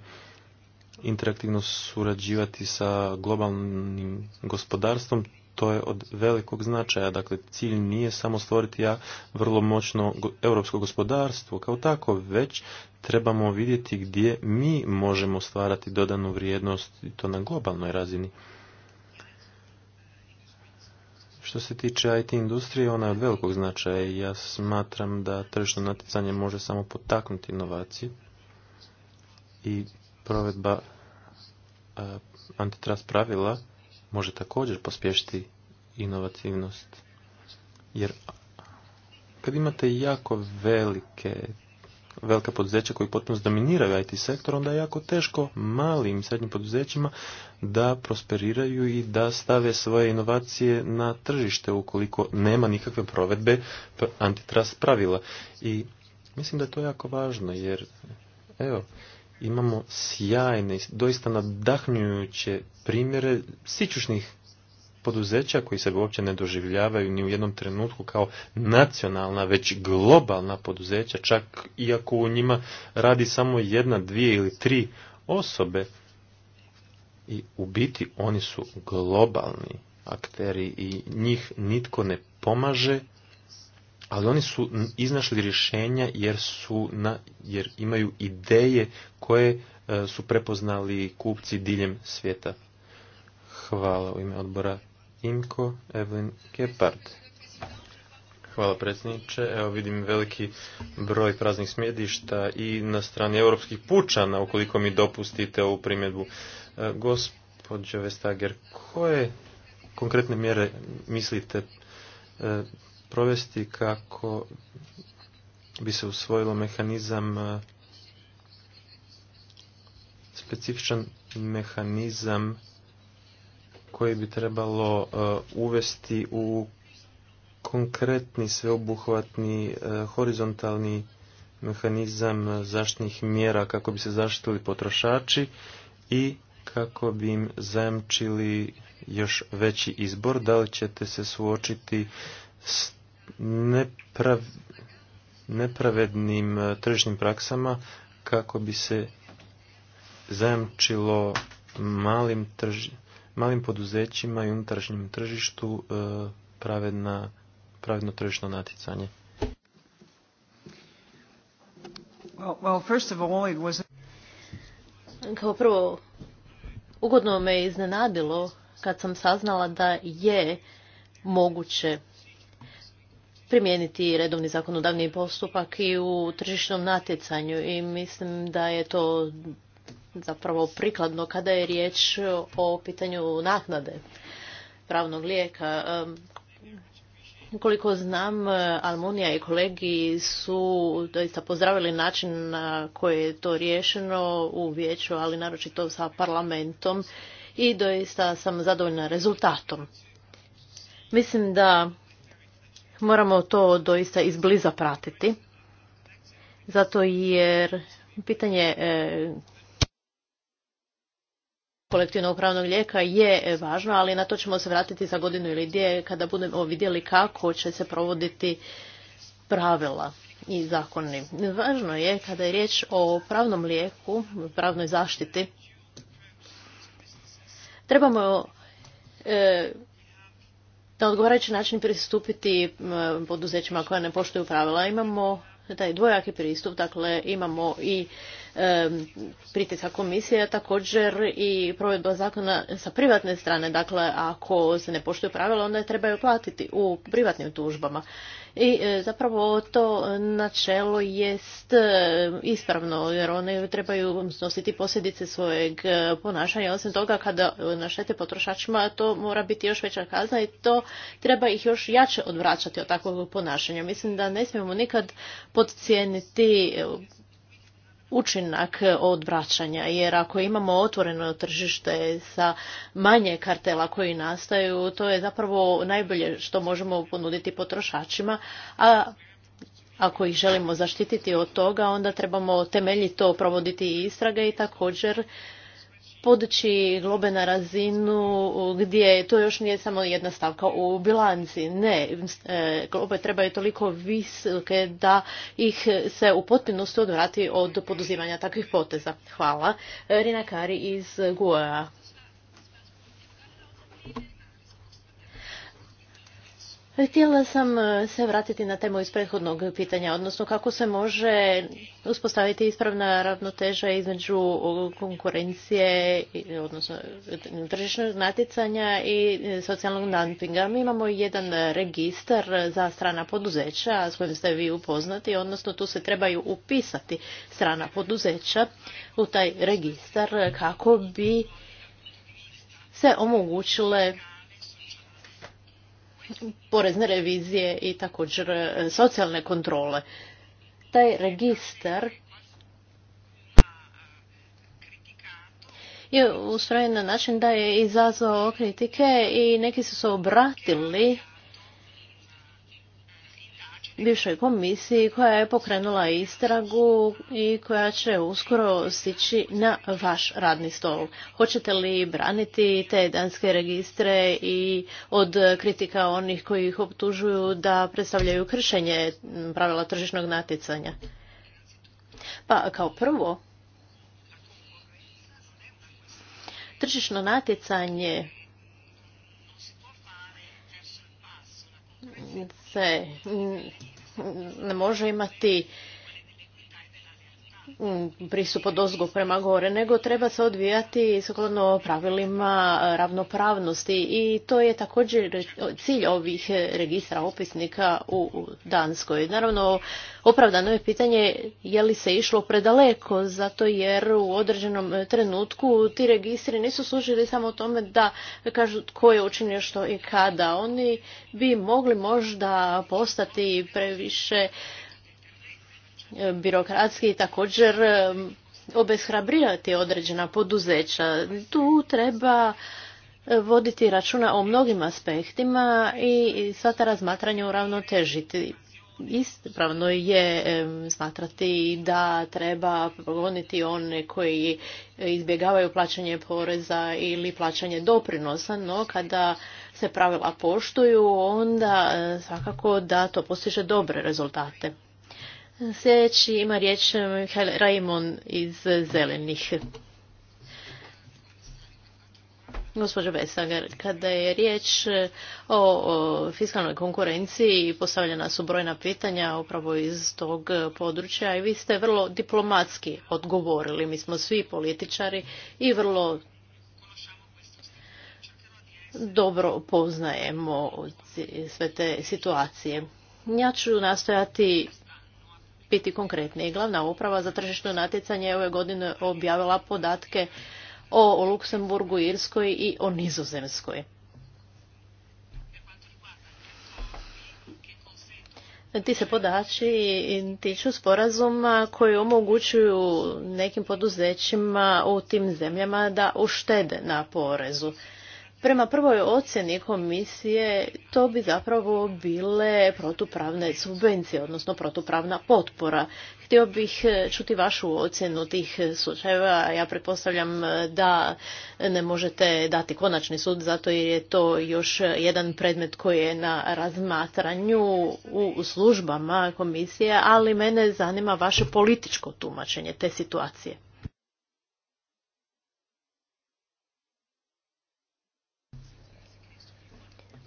interaktivno surađivati sa globalnim gospodarstvom, to je od velikog značaja. Dakle, cilj nije samo stvoriti ja vrlo moćno europsko gospodarstvo kao tako, već trebamo vidjeti gdje mi možemo stvarati dodanu vrijednost i to na globalnoj razini. Što se tiče IT industrije, ona je od velikog značaja i ja smatram da tržišno natjecanje može samo potaknuti inovacije i provedba e, antitrust pravila može također pospješiti inovativnost. Jer kad imate jako velike velika poduzeća koji potpuno dominiraju IT sektor, onda je jako teško malim i srednjim poduzećima da prosperiraju i da stave svoje inovacije na tržište ukoliko nema nikakve provedbe antitrust pravila. I mislim da je to jako važno jer evo imamo sjajne, doista nadahnjujuće primjere sičušnih poduzeća koji se uopće ne doživljavaju ni u jednom trenutku kao nacionalna, već globalna poduzeća, čak iako u njima radi samo jedna, dvije ili tri osobe. I u biti oni su globalni akteri i njih nitko ne pomaže, ali oni su iznašli rješenja jer, su na, jer imaju ideje koje e, su prepoznali kupci diljem svijeta. Hvala u ime odbora inko Evelyn Gepard. Hvala predsjedniče. Evo vidim veliki broj praznih smjedišta i na strani europskih pučana, ukoliko mi dopustite ovu primjedbu. E, Vestager, koje konkretne mjere mislite e, provesti kako bi se usvojilo mehanizam e, specifičan mehanizam koji bi trebalo e, uvesti u konkretni, sveobuhvatni, e, horizontalni mehanizam zaštitnih mjera kako bi se zaštitili potrošači i kako bi im zajamčili još veći izbor. Da li ćete se suočiti s nepravednim e, tržišnim praksama kako bi se zajamčilo malim, malim poduzećima i unutrašnjem tržištu e, pravedna, pravedno tržišno natjecanje. Kao prvo, ugodno me iznenadilo kad sam saznala da je moguće primijeniti redovni zakonodavni postupak i u tržišnom natjecanju i mislim da je to zapravo prikladno kada je riječ o pitanju naknade pravnog lijeka. Koliko znam, Almunija i kolegi su doista pozdravili način na koji je to riješeno u vijeću, ali naročito sa parlamentom i doista sam zadovoljna rezultatom. Mislim da Moramo to doista izbliza pratiti. Zato jer pitanje e, kolektivnog pravnog lijeka je važno, ali na to ćemo se vratiti za godinu ili dvije kada budemo vidjeli kako će se provoditi pravila i zakoni. Važno je kada je riječ o pravnom lijeku, pravnoj zaštiti, trebamo e, na odgovarajući način pristupiti poduzećima koja ne poštuju pravila. Imamo taj dvojaki pristup, dakle imamo i pritiska komisije, također i provedba zakona sa privatne strane. Dakle, ako se ne poštuju pravila, onda je trebaju platiti u privatnim tužbama. I e, zapravo to načelo jest e, ispravno, jer one trebaju snositi posljedice svojeg e, ponašanja. Osim toga, kada našete potrošačima, to mora biti još veća kazna i to treba ih još jače odvraćati od takvog ponašanja. Mislim da ne smijemo nikad podcijeniti učinak odvraćanja jer ako imamo otvoreno tržište sa manje kartela koji nastaju to je zapravo najbolje što možemo ponuditi potrošačima a ako ih želimo zaštititi od toga onda trebamo temeljito provoditi istrage i također podići globe na razinu gdje to još nije samo jedna stavka u bilanci. Ne, e, globe trebaju toliko visoke da ih se u potpunosti odvrati od poduzimanja takvih poteza. Hvala. E, Rina Kari iz Goa. Htjela sam e, se vratiti na temu iz prethodnog pitanja, odnosno kako se može uspostaviti ispravna ravnoteža između konkurencije, odnosno tržišnog natjecanja i e, socijalnog dumpinga. Mi imamo jedan registar za strana poduzeća s kojim ste vi upoznati, odnosno tu se trebaju upisati strana poduzeća u taj registar kako bi se omogućile porezne revizije i također e, socijalne kontrole. Taj registar je ustrojen na način da je izazvao kritike i neki su se obratili bivšoj komisiji koja je pokrenula istragu i koja će uskoro stići na vaš radni stol. Hoćete li braniti te danske registre i od kritika onih koji ih optužuju da predstavljaju kršenje pravila tržišnog natjecanja? Pa kao prvo, tržišno natjecanje se ne može imati Mm, pristup od ozgo prema gore, nego treba se odvijati sukladno pravilima e, ravnopravnosti i to je također cilj ovih e, registra opisnika u Danskoj. Naravno, opravdano je pitanje je li se išlo predaleko, zato jer u određenom e, trenutku ti registri nisu služili samo tome da kažu ko je učinio što i kada. Oni bi mogli možda postati previše birokratski također obeshrabrivati određena poduzeća. Tu treba e, voditi računa o mnogim aspektima i sva ta razmatranja uravnotežiti. Ispravno je smatrati da treba progoniti one koji izbjegavaju plaćanje poreza ili plaćanje doprinosa, no kada se pravila poštuju, onda e, svakako da to postiže dobre rezultate. Sljedeći ima riječ e, Raimon iz Zelenih. Gospođo Vesager, kada je riječ e, o fiskalnoj konkurenciji, postavljena su brojna pitanja upravo iz tog područja i vi ste vrlo diplomatski odgovorili. Mi smo svi političari i vrlo dobro poznajemo sve te situacije. Ja ću nastojati biti konkretniji. Glavna uprava za tržišno natjecanje ove godine objavila podatke o Luksemburgu, Irskoj i o Nizozemskoj. Ti se podači tiču sporazuma koji omogućuju nekim poduzećima u tim zemljama da uštede na porezu. Prema prvoj ocjeni komisije to bi zapravo bile protupravne subvencije, odnosno protupravna potpora. Htio bih e, čuti vašu ocjenu tih slučajeva. Ja pretpostavljam e, da ne možete dati konačni sud zato jer je to još jedan predmet koji je na razmatranju u službama komisije, ali mene zanima vaše političko tumačenje te situacije.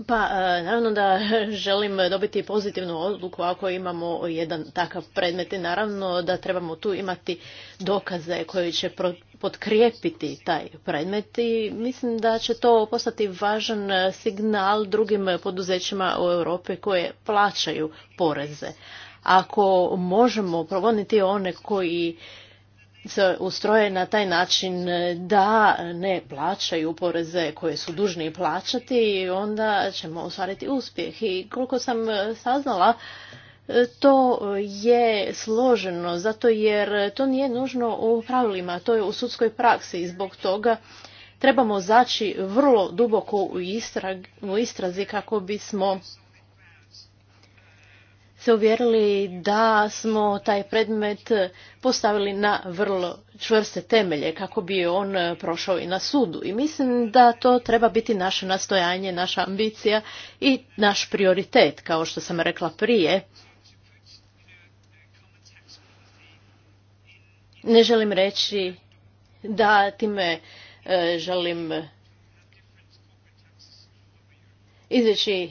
Pa, e, naravno da želim dobiti pozitivnu odluku ako imamo jedan takav predmet i naravno da trebamo tu imati dokaze koji će potkrijepiti taj predmet i mislim da će to postati važan signal drugim poduzećima u Europi koje plaćaju poreze. Ako možemo provoditi one koji ustroje na taj način e, da ne plaćaju poreze koje su dužni plaćati i onda ćemo ostvariti uspjeh. I koliko sam e, saznala, e, to je složeno, zato jer to nije nužno u pravilima, to je u sudskoj praksi i zbog toga trebamo zaći vrlo duboko u istrazi kako bismo se uvjerili da smo taj predmet postavili na vrlo čvrste temelje kako bi on prošao i na sudu. I mislim da to treba biti naše nastojanje, naša ambicija i naš prioritet, kao što sam rekla prije. Ne želim reći da time e, želim izreći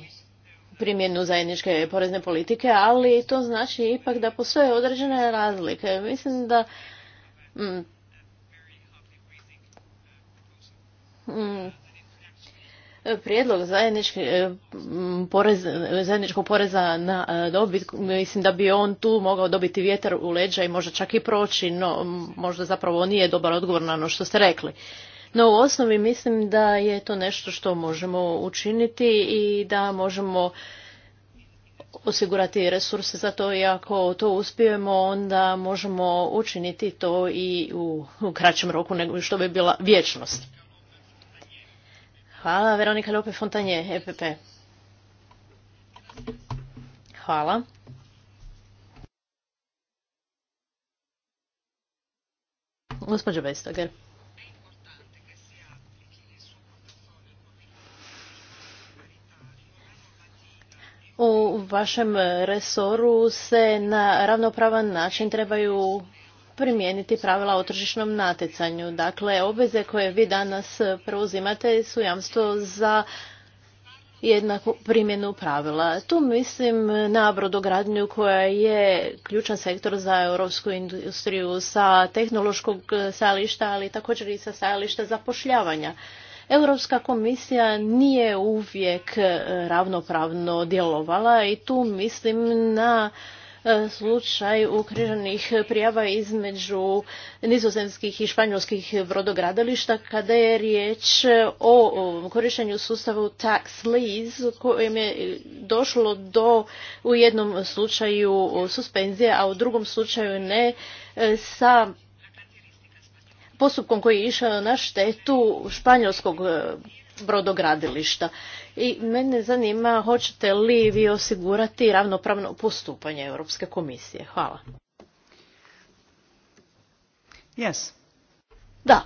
primjenu zajedničke porezne politike, ali to znači ipak da postoje određene razlike. Mislim da mm, mm, prijedlog e, mm, zajedničkog poreza na e, dobit, mislim da bi on tu mogao dobiti vjetar u leđa i možda čak i proći, no možda zapravo nije dobar odgovor na ono što ste rekli. No u osnovi mislim da je to nešto što možemo učiniti i da možemo osigurati resurse za to i ako to uspijemo onda možemo učiniti to i u, kraćem roku nego što bi bila vječnost. Hvala, Veronika Ljope Fontanje, EPP. Hvala. Gospodin Bestager. u vašem resoru se na ravnopravan način trebaju primijeniti pravila o tržišnom natjecanju. Dakle, obveze koje vi danas preuzimate su jamstvo za jednaku primjenu pravila. Tu mislim na brodogradnju koja je ključan sektor za europsku industriju sa tehnološkog stajališta, ali također i sa stajališta zapošljavanja. Europska komisija nije uvijek e, ravnopravno djelovala i tu mislim na e, slučaj ukriženih prijava između nizozemskih i španjolskih brodogradilišta kada je riječ o korištenju sustavu tax lease kojem je došlo do u jednom slučaju suspenzije, a u drugom slučaju ne e, sa postupkom koji je išao na štetu španjolskog e, brodogradilišta. I mene zanima hoćete li vi osigurati ravnopravno postupanje Europske komisije. Hvala. Yes. Da.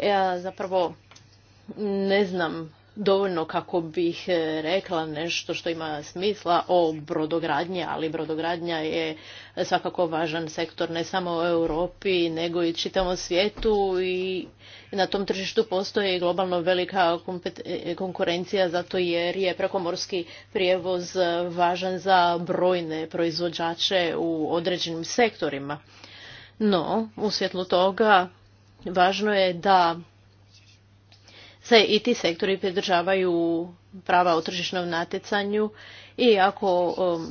Ja zapravo ne znam dovoljno kako bih e, rekla nešto što ima smisla o brodogradnji, ali brodogradnja je svakako važan sektor ne samo u Europi nego i čitavom svijetu i na tom tržištu postoji globalno velika konkurencija zato jer je prekomorski prijevoz važan za brojne proizvođače u određenim sektorima. No, u svjetlu toga važno je da se i ti sektori pridržavaju prava o tržišnom natjecanju i ako um,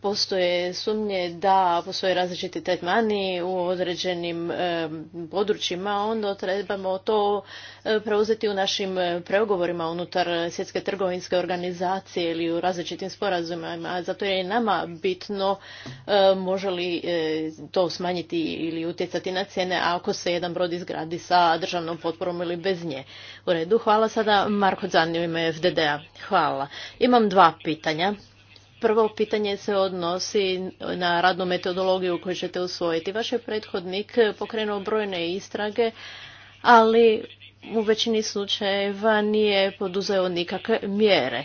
postoje sumnje da postoje različiti tretmani u određenim e, područjima, onda trebamo to e, preuzeti u našim pregovorima unutar svjetske trgovinske organizacije ili u različitim sporazumima. Zato je i nama bitno e, može li to smanjiti ili utjecati na cijene ako se jedan brod izgradi sa državnom potporom ili bez nje. U redu, hvala sada Marko Zani u ime FDD-a. Hvala. Imam dva pitanja. Prvo pitanje se odnosi na radnu metodologiju koju ćete usvojiti. Vaš je prethodnik pokrenuo brojne istrage, ali u većini slučajeva nije poduzeo nikakve mjere.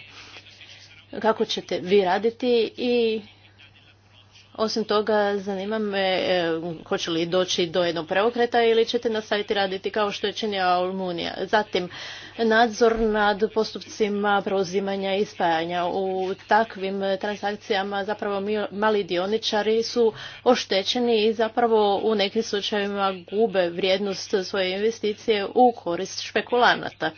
Kako ćete vi raditi i osim toga, zanima me, e, hoće li doći do jednog preokreta ili ćete nastaviti raditi kao što je činila Almunija. Zatim, nadzor nad postupcima preuzimanja i spajanja. U takvim transakcijama zapravo mali dioničari su oštećeni i zapravo u nekim slučajevima gube vrijednost svoje investicije u korist špekulanata.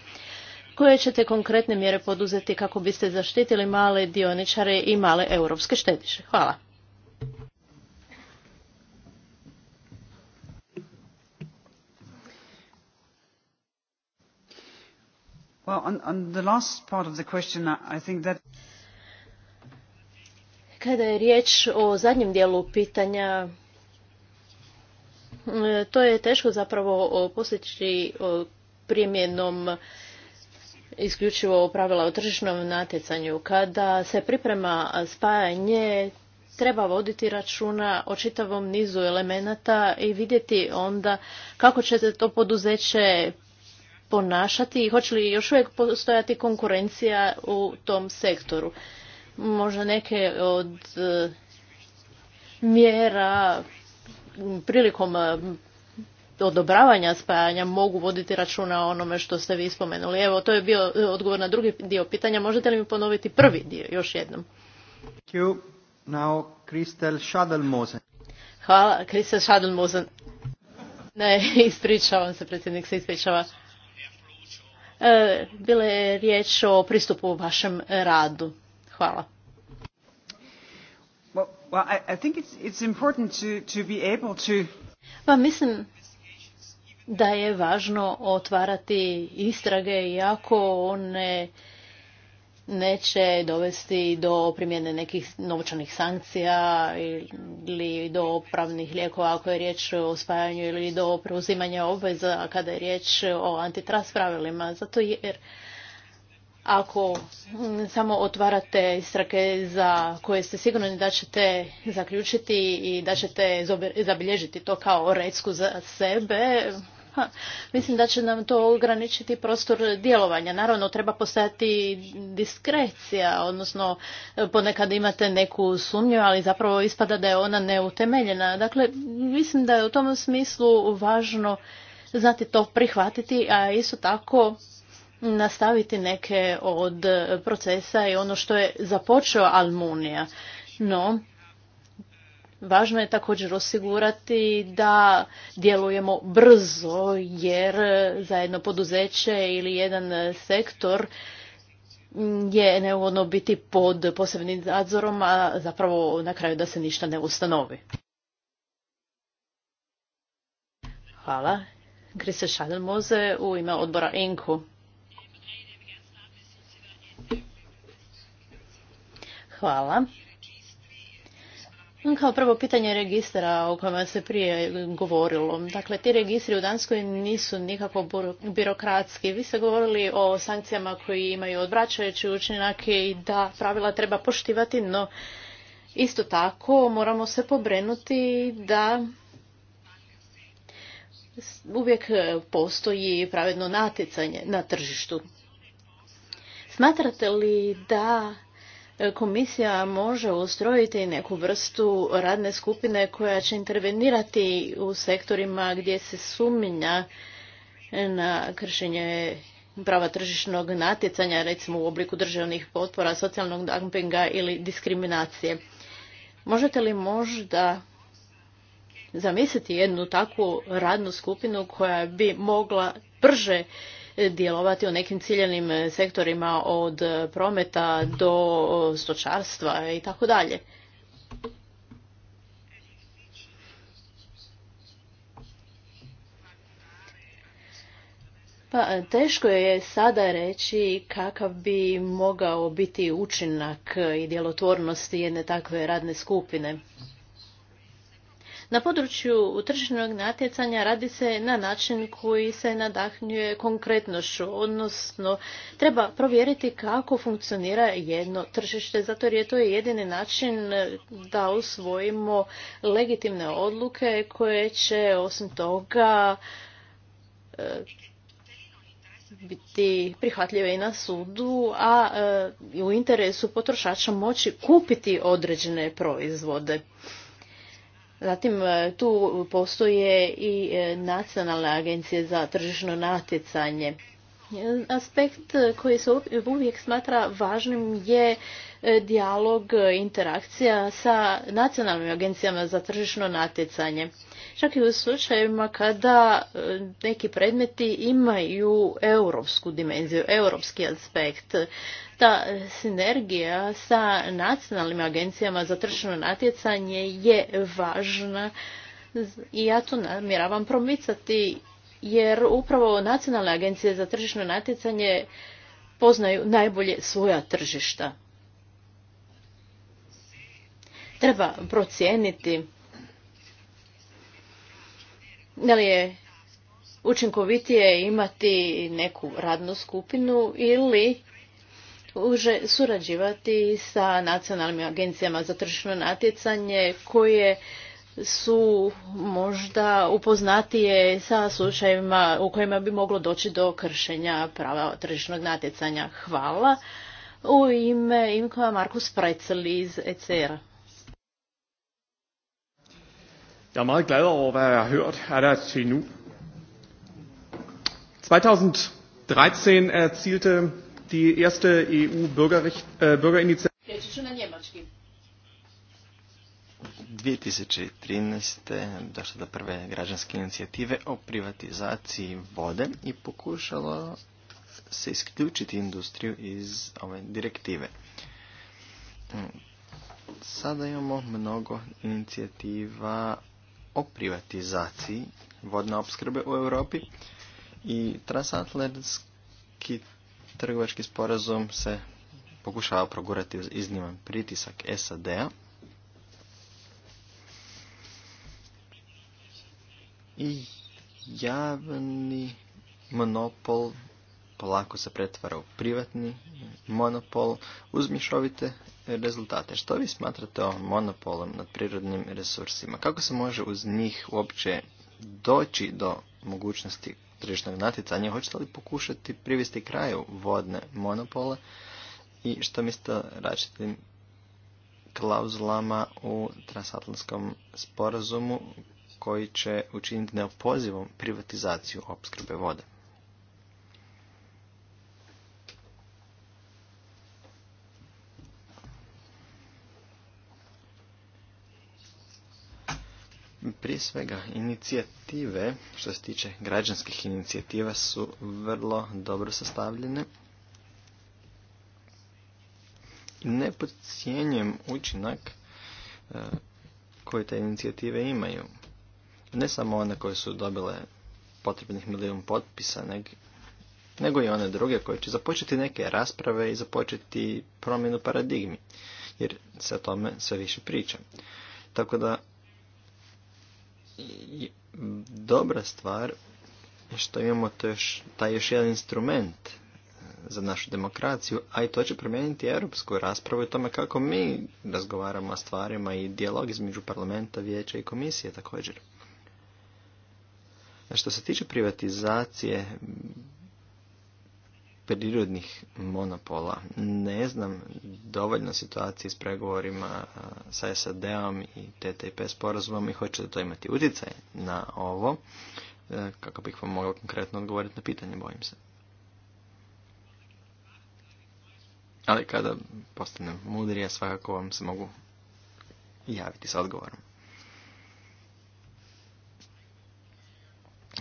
Koje ćete konkretne mjere poduzeti kako biste zaštitili male dioničare i male europske štediše? Hvala. Kada je riječ o zadnjem dijelu pitanja, e, to je teško zapravo postići primjenom isključivo pravila o tržišnom natjecanju. Kada se priprema spajanje, treba voditi računa o čitavom nizu elemenata i vidjeti onda kako će se to poduzeće ponašati i hoće li još uvijek postojati konkurencija u tom sektoru. Možda neke od e, mjera prilikom e, odobravanja spajanja mogu voditi računa o onome što ste vi spomenuli. Evo, to je bio e, odgovor na drugi dio pitanja. Možete li mi ponoviti prvi dio još jednom? Hvala, Kristel Schadelmosen. Ne, ispričavam se, predsjednik se ispričava. E, Bilo je riječ o pristupu u vašem radu. Hvala. Pa mislim da je važno otvarati istrage iako one neće dovesti do primjene nekih novčanih sankcija ili do pravnih lijekova ako je riječ o spajanju ili do preuzimanja obveza kada je riječ o antitrust pravilima. Zato jer ako samo otvarate strake za koje ste sigurni da ćete zaključiti i da ćete zabilježiti to kao recku za sebe, mislim da će nam to ograničiti prostor djelovanja. Naravno, treba postojati diskrecija, odnosno e, ponekad imate neku sumnju, ali zapravo ispada da je ona neutemeljena. Dakle, mislim da je u tom smislu važno znati to prihvatiti, a isto tako nastaviti neke od procesa i ono što je započeo Almunija. No, Važno je također osigurati da djelujemo brzo jer za jedno poduzeće ili jedan sektor je neugodno biti pod posebnim nadzorom, a zapravo na kraju da se ništa ne ustanovi. Hvala. Grise u ime odbora INKU. Hvala. Kao prvo pitanje registra o kojima se prije govorilo. Dakle, ti registri u Danskoj nisu nikako birokratski. Vi ste govorili o sankcijama koji imaju odvraćajući učinak i da pravila treba poštivati, no isto tako moramo se pobrenuti da uvijek postoji pravedno natjecanje na tržištu. Smatrate li da E, komisija može ustrojiti neku vrstu radne skupine koja će intervenirati u sektorima gdje se sumnja na kršenje prava tržišnog natjecanja, recimo u obliku državnih potpora, socijalnog dumpinga ili diskriminacije. Možete li možda zamisliti jednu takvu radnu skupinu koja bi mogla brže djelovati u nekim ciljenim e, sektorima od e, prometa do stočarstva i tako dalje. Pa, e, teško je sada reći kakav bi mogao biti učinak i djelotvornost jedne takve radne skupine. Na području tržišnog natjecanja radi se na način koji se nadahnjuje konkretnošću, odnosno treba provjeriti kako funkcionira jedno tržište, zato jer je to jedini način da usvojimo legitimne odluke koje će osim toga e, biti prihvatljive i na sudu, a e, u interesu potrošača moći kupiti određene proizvode. Zatim e, tu postoje i e, nacionalne agencije za tržišno natjecanje. Aspekt koji se uvijek smatra važnim je e, dijalog, e, interakcija sa nacionalnim agencijama za tržišno natjecanje. Čak i u slučajevima kada e, neki predmeti imaju europsku dimenziju, europski aspekt. Ta sinergija sa nacionalnim agencijama za tržišno natjecanje je važna i ja to namjeravam promicati jer upravo nacionalne agencije za tržišno natjecanje poznaju najbolje svoja tržišta. Treba procijeniti da li je učinkovitije imati neku radnu skupinu ili uže surađivati sa nacionalnim agencijama za tržišno natjecanje koje su možda upoznatije sa slučajevima u kojima bi moglo doći do kršenja prava tržišnog natjecanja. Hvala. U ime imkova Markus Precel iz ECR. Jeg er meget glad over, hvad jeg har hørt er der nu. 2013 erzielte die erste EU-Bürgerinitiative 2013. došlo do prve građanske inicijative o privatizaciji vode i pokušalo se isključiti industriju iz ove direktive. Sada imamo mnogo inicijativa o privatizaciji vodne opskrbe u Europi i transatlantski trgovački sporazum se pokušava progurati izniman pritisak SAD-a I javni monopol polako se pretvara u privatni monopol uz mišovite rezultate. Što vi smatrate o monopolom nad prirodnim resursima? Kako se može uz njih uopće doći do mogućnosti tržišnog natjecanja? Hoćete li pokušati privesti kraju vodne monopole? I što mislite o klauzulama u transatlantskom sporazumu koji će učiniti neopozivom privatizaciju opskrbe vode. Prije svega, inicijative, što se tiče građanskih inicijativa, su vrlo dobro sastavljene. Ne podcijenjem učinak e, koje te inicijative imaju ne samo one koje su dobile potrebnih milijun potpisa, nego i one druge koje će započeti neke rasprave i započeti promjenu paradigmi, jer se o tome sve više priča. Tako da, dobra stvar je što imamo taj još jedan instrument e, za našu demokraciju, a i to će promijeniti europsku raspravu i tome kako mi razgovaramo o stvarima i dijalog između parlamenta, vijeća i komisije također. Što se tiče privatizacije prirodnih monopola, ne znam dovoljno situacije s pregovorima sa SAD-om i TTIP sporazumom i hoće da to imati utjecaj na ovo, e, kako bih vam mogao konkretno odgovoriti na pitanje, bojim se. Ali kada postanem mudrija, svakako vam se mogu javiti sa odgovorom.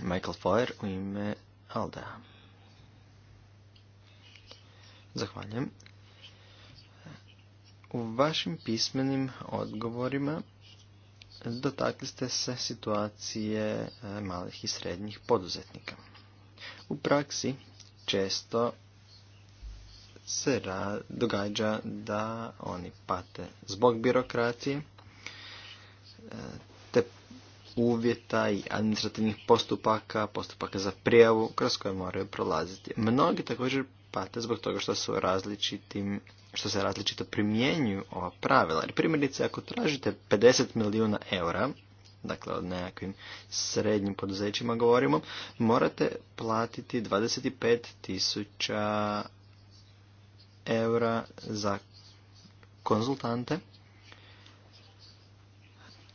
Michael Foyer u ime Aldea. Zahvaljujem. U vašim pismenim odgovorima dotakli ste se situacije e, malih i srednjih poduzetnika. U praksi često se događa da oni pate zbog birokracije, e, uvjeta i administrativnih postupaka, postupaka za prijavu kroz koje moraju prolaziti. Mnogi također pate zbog toga što su različitim što se različito primjenjuju ova pravila. Jer primjerice, ako tražite 50 milijuna eura, dakle od nekakvim srednjim poduzećima govorimo, morate platiti 25 tisuća eura za konzultante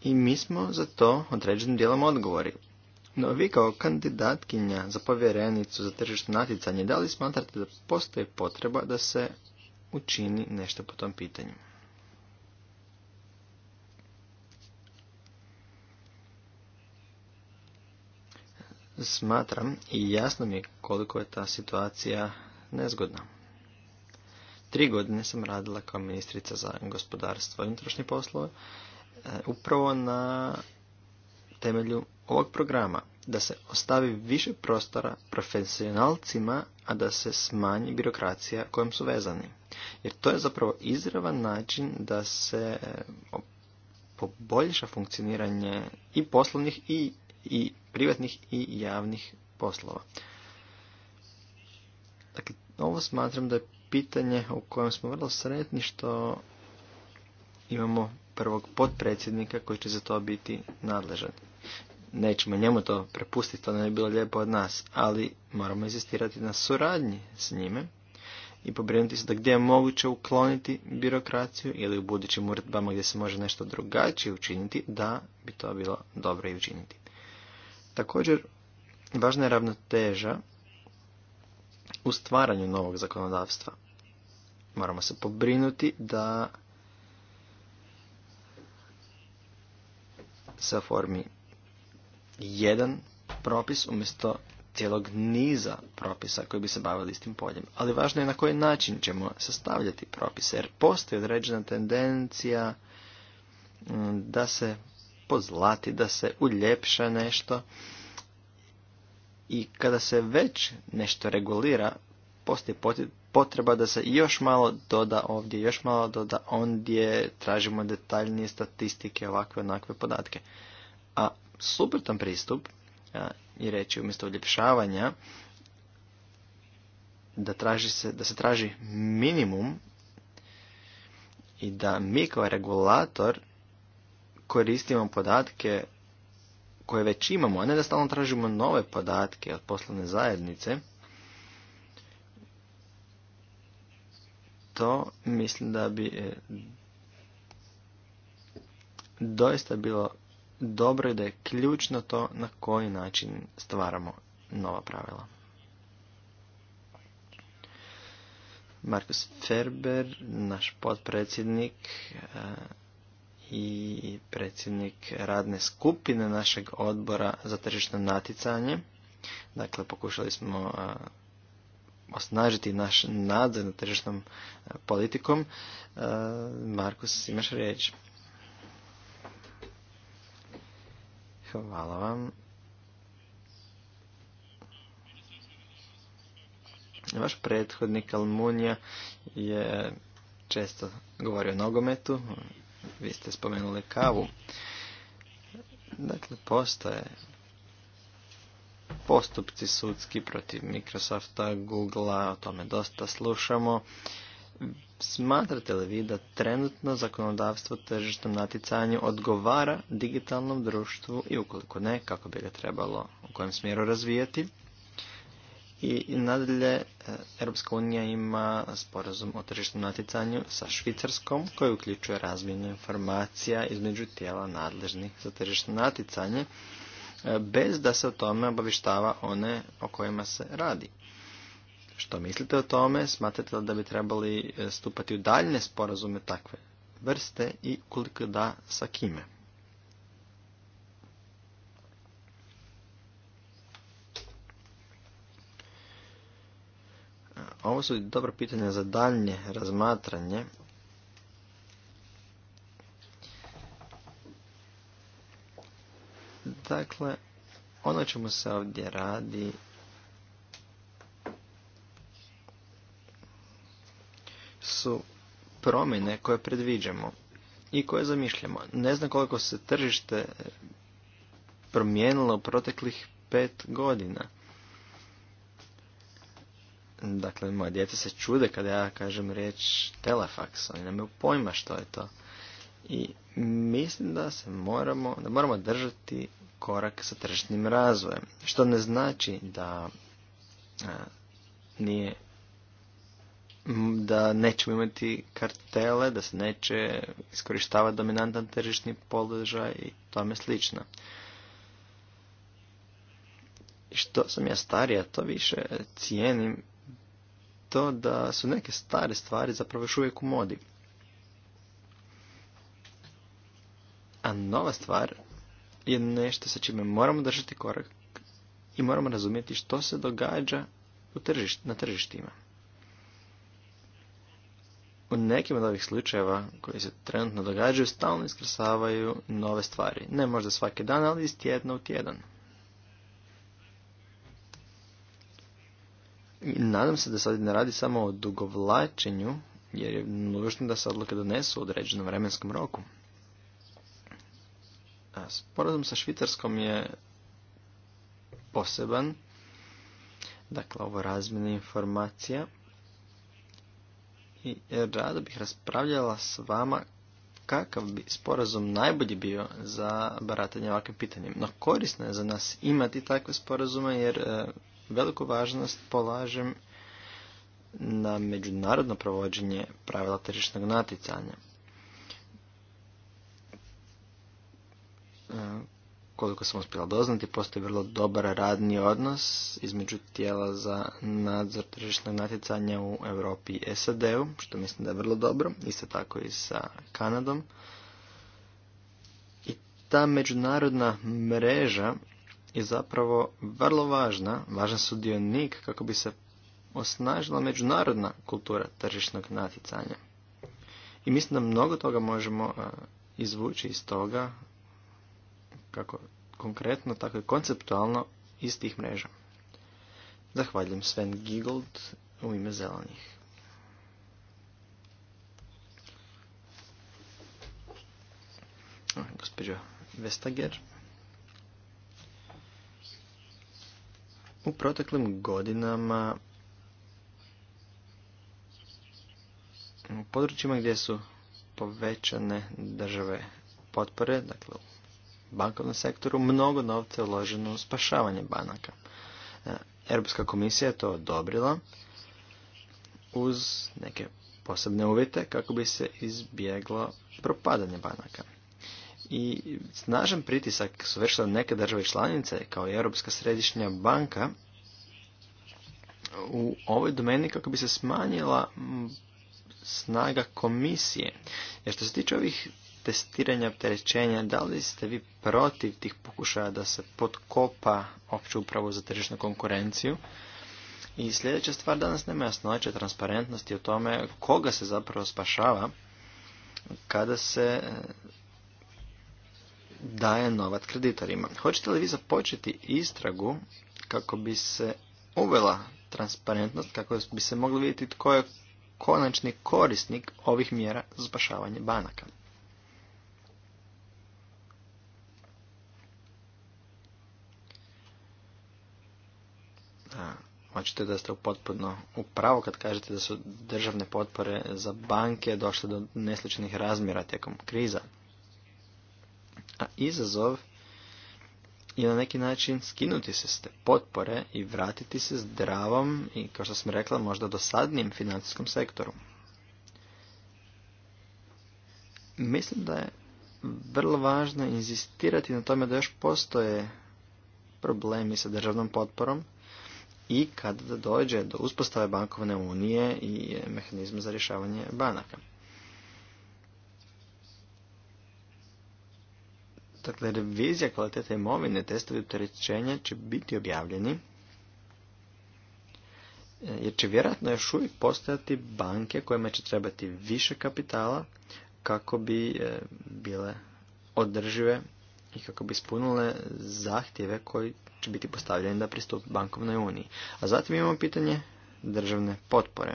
i mi smo za to određenim dijelom odgovori. No vi kao kandidatkinja za povjerenicu za tržišno natjecanje, da li smatrate da postoji potreba da se učini nešto po tom pitanju? Smatram i jasno mi je koliko je ta situacija nezgodna. Tri godine sam radila kao ministrica za gospodarstvo i unutrašnje poslove E, upravo na temelju ovog programa da se ostavi više prostora profesionalcima, a da se smanji birokracija kojom su vezani. Jer to je zapravo izravan način da se e, poboljša funkcioniranje i poslovnih i, i privatnih i javnih poslova. Dakle, ovo smatram da je pitanje u kojem smo vrlo sretni što imamo prvog potpredsjednika koji će za to biti nadležan. Nećemo njemu to prepustiti, to ne bi bilo lijepo od nas, ali moramo insistirati na suradnji s njime i pobrinuti se da gdje je moguće ukloniti birokraciju ili u budućim uredbama gdje se može nešto drugačije učiniti, da bi to bilo dobro i učiniti. Također, važna je ravnoteža u stvaranju novog zakonodavstva. Moramo se pobrinuti da sa formi jedan propis umjesto cijelog niza propisa koji bi se bavili istim poljem. Ali važno je na koji način ćemo sastavljati propise, jer postoji određena tendencija mm, da se pozlati, da se uljepša nešto i kada se već nešto regulira, postoji potreba da se još malo doda ovdje, još malo doda ondje, tražimo detaljnije statistike, ovakve onakve podatke. A suprotan pristup a, i reći umjesto uljepšavanja da, traži se, da se traži minimum i da mi kao regulator koristimo podatke koje već imamo, a ne da stalno tražimo nove podatke od poslovne zajednice, to mislim da bi e, doista bilo dobro i da je ključno to na koji način stvaramo nova pravila. Markus Ferber, naš potpredsjednik e, i predsjednik radne skupine našeg odbora za tržišno naticanje. Dakle, pokušali smo e, osnažiti naš nadzor nad tržišnom e, politikom. E, Markus, imaš riječ. Hvala vam. Vaš prethodnik Almunija je često govorio o nogometu. Vi ste spomenuli kavu. Dakle, postoje postupci sudski protiv Microsofta, Googlea, o tome dosta slušamo. Smatrate li vi da trenutno zakonodavstvo tržišnom natjecanju odgovara digitalnom društvu i ukoliko ne, kako bi ga trebalo u kojem smjeru razvijati? I nadalje, eh, Europska unija ima sporazum o tržišnom natjecanju sa Švicarskom koji uključuje razmjenu informacija između tijela nadležnih za tržišno natjecanje E, bez da se o tome obavištava one o kojima se radi. Što mislite o tome? Smatrate li da bi trebali e, stupati u daljne sporazume takve vrste i koliko da sa kime? E, ovo su dobro pitanje za daljnje razmatranje Dakle, ono čemu se ovdje radi su promjene koje predviđamo i koje zamišljamo. Ne znam koliko se tržište promijenilo u proteklih pet godina. Dakle, moja djeca se čude kada ja kažem riječ telefaks. Oni nemaju pojma što je to. I mislim da se moramo, da moramo držati korak sa tržišnim razvojem. Što ne znači da nije da nećemo imati kartele, da se neće iskorištavati dominantan tržišni položaj i tome slično. Što sam ja starija, to više cijenim to da su neke stare stvari zapravo još uvijek u modi. A nova stvar je nešto sa čime moramo držati korak i moramo razumjeti što se događa u na tržištima. U nekim od ovih slučajeva koji se trenutno događaju stalno iskrsavaju nove stvari. Ne možda svaki dan, ali iz tjedna u tjedan. I nadam se da sad ne radi samo o dugovlačenju, jer je nužno da se odluke donesu u određenom vremenskom roku. Sporazum sa Švicarskom je poseban. Dakle, ovo razmjena informacija. I rado bih raspravljala s vama kakav bi sporazum najbolji bio za baratanje ovakvim pitanjem. No korisno je za nas imati takve sporazume jer e, veliku važnost polažem na međunarodno provođenje pravila tržišnog natjecanja. E, koliko sam uspjela doznati, postoji vrlo dobar radni odnos između tijela za nadzor tržišnog natjecanja u Europi i SAD-u, što mislim da je vrlo dobro, isto tako i sa Kanadom. I ta međunarodna mreža je zapravo vrlo važna, važan sudionik kako bi se osnažila međunarodna kultura tržišnog natjecanja. I mislim da mnogo toga možemo e, izvući iz toga kako konkretno, tako i konceptualno iz tih mreža. Zahvaljujem Sven Gigold u ime zelenih. Ah, Gospođo Vestager. U proteklim godinama u područjima gdje su povećane države potpore, dakle u bankovnom sektoru mnogo novca uloženo u spašavanje banaka. E, Europska komisija je to odobrila uz neke posebne uvjete kako bi se izbjeglo propadanje banaka. I snažan pritisak su vršile neke države članice kao i Europska središnja banka u ovoj domeni kako bi se smanjila snaga komisije. Jer što se tiče ovih testiranja opterećenja, da li ste vi protiv tih pokušaja da se potkopa opću upravo za tržišnu konkurenciju? I sljedeća stvar, danas nema jasnoće transparentnosti o tome koga se zapravo spašava kada se e, daje novac kreditorima. Hoćete li vi započeti istragu kako bi se uvela transparentnost, kako bi se moglo vidjeti tko je konačni korisnik ovih mjera za spašavanje banaka? Očito da ste potpuno u pravu kad kažete da su državne potpore za banke došle do nesličnih razmjera tijekom kriza. A izazov je na neki način skinuti se s te potpore i vratiti se zdravom i, kao što sam rekla, možda dosadnijem financijskom sektoru. Mislim da je vrlo važno inzistirati na tome da još postoje problemi sa državnom potporom, i kada dođe do uspostave bankovne unije i mehanizma za rješavanje banaka. Dakle, revizija kvalitete imovine, testovi opterećenja će biti objavljeni jer će vjerojatno još uvijek postojati banke kojima će trebati više kapitala kako bi e, bile održive i kako bi ispunile zahtjeve koji će biti postavljeni da pristup bankovnoj uniji. A zatim imamo pitanje državne potpore.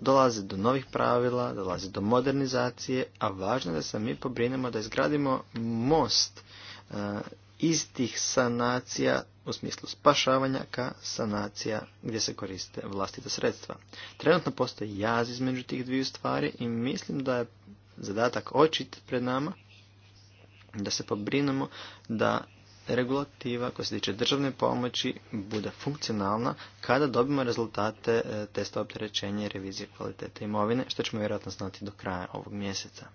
Dolazi do novih pravila, dolazi do modernizacije, a važno je da se mi pobrinemo da izgradimo most e, istih sanacija u smislu spašavanja ka sanacija gdje se koriste vlastita sredstva. Trenutno postoji jaz između tih dviju stvari i mislim da je zadatak očit pred nama da se pobrinemo da regulativa koja se tiče državne pomoći bude funkcionalna kada dobimo rezultate e, testa opterećenja i revizije kvalitete imovine, što ćemo vjerojatno znati do kraja ovog mjeseca.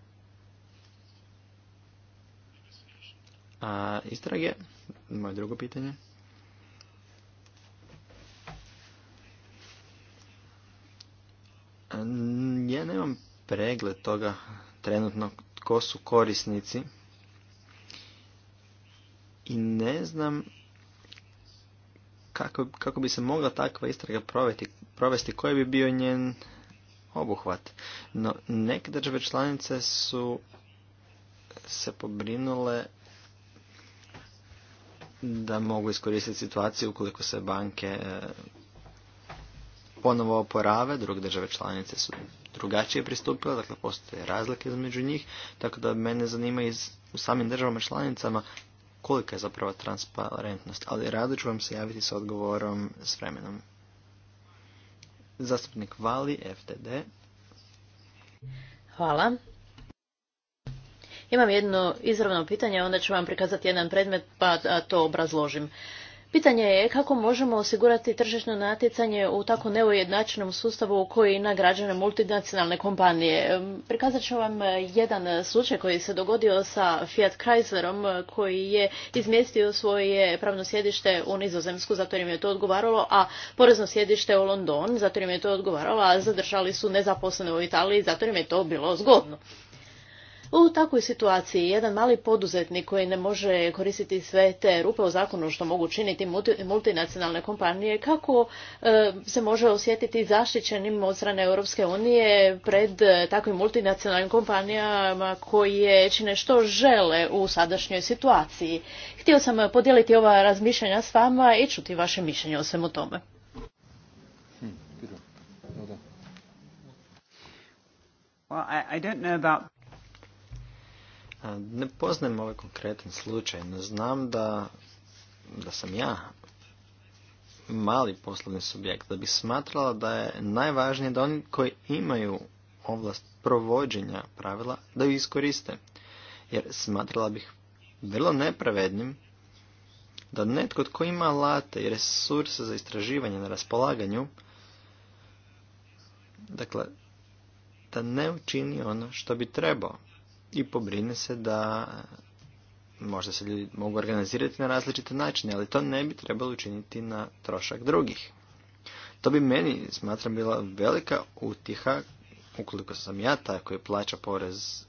A istrage, moje drugo pitanje. Ja nemam pregled toga trenutno tko su korisnici i ne znam kako, kako bi se mogla takva istraga provesti, provesti koji bi bio njen obuhvat. No, neke države članice su se pobrinule da mogu iskoristiti situaciju ukoliko se banke ponovo oporave, druge države članice su drugačije pristupile, dakle postoje razlike između njih, tako da mene zanima iz, u samim državama članicama kolika je zapravo transparentnost, ali rado ću vam se javiti sa odgovorom s vremenom. Zastupnik Vali, FTD. Hvala. Imam jedno izravno pitanje, onda ću vam prikazati jedan predmet, pa to obrazložim. Pitanje je kako možemo osigurati tržišno natjecanje u tako neujednačenom sustavu koji koji nagrađene multinacionalne kompanije. Prikazat ću vam jedan slučaj koji se dogodio sa Fiat Chryslerom koji je izmjestio svoje pravno sjedište u Nizozemsku zato jer im je to odgovaralo, a porezno sjedište u London zato im je to odgovaralo, a zadržali su nezaposlene u Italiji zato im je to bilo zgodno. U takvoj situaciji jedan mali poduzetnik koji ne može koristiti sve te rupe u zakonu što mogu činiti multinacionalne kompanije, kako e, se može osjetiti zaštićenim od strane Europske unije pred e, takvim multinacionalnim kompanijama koje čine što žele u sadašnjoj situaciji? Htio sam podijeliti ova razmišljanja s vama i čuti vaše mišljenje o svemu tome. Hmm, well, I, I don't know about... Ne poznajem ovaj konkretan slučaj, no znam da, da sam ja mali poslovni subjekt, da bi smatrala da je najvažnije da oni koji imaju ovlast provođenja pravila, da ju iskoriste. Jer smatrala bih vrlo nepravednim da netko tko ima alate i resurse za istraživanje na raspolaganju, dakle, da ne učini ono što bi trebao i pobrine se da možda se ljudi mogu organizirati na različite načine, ali to ne bi trebalo učiniti na trošak drugih. To bi meni, smatram, bila velika utiha ukoliko sam ja taj koji plaća porez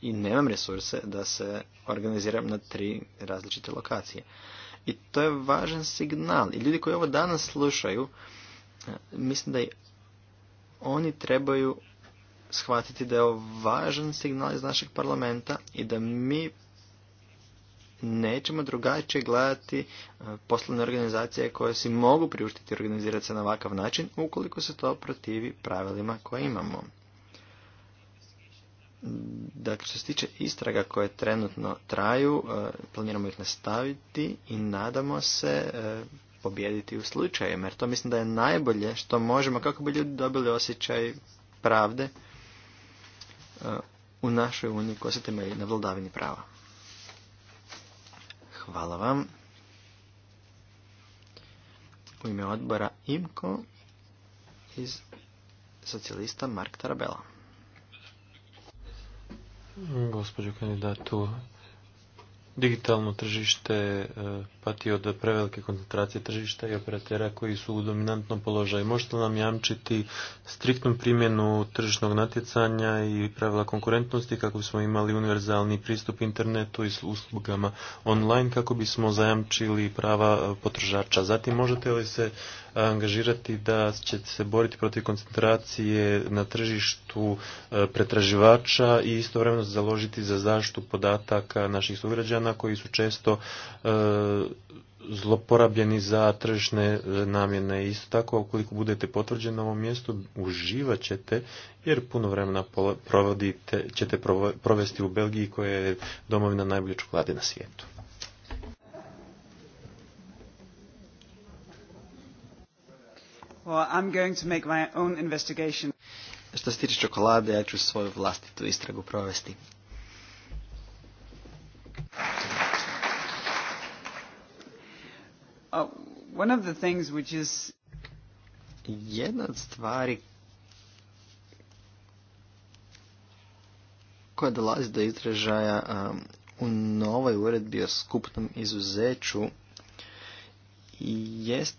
i nemam resurse da se organiziram na tri različite lokacije. I to je važan signal. I ljudi koji ovo danas slušaju, mislim da oni trebaju shvatiti da je ovo važan signal iz našeg parlamenta i da mi nećemo drugačije gledati e, poslovne organizacije koje si mogu priuštiti organizirati se na ovakav način ukoliko se to protivi pravilima koje imamo. Dakle, što se tiče istraga koje trenutno traju, e, planiramo ih nastaviti i nadamo se e, pobijediti u slučaju, jer to mislim da je najbolje što možemo kako bi ljudi dobili osjećaj pravde u našoj uniji koja se temelji na vladavini prava. Hvala vam. U ime odbora IMKO iz socijalista Mark Tarabela. Gospodin kandidatu, digitalno tržište e, pati od prevelike koncentracije tržišta i operatera koji su u dominantnom položaju. Možete li nam jamčiti striktnu primjenu tržišnog natjecanja i pravila konkurentnosti kako bismo imali univerzalni pristup internetu i uslugama online kako bismo zajamčili prava potrošača. Zatim možete li se angažirati da ćete se boriti protiv koncentracije na tržištu e, pretraživača i istovremeno založiti za zaštitu podataka naših sugrađana koji su često e, zloporabljeni za tržišne e, namjene. Isto tako, ukoliko budete potvrđeni na ovom mjestu, uživat ćete, jer puno vremena provodite, ćete provesti u Belgiji koja je domovina najbolje čokolade na svijetu. I'm Što se tiče čokolade, ja ću svoju vlastitu istragu provesti. Uh, one of the things Jedna od stvari koja dolazi do izražaja um, u novoj uredbi o skupnom izuzeću jest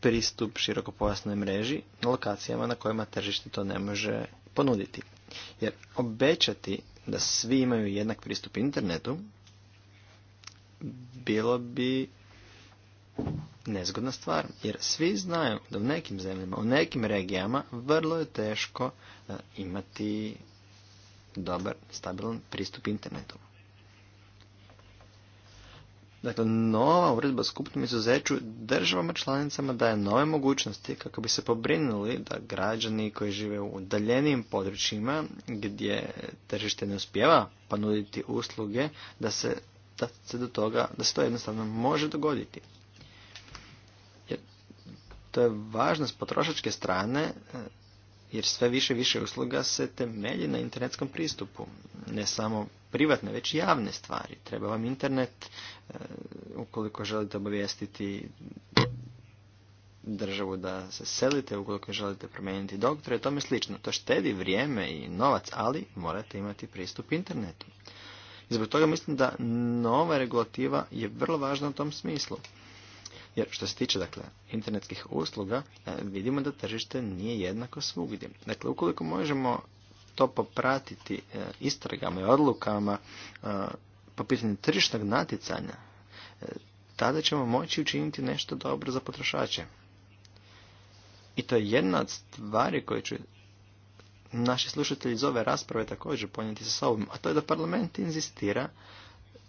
pristup širokopojasnoj mreži na lokacijama na kojima tržište to ne može ponuditi. Jer obećati da svi imaju jednak pristup internetu bilo bi nezgodna stvar, jer svi znaju da u nekim zemljama, u nekim regijama vrlo je teško e, imati dobar, stabilan pristup internetu. Dakle, nova uredba o skupnom izuzeću državama članicama daje nove mogućnosti kako bi se pobrinuli da građani koji žive u udaljenijim područjima gdje tržište ne uspjeva ponuditi usluge da se, da se do toga, da se to jednostavno može dogoditi. To je važno s potrošačke strane e, jer sve više i više usluga se temelji na internetskom pristupu. Ne samo privatne, već javne stvari. Treba vam internet e, ukoliko želite obavijestiti državu da se selite, ukoliko želite promijeniti doktore i tome slično. To štedi vrijeme i novac, ali morate imati pristup internetu. I zbog toga mislim da nova regulativa je vrlo važna u tom smislu. Jer što se tiče dakle, internetskih usluga, e, vidimo da tržište nije jednako svugdje. Dakle, ukoliko možemo to popratiti e, istragama i odlukama e, po pitanju tržišnog natjecanja, tada ćemo moći učiniti nešto dobro za potrošače. I to je jedna od stvari koje će naši slušatelji iz ove rasprave također ponijeti sa sobom, a to je da parlament inzistira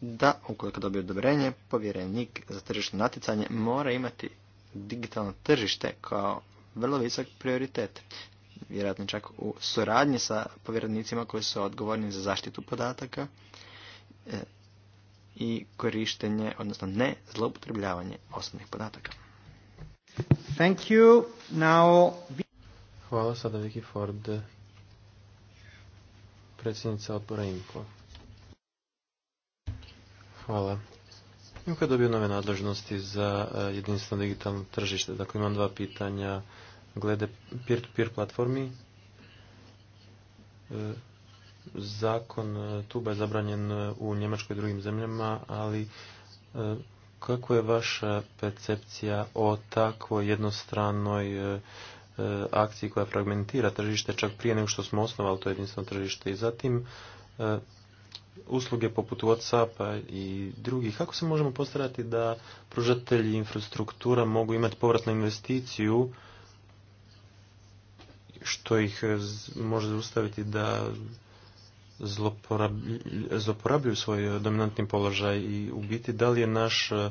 da ukoliko dobije odobrenje, povjerenik za tržišno natjecanje mora imati digitalno tržište kao vrlo visok prioritet. Vjerojatno čak u suradnji sa povjerenicima koji su odgovorni za zaštitu podataka e, i korištenje, odnosno ne zloupotrebljavanje osobnih podataka. Thank you. Now... Hvala sada Vicky Ford, predsjednica odbora Hvala. je dobio nove nadležnosti za e, jedinstveno digitalno tržište. Dakle, imam dva pitanja glede peer to -peer platformi. E, zakon e, Tuba je zabranjen u Njemačkoj i drugim zemljama, ali kako je vaša percepcija o takvoj jednostranoj akciji koja fragmentira tržište čak prije nego što smo osnovali to jedinstveno tržište i zatim usluge poput Whatsappa i drugih, kako se možemo postarati da pružatelji infrastruktura mogu imati povratnu investiciju što ih može zaustaviti da zloporabljuju svoj dominantni položaj i u biti da li je naš e,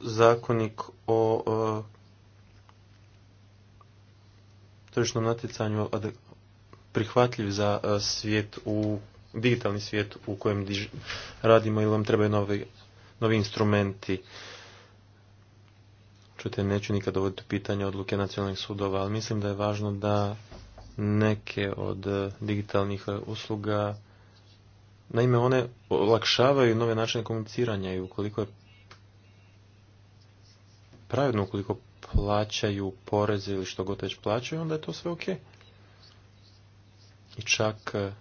zakonik o e, tržišnom natjecanju prihvatljiv za e, svijet u digitalni svijet u kojem radimo ili vam trebaju novi, novi instrumenti. Čujte, neću nikad dovoditi pitanje odluke nacionalnih sudova, ali mislim da je važno da neke od e, digitalnih e, usluga, naime one olakšavaju nove načine komuniciranja i ukoliko je pravedno, ukoliko plaćaju poreze ili što god već plaćaju, onda je to sve ok i čak e,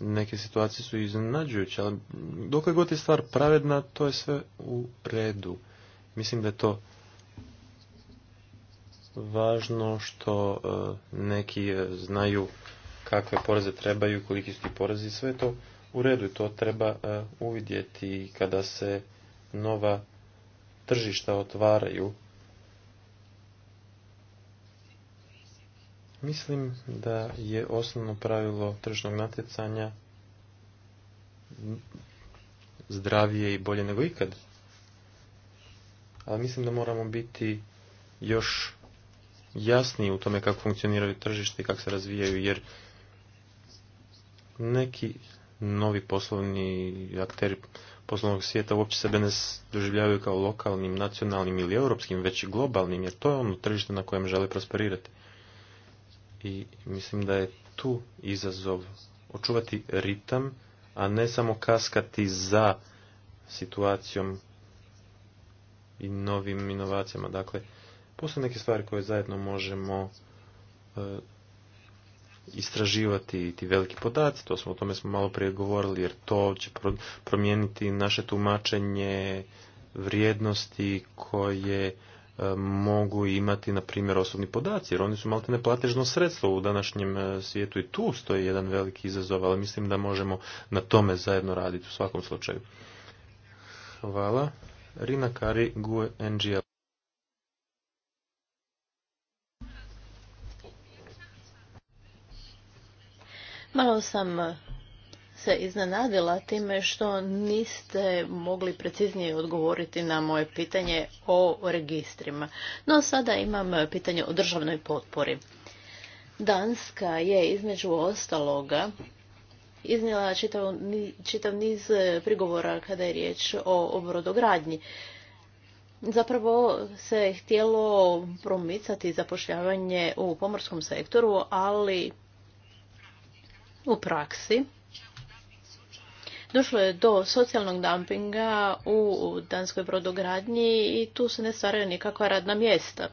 neke situacije su iznenađujuće, ali dok god je stvar pravedna, to je sve u redu. Mislim da je to važno što e, neki e, znaju kakve poreze trebaju, koliki su ti porezi, sve to u redu i to treba uvidjeti kada se nova tržišta otvaraju Mislim da je osnovno pravilo tržnog natjecanja zdravije i bolje nego ikad. Ali mislim da moramo biti još jasniji u tome kako funkcioniraju tržište i kako se razvijaju, jer neki novi poslovni akteri poslovnog svijeta uopće sebe ne doživljavaju kao lokalnim, nacionalnim ili europskim, već i globalnim, jer to je ono tržište na kojem žele prosperirati i mislim da je tu izazov očuvati ritam, a ne samo kaskati za situacijom i novim inovacijama. Dakle, postoje neke stvari koje zajedno možemo e, istraživati ti veliki podaci, to smo o tome smo malo prije govorili, jer to će promijeniti naše tumačenje vrijednosti koje E, mogu imati, na primjer, osobni podaci, jer oni su malte neplatežno sredstvo u današnjem e, svijetu i tu stoji jedan veliki izazov, ali mislim da možemo na tome zajedno raditi u svakom slučaju. Hvala. Rina Kari, GUE NGL. Malo sam se iznenadila time što niste mogli preciznije odgovoriti na moje pitanje o registrima. No sada imam pitanje o državnoj potpori. Danska je između ostaloga iznijela čitav, niz e, prigovora kada je riječ o brodogradnji. Zapravo se htjelo promicati zapošljavanje u pomorskom sektoru, ali u praksi Došlo je do socijalnog dumpinga u danskoj brodogradnji i tu se ne stvaraju nikakva radna mjesta.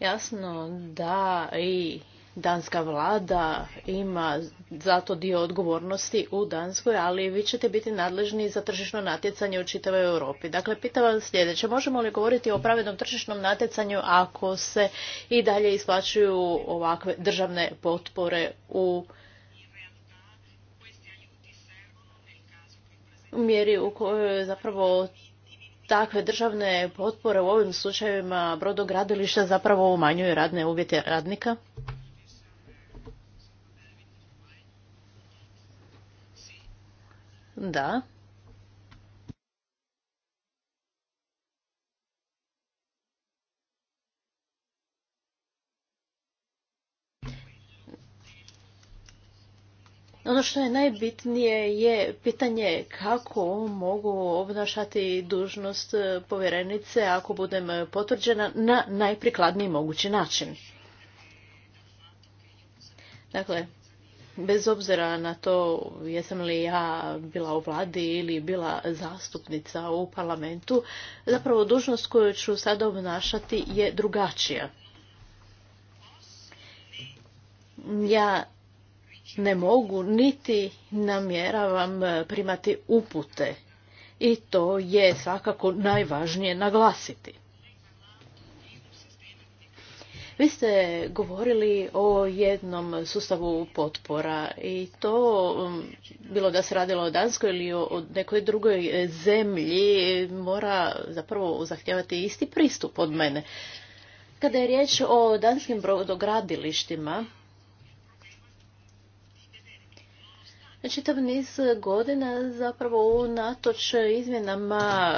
Jasno da i danska vlada ima zato dio odgovornosti u Danskoj, ali vi ćete biti nadležni za tržišno natjecanje u čitavoj Europi. Dakle, pitam vas sljedeće, možemo li govoriti o pravednom tržišnom natjecanju ako se i dalje isplaćuju ovakve državne potpore u u mjeri u kojoj zapravo takve državne potpore u ovim slučajevima brodogradilišta zapravo umanjuju radne uvjete radnika? Da. Ono što je najbitnije je pitanje kako mogu obnašati dužnost e, povjerenice ako budem potvrđena na najprikladniji mogući način. Dakle, bez obzira na to jesam li ja bila u vladi ili bila zastupnica u parlamentu, zapravo dužnost koju ću sada obnašati je drugačija. Ja ne mogu niti namjeravam e, primati upute i to je svakako najvažnije naglasiti. Vi ste govorili o jednom sustavu potpora i to, bilo da se radilo o Danskoj ili o nekoj drugoj zemlji, mora zapravo zahtijevati isti pristup od mene. Kada je riječ o danskim brodogradilištima, čitav niz godina zapravo unatoč izmjenama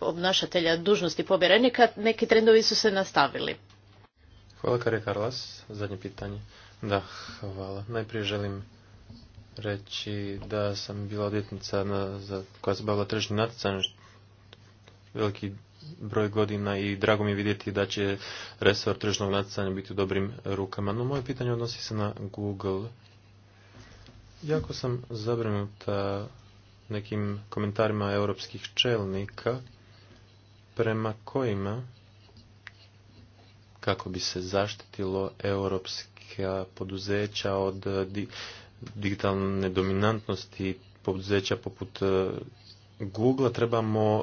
obnašatelja dužnosti povjerenika neki trendovi su se nastavili. Hvala Kare Karlas, zadnje pitanje. Da, hvala. Najprije želim reći da sam bila odvjetnica za, koja se bavila tržnim natjecanjem veliki broj godina i drago mi je vidjeti da će resor tržnog natjecanja biti u dobrim rukama. No, moje pitanje odnosi se na Google Jako sam zabrinuta nekim komentarima europskih čelnika prema kojima kako bi se zaštitilo europska poduzeća od digitalne dominantnosti poduzeća poput e, Google trebamo e,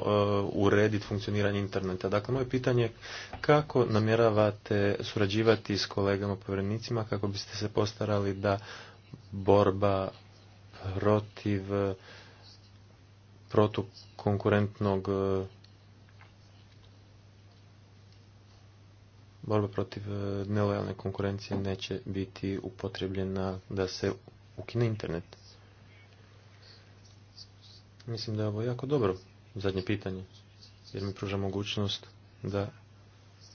urediti funkcioniranje interneta. Dakle, moje pitanje je kako namjeravate surađivati s kolegama povjerenicima kako biste se postarali da borba protiv eh, protukonkurentnog eh, borba protiv eh, nelojalne konkurencije neće biti upotrebljena da se ukine internet. Mislim da je ovo jako dobro zadnje pitanje, jer mi pruža mogućnost da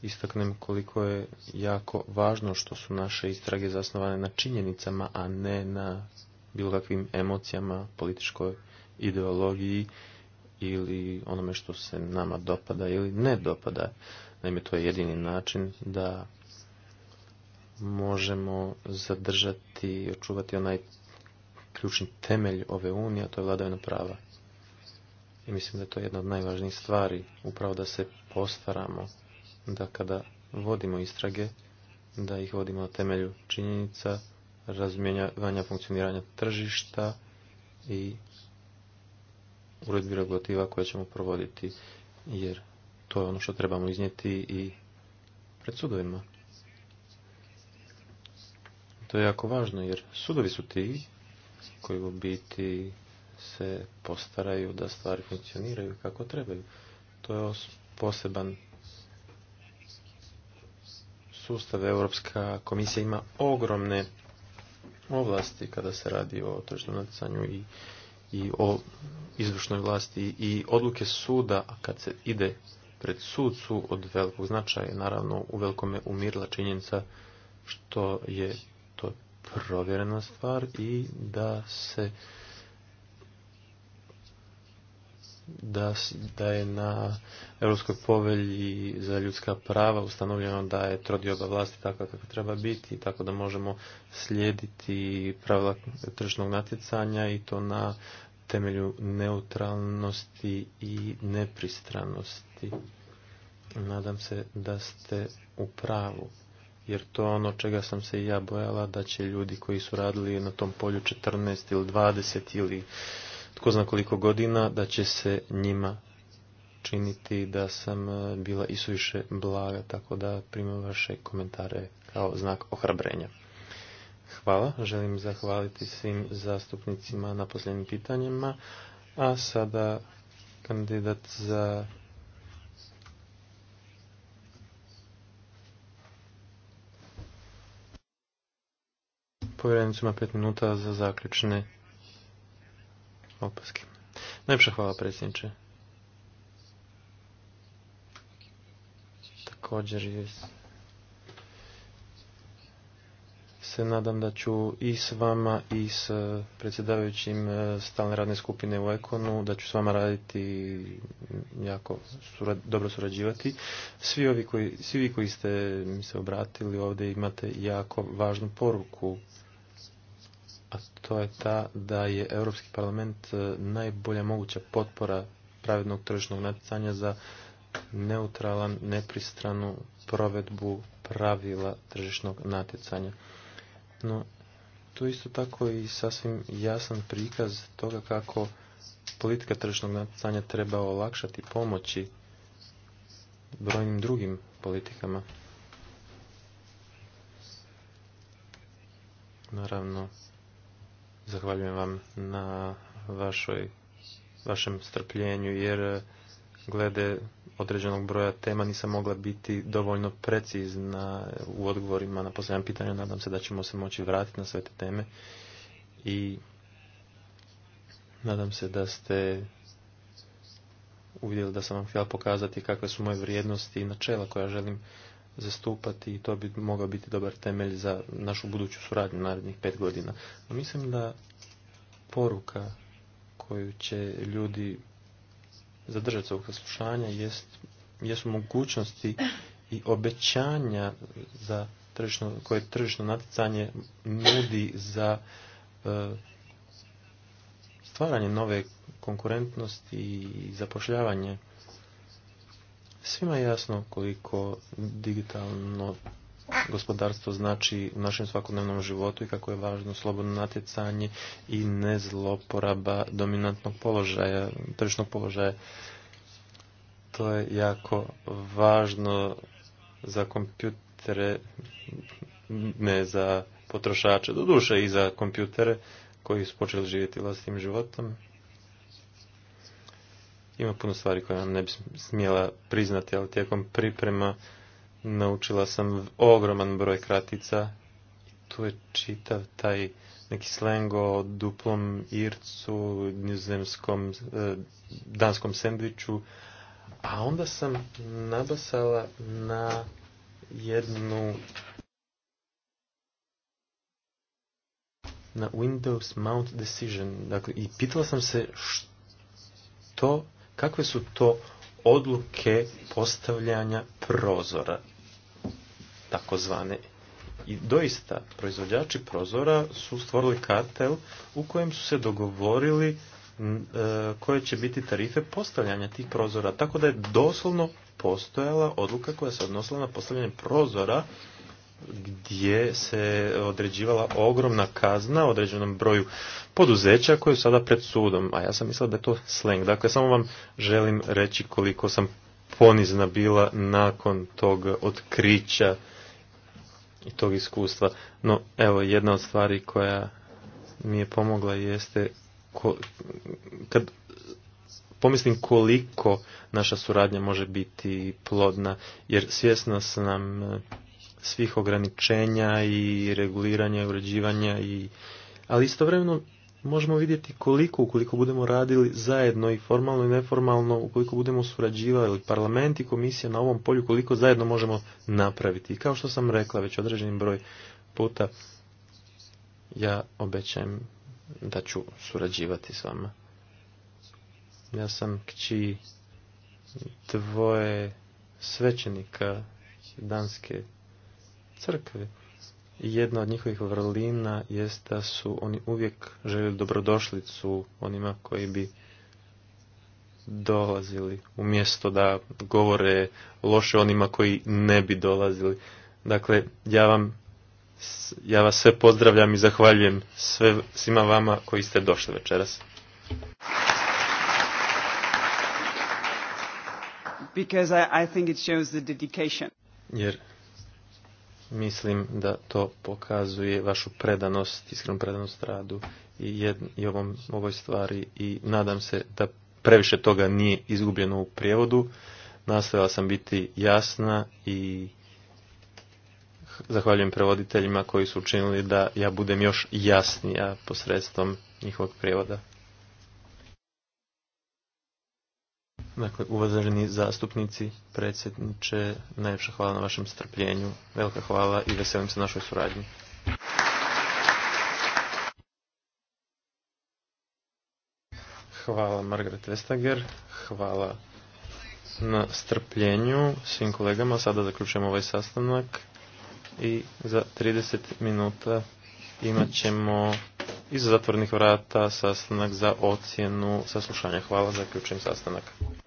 istaknem koliko je jako važno što su naše istrage zasnovane na činjenicama, a ne na bilo kakvim emocijama, političkoj ideologiji ili onome što se nama dopada ili ne dopada. Naime, to je jedini način da možemo zadržati i očuvati onaj ključni temelj ove unije, a to je vladavina prava. I mislim da je to jedna od najvažnijih stvari, upravo da se postaramo da kada vodimo istrage, da ih vodimo na temelju činjenica, razmjenjavanja funkcioniranja tržišta i uredbi regulativa koje ćemo provoditi, jer to je ono što trebamo iznijeti i pred sudovima. To je jako važno, jer sudovi su ti koji u biti se postaraju da stvari funkcioniraju kako trebaju. To je poseban sustav Europska komisija ima ogromne ovlasti kada se radi o tržnom natjecanju i, i o izvršnoj vlasti i odluke suda, a kad se ide pred sud su od velikog značaja. Naravno, u velikome umirla činjenica što je to provjerena stvar i da se da, da je na Europskoj povelji za ljudska prava ustanovljeno da je trodioba vlasti takva kako treba biti, tako da možemo slijediti pravila tržnog natjecanja i to na temelju neutralnosti i nepristranosti. Nadam se da ste u pravu, jer to je ono čega sam se i ja bojala, da će ljudi koji su radili na tom polju 14 ili 20 ili tko zna koliko godina da će se njima činiti da sam e, bila suviše blaga, tako da primam vaše komentare kao znak ohrabrenja. Hvala, želim zahvaliti svim zastupnicima na posljednjim pitanjima, a sada kandidat za povjerenicima pet minuta za zaključne opaske. Najpša hvala predsjedniče. Također je se nadam da ću i s vama i s e, predsjedavajućim e, stalne radne skupine u Ekonu, da ću s vama raditi jako dobro surađivati. Svi, ovi koji, svi vi koji ste mi se obratili ovdje imate jako važnu poruku a to je ta da je Europski parlament e, najbolja moguća potpora pravednog tržišnog natjecanja za neutralan, nepristranu provedbu pravila tržišnog natjecanja. No, tu isto tako i sasvim jasan prikaz toga kako politika tržišnog natjecanja treba olakšati pomoći brojnim drugim politikama. Naravno, Zahvaljujem vam na vašoj, vašem strpljenju jer eh, glede određenog broja tema nisam mogla biti dovoljno precizna u odgovorima na posljednje pitanje. Nadam se da ćemo se moći vratiti na sve te teme i nadam se da ste uvidjeli da sam vam htjela pokazati kakve su moje vrijednosti i načela koja želim zastupati i to bi mogao biti dobar temelj za našu buduću suradnju narednih pet godina. mislim da poruka koju će ljudi zadržati svog ovog saslušanja jest, jesu mogućnosti i obećanja za tržišno, koje tržišno natjecanje nudi za e, stvaranje nove konkurentnosti i zapošljavanje Svima je jasno koliko digitalno gospodarstvo znači u našem svakodnevnom životu i kako je važno slobodno natjecanje i nezloporaba dominantnog položaja, tržišnog položaja. To je jako važno za kompjutere, ne za potrošače, doduše i za kompjutere koji su počeli živjeti vlastitim životom. Ima puno stvari koje vam ne bi smjela priznati, ali tijekom priprema naučila sam ogroman broj kratica. Tu je čitav taj neki slengo o duplom ircu, nizozemskom, e, danskom sendviču. A onda sam nabasala na jednu na Windows Mount Decision. Dakle, i pitala sam se što Kakve su to odluke postavljanja prozora, takozvane i doista proizvođači prozora su stvorili kartel u kojem su se dogovorili e, koje će biti tarife postavljanja tih prozora. Tako da je doslovno postojala odluka koja se odnosila na postavljanje prozora gdje se određivala ogromna kazna određenom broju poduzeća koje su sada pred sudom. A ja sam mislila da je to sleng. Dakle, samo vam želim reći koliko sam ponizna bila nakon tog otkrića i tog iskustva. No, evo, jedna od stvari koja mi je pomogla jeste kad pomislim koliko naša suradnja može biti plodna, jer svjesna sam nam svih ograničenja i reguliranja i uređivanja i ali istovremeno možemo vidjeti koliko ukoliko budemo radili zajedno i formalno i neformalno ukoliko budemo surađivali parlament i komisija na ovom polju koliko zajedno možemo napraviti i kao što sam rekla već određeni broj puta ja obećajem da ću surađivati s vama ja sam kći dvoje svećenika danske crkve. Jedna od njihovih vrlina jest da su oni uvijek željeli dobrodošlicu onima koji bi dolazili, umjesto da govore loše onima koji ne bi dolazili. Dakle, ja vam ja vas sve pozdravljam i zahvaljujem sve, svima vama koji ste došli večeras. Because I, think it shows the dedication. Jer Mislim da to pokazuje vašu predanost, iskrenu predanost radu i, i ovom, ovoj stvari i nadam se da previše toga nije izgubljeno u prijevodu. Nastavila sam biti jasna i zahvaljujem prevoditeljima koji su učinili da ja budem još jasnija posredstvom njihovog prijevoda. Dakle, uvaženi zastupnici, predsjedniče, najljepša hvala na vašem strpljenju, velika hvala i veselim se našoj suradnji. Hvala Margaret Vestager, hvala na strpljenju svim kolegama. Sada zaključujemo ovaj sastanak i za 30 minuta imat ćemo iz zatvornih vrata sastanak za ocjenu saslušanja. Hvala, zaključujem sastanak.